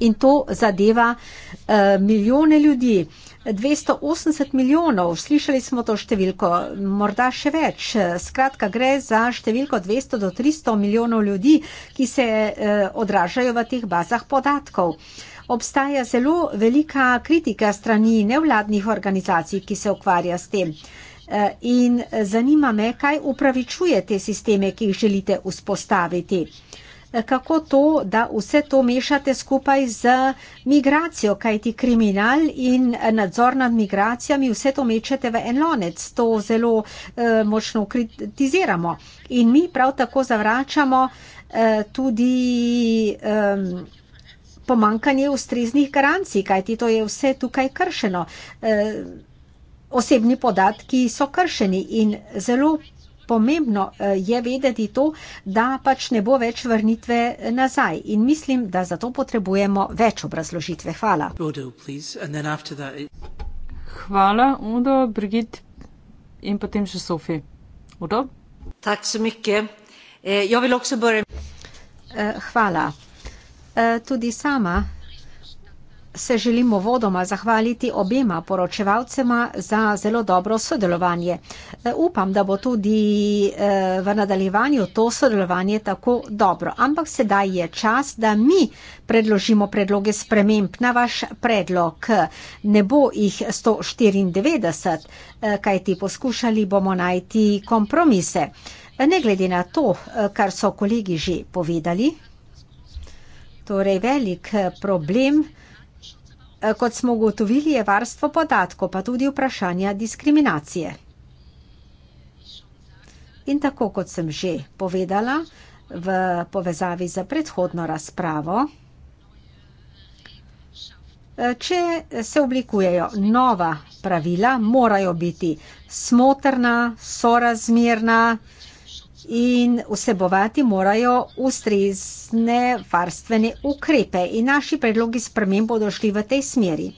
In to zadeva uh, milijone ljudi. Uh, 280 milijonov, slišali smo to številko, morda še več. Skratka, gre za številko 200 do 300 milijonov ljudi, ki se eh, odražajo v teh bazah podatkov. Obstaja zelo velika kritika strani nevladnih organizacij, ki se ukvarja s tem. Eh, in zanima me, kaj upravičuje te sisteme, ki jih želite vzpostaviti kako to, da vse to mešate skupaj z migracijo, kajti kriminal in nadzor nad migracijami, vse to mečete v en lonec, to zelo eh, močno kritiziramo. In mi prav tako zavračamo eh, tudi eh, pomankanje ustreznih garancij, kajti to je vse tukaj kršeno. Eh, osebni podatki so kršeni in zelo pomembno eh, je vedeti to, da pač ne bo več vrnitve nazaj. In mislim, da za to potrebujemo več obrazložitve. Hvala. Hvala, Udo, Brigit in potem še Sofi. Udo? Tak so mikke. Eh, jo vil också börja. Eh, hvala. Tudi sama se želimo vodoma zahvaliti obema poročevalcema za zelo dobro sodelovanje. E, upam, da bo tudi e, v nadaljevanju to sodelovanje tako dobro. Ampak sedaj je čas, da mi predložimo predloge sprememb na vaš predlog. Ne bo jih 194, e, kajti poskušali bomo najti kompromise. Ne glede na to, kar so kolegi že povedali, torej velik problem, kot smo ugotovili, je varstvo podatkov pa tudi vprašanja diskriminacije. In tako kot sem že povedala v povezavi z predhodno razpravo, če se oblikujejo nova pravila, morajo biti smotrna, sorazmerna, in vsebovati morajo ustrezne varstvene ukrepe. In naši predlogi sprememb bodo šli v tej smeri.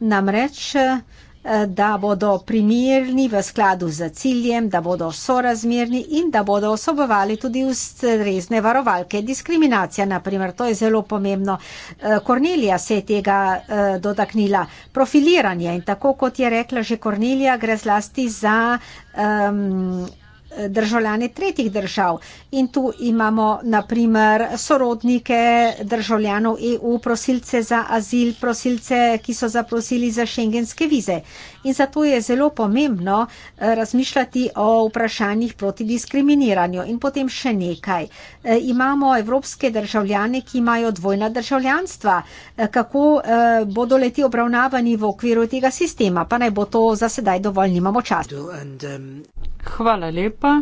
Namreč, eh, da bodo primerni v skladu z ciljem, da bodo sorazmerni in da bodo osobovali tudi ustrezne varovalke. Diskriminacija, naprimer, to je zelo pomembno. Eh, Kornelija se je tega eh, dotaknila. Profiliranje in tako kot je rekla že Kornelija, gre zlasti za. Um, državljane tretjih držav. In tu imamo naprimer sorodnike državljanov EU, prosilce za azil, prosilce, ki so zaprosili za šengenske vize in zato je zelo pomembno eh, razmišljati o vprašanjih proti diskriminiranju. In potem še nekaj. Eh, imamo evropske državljane, ki imajo dvojna državljanstva. Eh, kako bodo leti obravnavani v okviru tega sistema? Pa naj bo to za sedaj dovolj, nimamo čas. Um, Hvala lepa.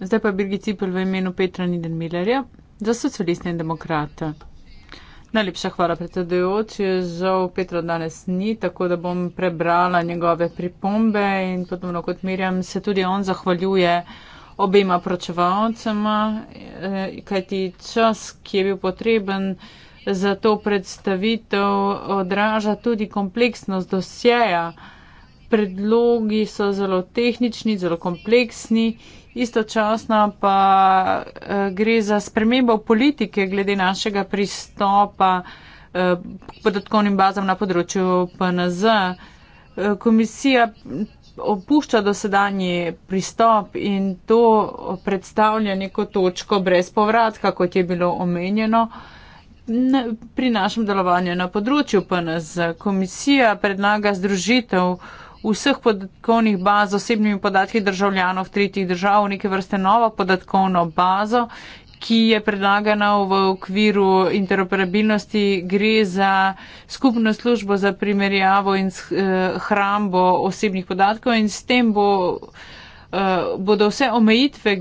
Zdaj pa Birgit Cipel v imenu Petra Nidenmilerja za socialiste in demokrate. Najlepša hvala, predsedujoči. Žal Petro danes ni, tako da bom prebrala njegove pripombe in podobno kot Mirjam se tudi on zahvaljuje obima pročevalcema, eh, kajti čas, ki je bil potreben za to predstavitev, odraža tudi kompleksnost dosjeja. Predlogi so zelo tehnični, zelo kompleksni istočasno pa eh, gre za spremembo politike glede našega pristopa eh, k podatkovnim bazam na področju PNZ. Eh, komisija opušča dosedanji pristop in to predstavlja neko točko brez povratka, kot je bilo omenjeno pri našem delovanju na področju PNZ. Komisija predlaga združitev vseh podatkovnih baz z osebnimi podatki državljanov tretjih držav, neke vrste novo podatkovno bazo, ki je predlagana v okviru interoperabilnosti. Gre za skupno službo za primerjavo in eh, hrambo osebnih podatkov in s tem bo. Eh, bodo vse omejitve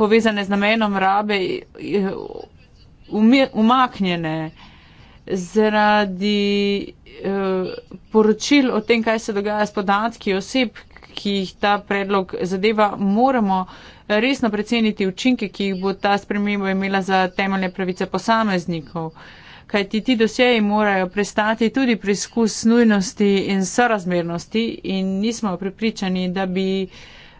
povezane z namenom rabe eh, umaknjene zaradi eh, poročil o tem, kaj se dogaja s podatki oseb, ki jih ta predlog zadeva, moramo resno preceniti učinke, ki jih bo ta sprememba imela za temeljne pravice posameznikov. Kaj ti ti dosjeji morajo prestati tudi preizkus nujnosti in sorazmernosti in nismo pripričani, da bi.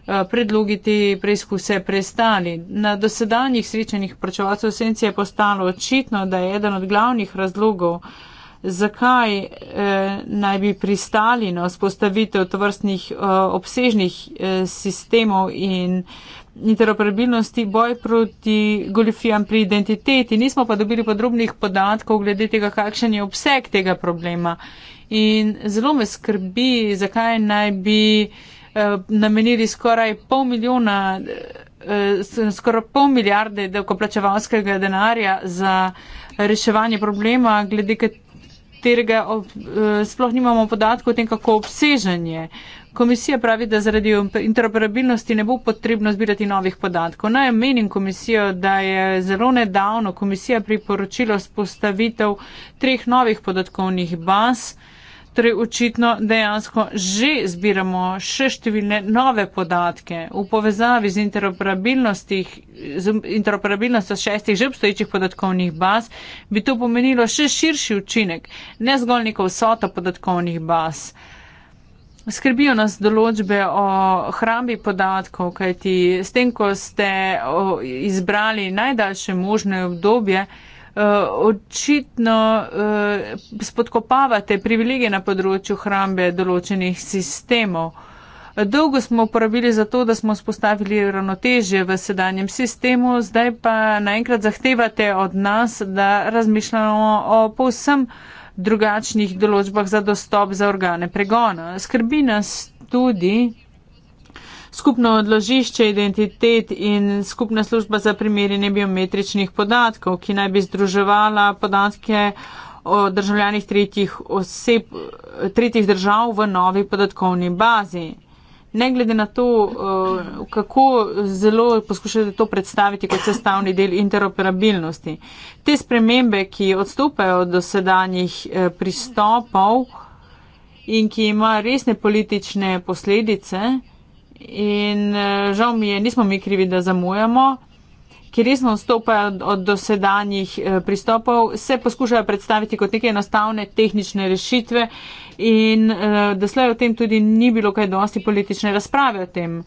Eh, predlogi te preizkuse prestali. Na dosedanjih srečanjih pročevalcev senci je postalo očitno, da je eden od glavnih razlogov, zakaj eh, naj bi pristali na spostavitev tovrstnih eh, obsežnih eh, sistemov in interoperabilnosti boj proti goljofijam pri identiteti. Nismo pa dobili podrobnih podatkov glede tega, kakšen je obseg tega problema. In zelo me skrbi, zakaj naj bi eh, Eh, namenili skoraj pol milijona, eh, skoraj pol milijarde davkoplačevalskega denarja za reševanje problema, glede katerega eh, sploh nimamo podatkov o tem, kako obsežen je. Komisija pravi, da zaradi interoperabilnosti ne bo potrebno zbirati novih podatkov. Naj menim komisijo, da je zelo nedavno komisija priporočila spostavitev treh novih podatkovnih baz. Torej, očitno dejansko že zbiramo še številne nove podatke v povezavi z interoperabilnostjo šestih že obstoječih podatkovnih baz, bi to pomenilo še širši učinek, ne zgolj neko vsoto podatkovnih baz. Skrbijo nas določbe o hrambi podatkov, kajti s tem, ko ste izbrali najdaljše možne obdobje, Eh, očitno eh, spodkopavate privilegije na področju hrambe določenih sistemov. Dolgo smo uporabili za to, da smo spostavili ravnotežje v sedanjem sistemu, zdaj pa naenkrat zahtevate od nas, da razmišljamo o povsem drugačnih določbah za dostop za organe pregona. Skrbi nas tudi, skupno odložišče identitet in skupna služba za primerjanje biometričnih podatkov, ki naj bi združevala podatke o državljanih tretjih, oseb, tretjih držav v novi podatkovni bazi. Ne glede na to, eh, kako zelo poskušate to predstaviti kot sestavni del interoperabilnosti. Te spremembe, ki odstopajo od dosedanjih eh, pristopov in ki ima resne politične posledice, in eh, žal mi je, nismo mi krivi, da zamujamo, ki resno odstopajo od dosedanjih eh, pristopov, se poskušajo predstaviti kot neke enostavne tehnične rešitve in eh, da slej o tem tudi ni bilo kaj dosti politične razprave o tem.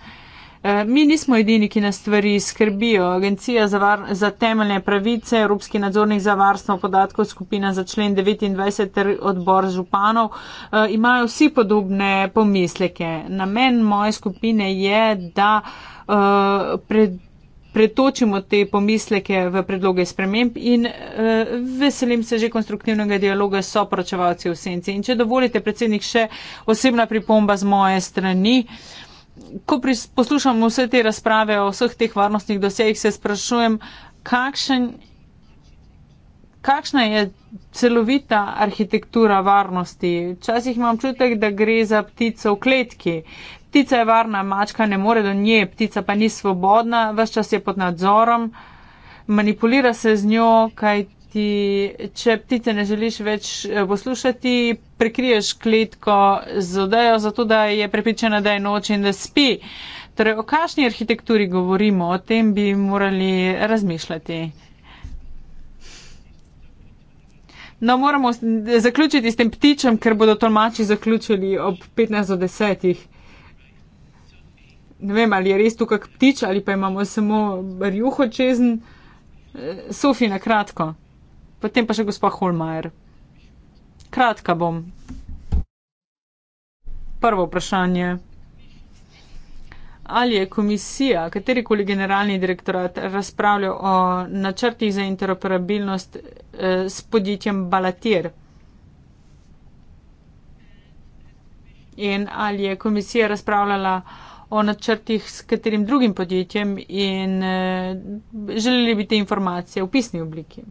Eh, mi nismo edini, ki nas stvari skrbijo. Agencija za, var, za temeljne pravice, Evropski nadzornik za varstvo podatkov, skupina za člen 29 ter odbor županov eh, imajo vsi podobne pomisleke. Namen moje skupine je, da eh, pred. Pretočimo te pomisleke v predloge sprememb in uh, veselim se že konstruktivnega dialoga s opročevalci v senci. In če dovolite, predsednik, še osebna pripomba z moje strani. Uh, ko poslušam vse te razprave o vseh teh varnostnih dosejih, se sprašujem, kakšen, kakšna je celovita arhitektura varnosti. Včasih imam čutek, da gre za ptico v kletki. Ptica je varna, mačka ne more do nje, ptica pa ni svobodna, vse čas je pod nadzorom, manipulira se z njo, kaj ti, če ptice ne želiš več eh, poslušati, prekriješ kletko z odejo, zato da je prepričana, da je noč in da spi. Torej, o kakšni arhitekturi govorimo, o tem bi morali razmišljati. No, moramo zaključiti s tem ptičem, ker bodo tolmači zaključili ob 15 do 10. Ne vem, ali je res tukaj ptič ali pa imamo samo rjuho čezen. Eh, Sofi na kratko, potem pa še gospa Holmajer. Kratka bom. Prvo vprašanje. Ali je komisija, katerikoli generalni direktorat, razpravljal o načrtih za interoperabilnost eh, s podjetjem Balatir? In ali je komisija razpravljala o načrtih s katerim drugim podjetjem in eh, želeli bi te informacije v pisni obliki?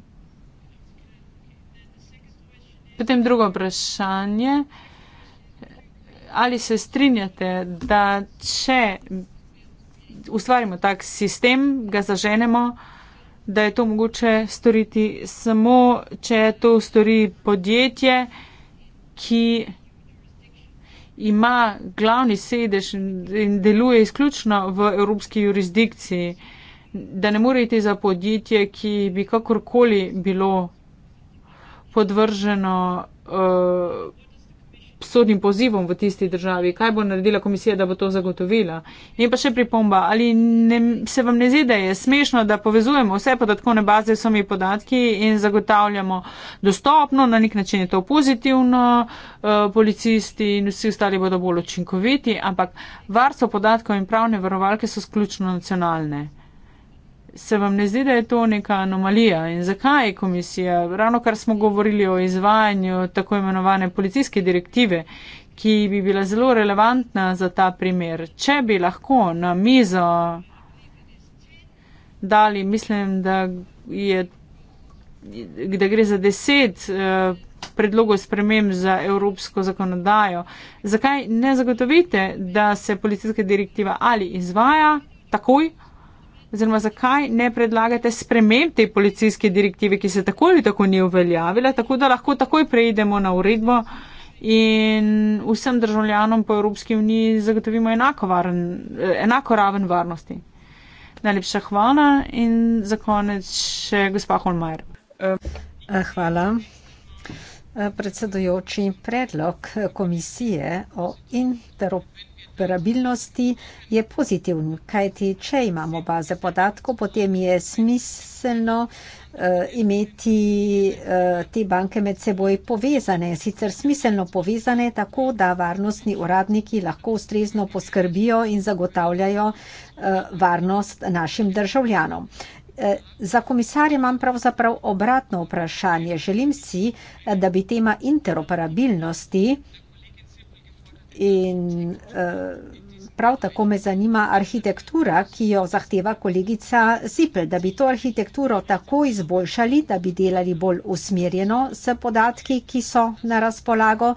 Potem drugo vprašanje. Ali se strinjate, da če ustvarimo tak sistem, ga zaženemo, da je to mogoče storiti samo, če to stori podjetje, ki ima glavni sedež in deluje izključno v evropski jurisdikciji, da ne more iti za podjetje, ki bi kakorkoli bilo podvrženo uh, sodnim pozivom v tisti državi, kaj bo naredila komisija, da bo to zagotovila. In pa še pripomba, ali ne, se vam ne zdi, da je smešno, da povezujemo vse podatkovne baze s vami podatki in zagotavljamo dostopno, na nek način je to pozitivno, uh, policisti in vsi ostali bodo bolj učinkoviti, ampak varstvo podatkov in pravne varovalke so sključno nacionalne. Uh, se vam ne zdi, da je to neka anomalija in zakaj je komisija? Ravno kar smo govorili o izvajanju tako imenovane policijske direktive, ki bi bila zelo relevantna za ta primer. Če bi lahko na mizo dali, mislim, da, je, da gre za deset eh, predlogov sprememb za evropsko zakonodajo, zakaj ne zagotovite, da se policijska direktiva ali izvaja takoj oziroma zakaj ne predlagate sprememb te policijske direktive, ki se tako ali tako ni uveljavila, tako da lahko takoj preidemo na uredbo in vsem državljanom po Evropski uniji zagotovimo enako, varen, eh, enako raven varnosti. Najlepša hvala in za konec še gospa Holmajer. Eh, hvala. Eh, predsedujoči predlog komisije o interoperabilnosti interoperabilnosti je pozitivn, kajti če imamo baze podatkov, potem je smiselno uh, imeti uh, te banke med seboj povezane, sicer smiselno povezane, tako da varnostni uradniki lahko ustrezno poskrbijo in zagotavljajo uh, varnost našim državljanom. Za komisarja imam pravzaprav obratno vprašanje. Želim si, da bi tema interoperabilnosti uh, In uh, prav tako me zanima arhitektura, ki jo zahteva kolegica Sipel, da bi to arhitekturo tako izboljšali, da bi delali bolj usmerjeno s podatki, ki so na razpolago,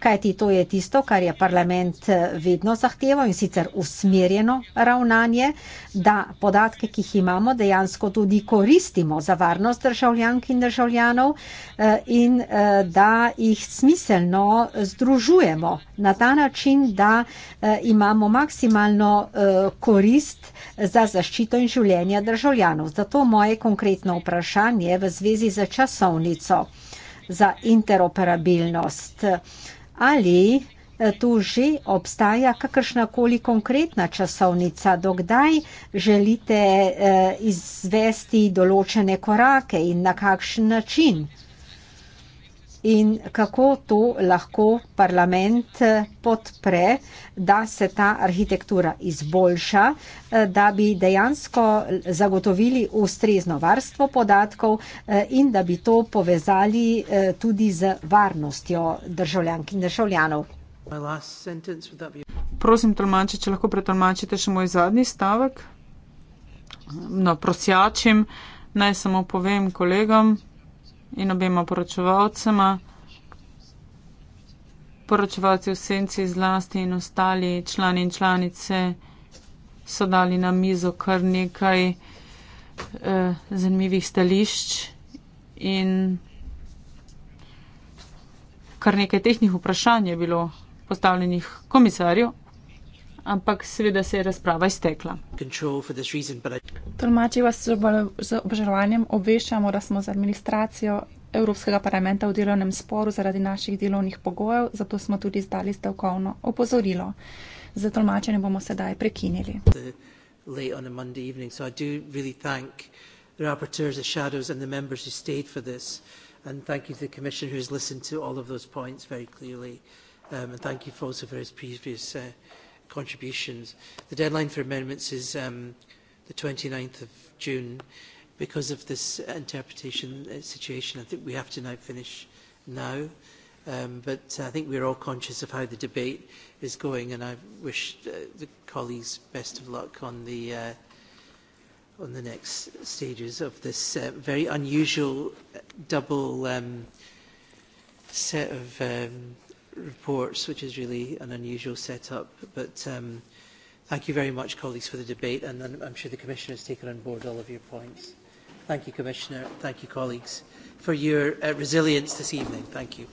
kajti to je tisto, kar je parlament eh, vedno zahteval in sicer usmerjeno ravnanje, da podatke, ki jih imamo, dejansko tudi koristimo za varnost državljank in državljanov eh, in eh, da jih smiselno združujemo na ta način, da imamo maksimalno korist za zaščito in življenja državljanov. Zato moje konkretno vprašanje v zvezi z časovnico za interoperabilnost. Ali eh, tu že obstaja kakršnakoli konkretna časovnica, dokdaj želite eh, izvesti določene korake in na kakšen način? in kako to lahko parlament eh, podpre, da se ta arhitektura izboljša, eh, da bi dejansko zagotovili ustrezno varstvo podatkov eh, in da bi to povezali tudi z varnostjo državljank in državljanov. Prosim, tolmači, če lahko pretolmačite še moj zadnji stavek. No, prosjačim, naj samo povem kolegom, in obema poročevalcema. Poročevalci v senci zlasti in ostali člani in članice so dali na mizo kar nekaj eh, zanimivih stališč in kar nekaj tehnih vprašanj je bilo postavljenih komisarju ampak seveda se je razprava iztekla. Tolmačiva se z obžalovanjem obveščamo, da smo z administracijo Evropskega parlamenta v delovnem sporu zaradi naših delovnih pogojev, zato smo tudi zdali stavkovno opozorilo. Z tolmačenjem bomo sedaj prekinili. And thank you to the Commissioner who has listened to all of those points very clearly. Um, and thank you also for his previous uh, contributions. The deadline for amendments is um, the 29th of June. Because of this interpretation uh, situation, I think we have to now finish now. Um, but I think we're all conscious of how the debate is going, and I wish uh, the colleagues best of luck on the, uh, on the next stages of this uh, very unusual uh, double um, set of um, reports, which is really an unusual setup. But um, thank you very much, colleagues, for the debate, and I'm sure the Commissioner has taken on board all of your points. Thank you, Commissioner. Thank you, colleagues, for your uh, resilience this evening. Thank you.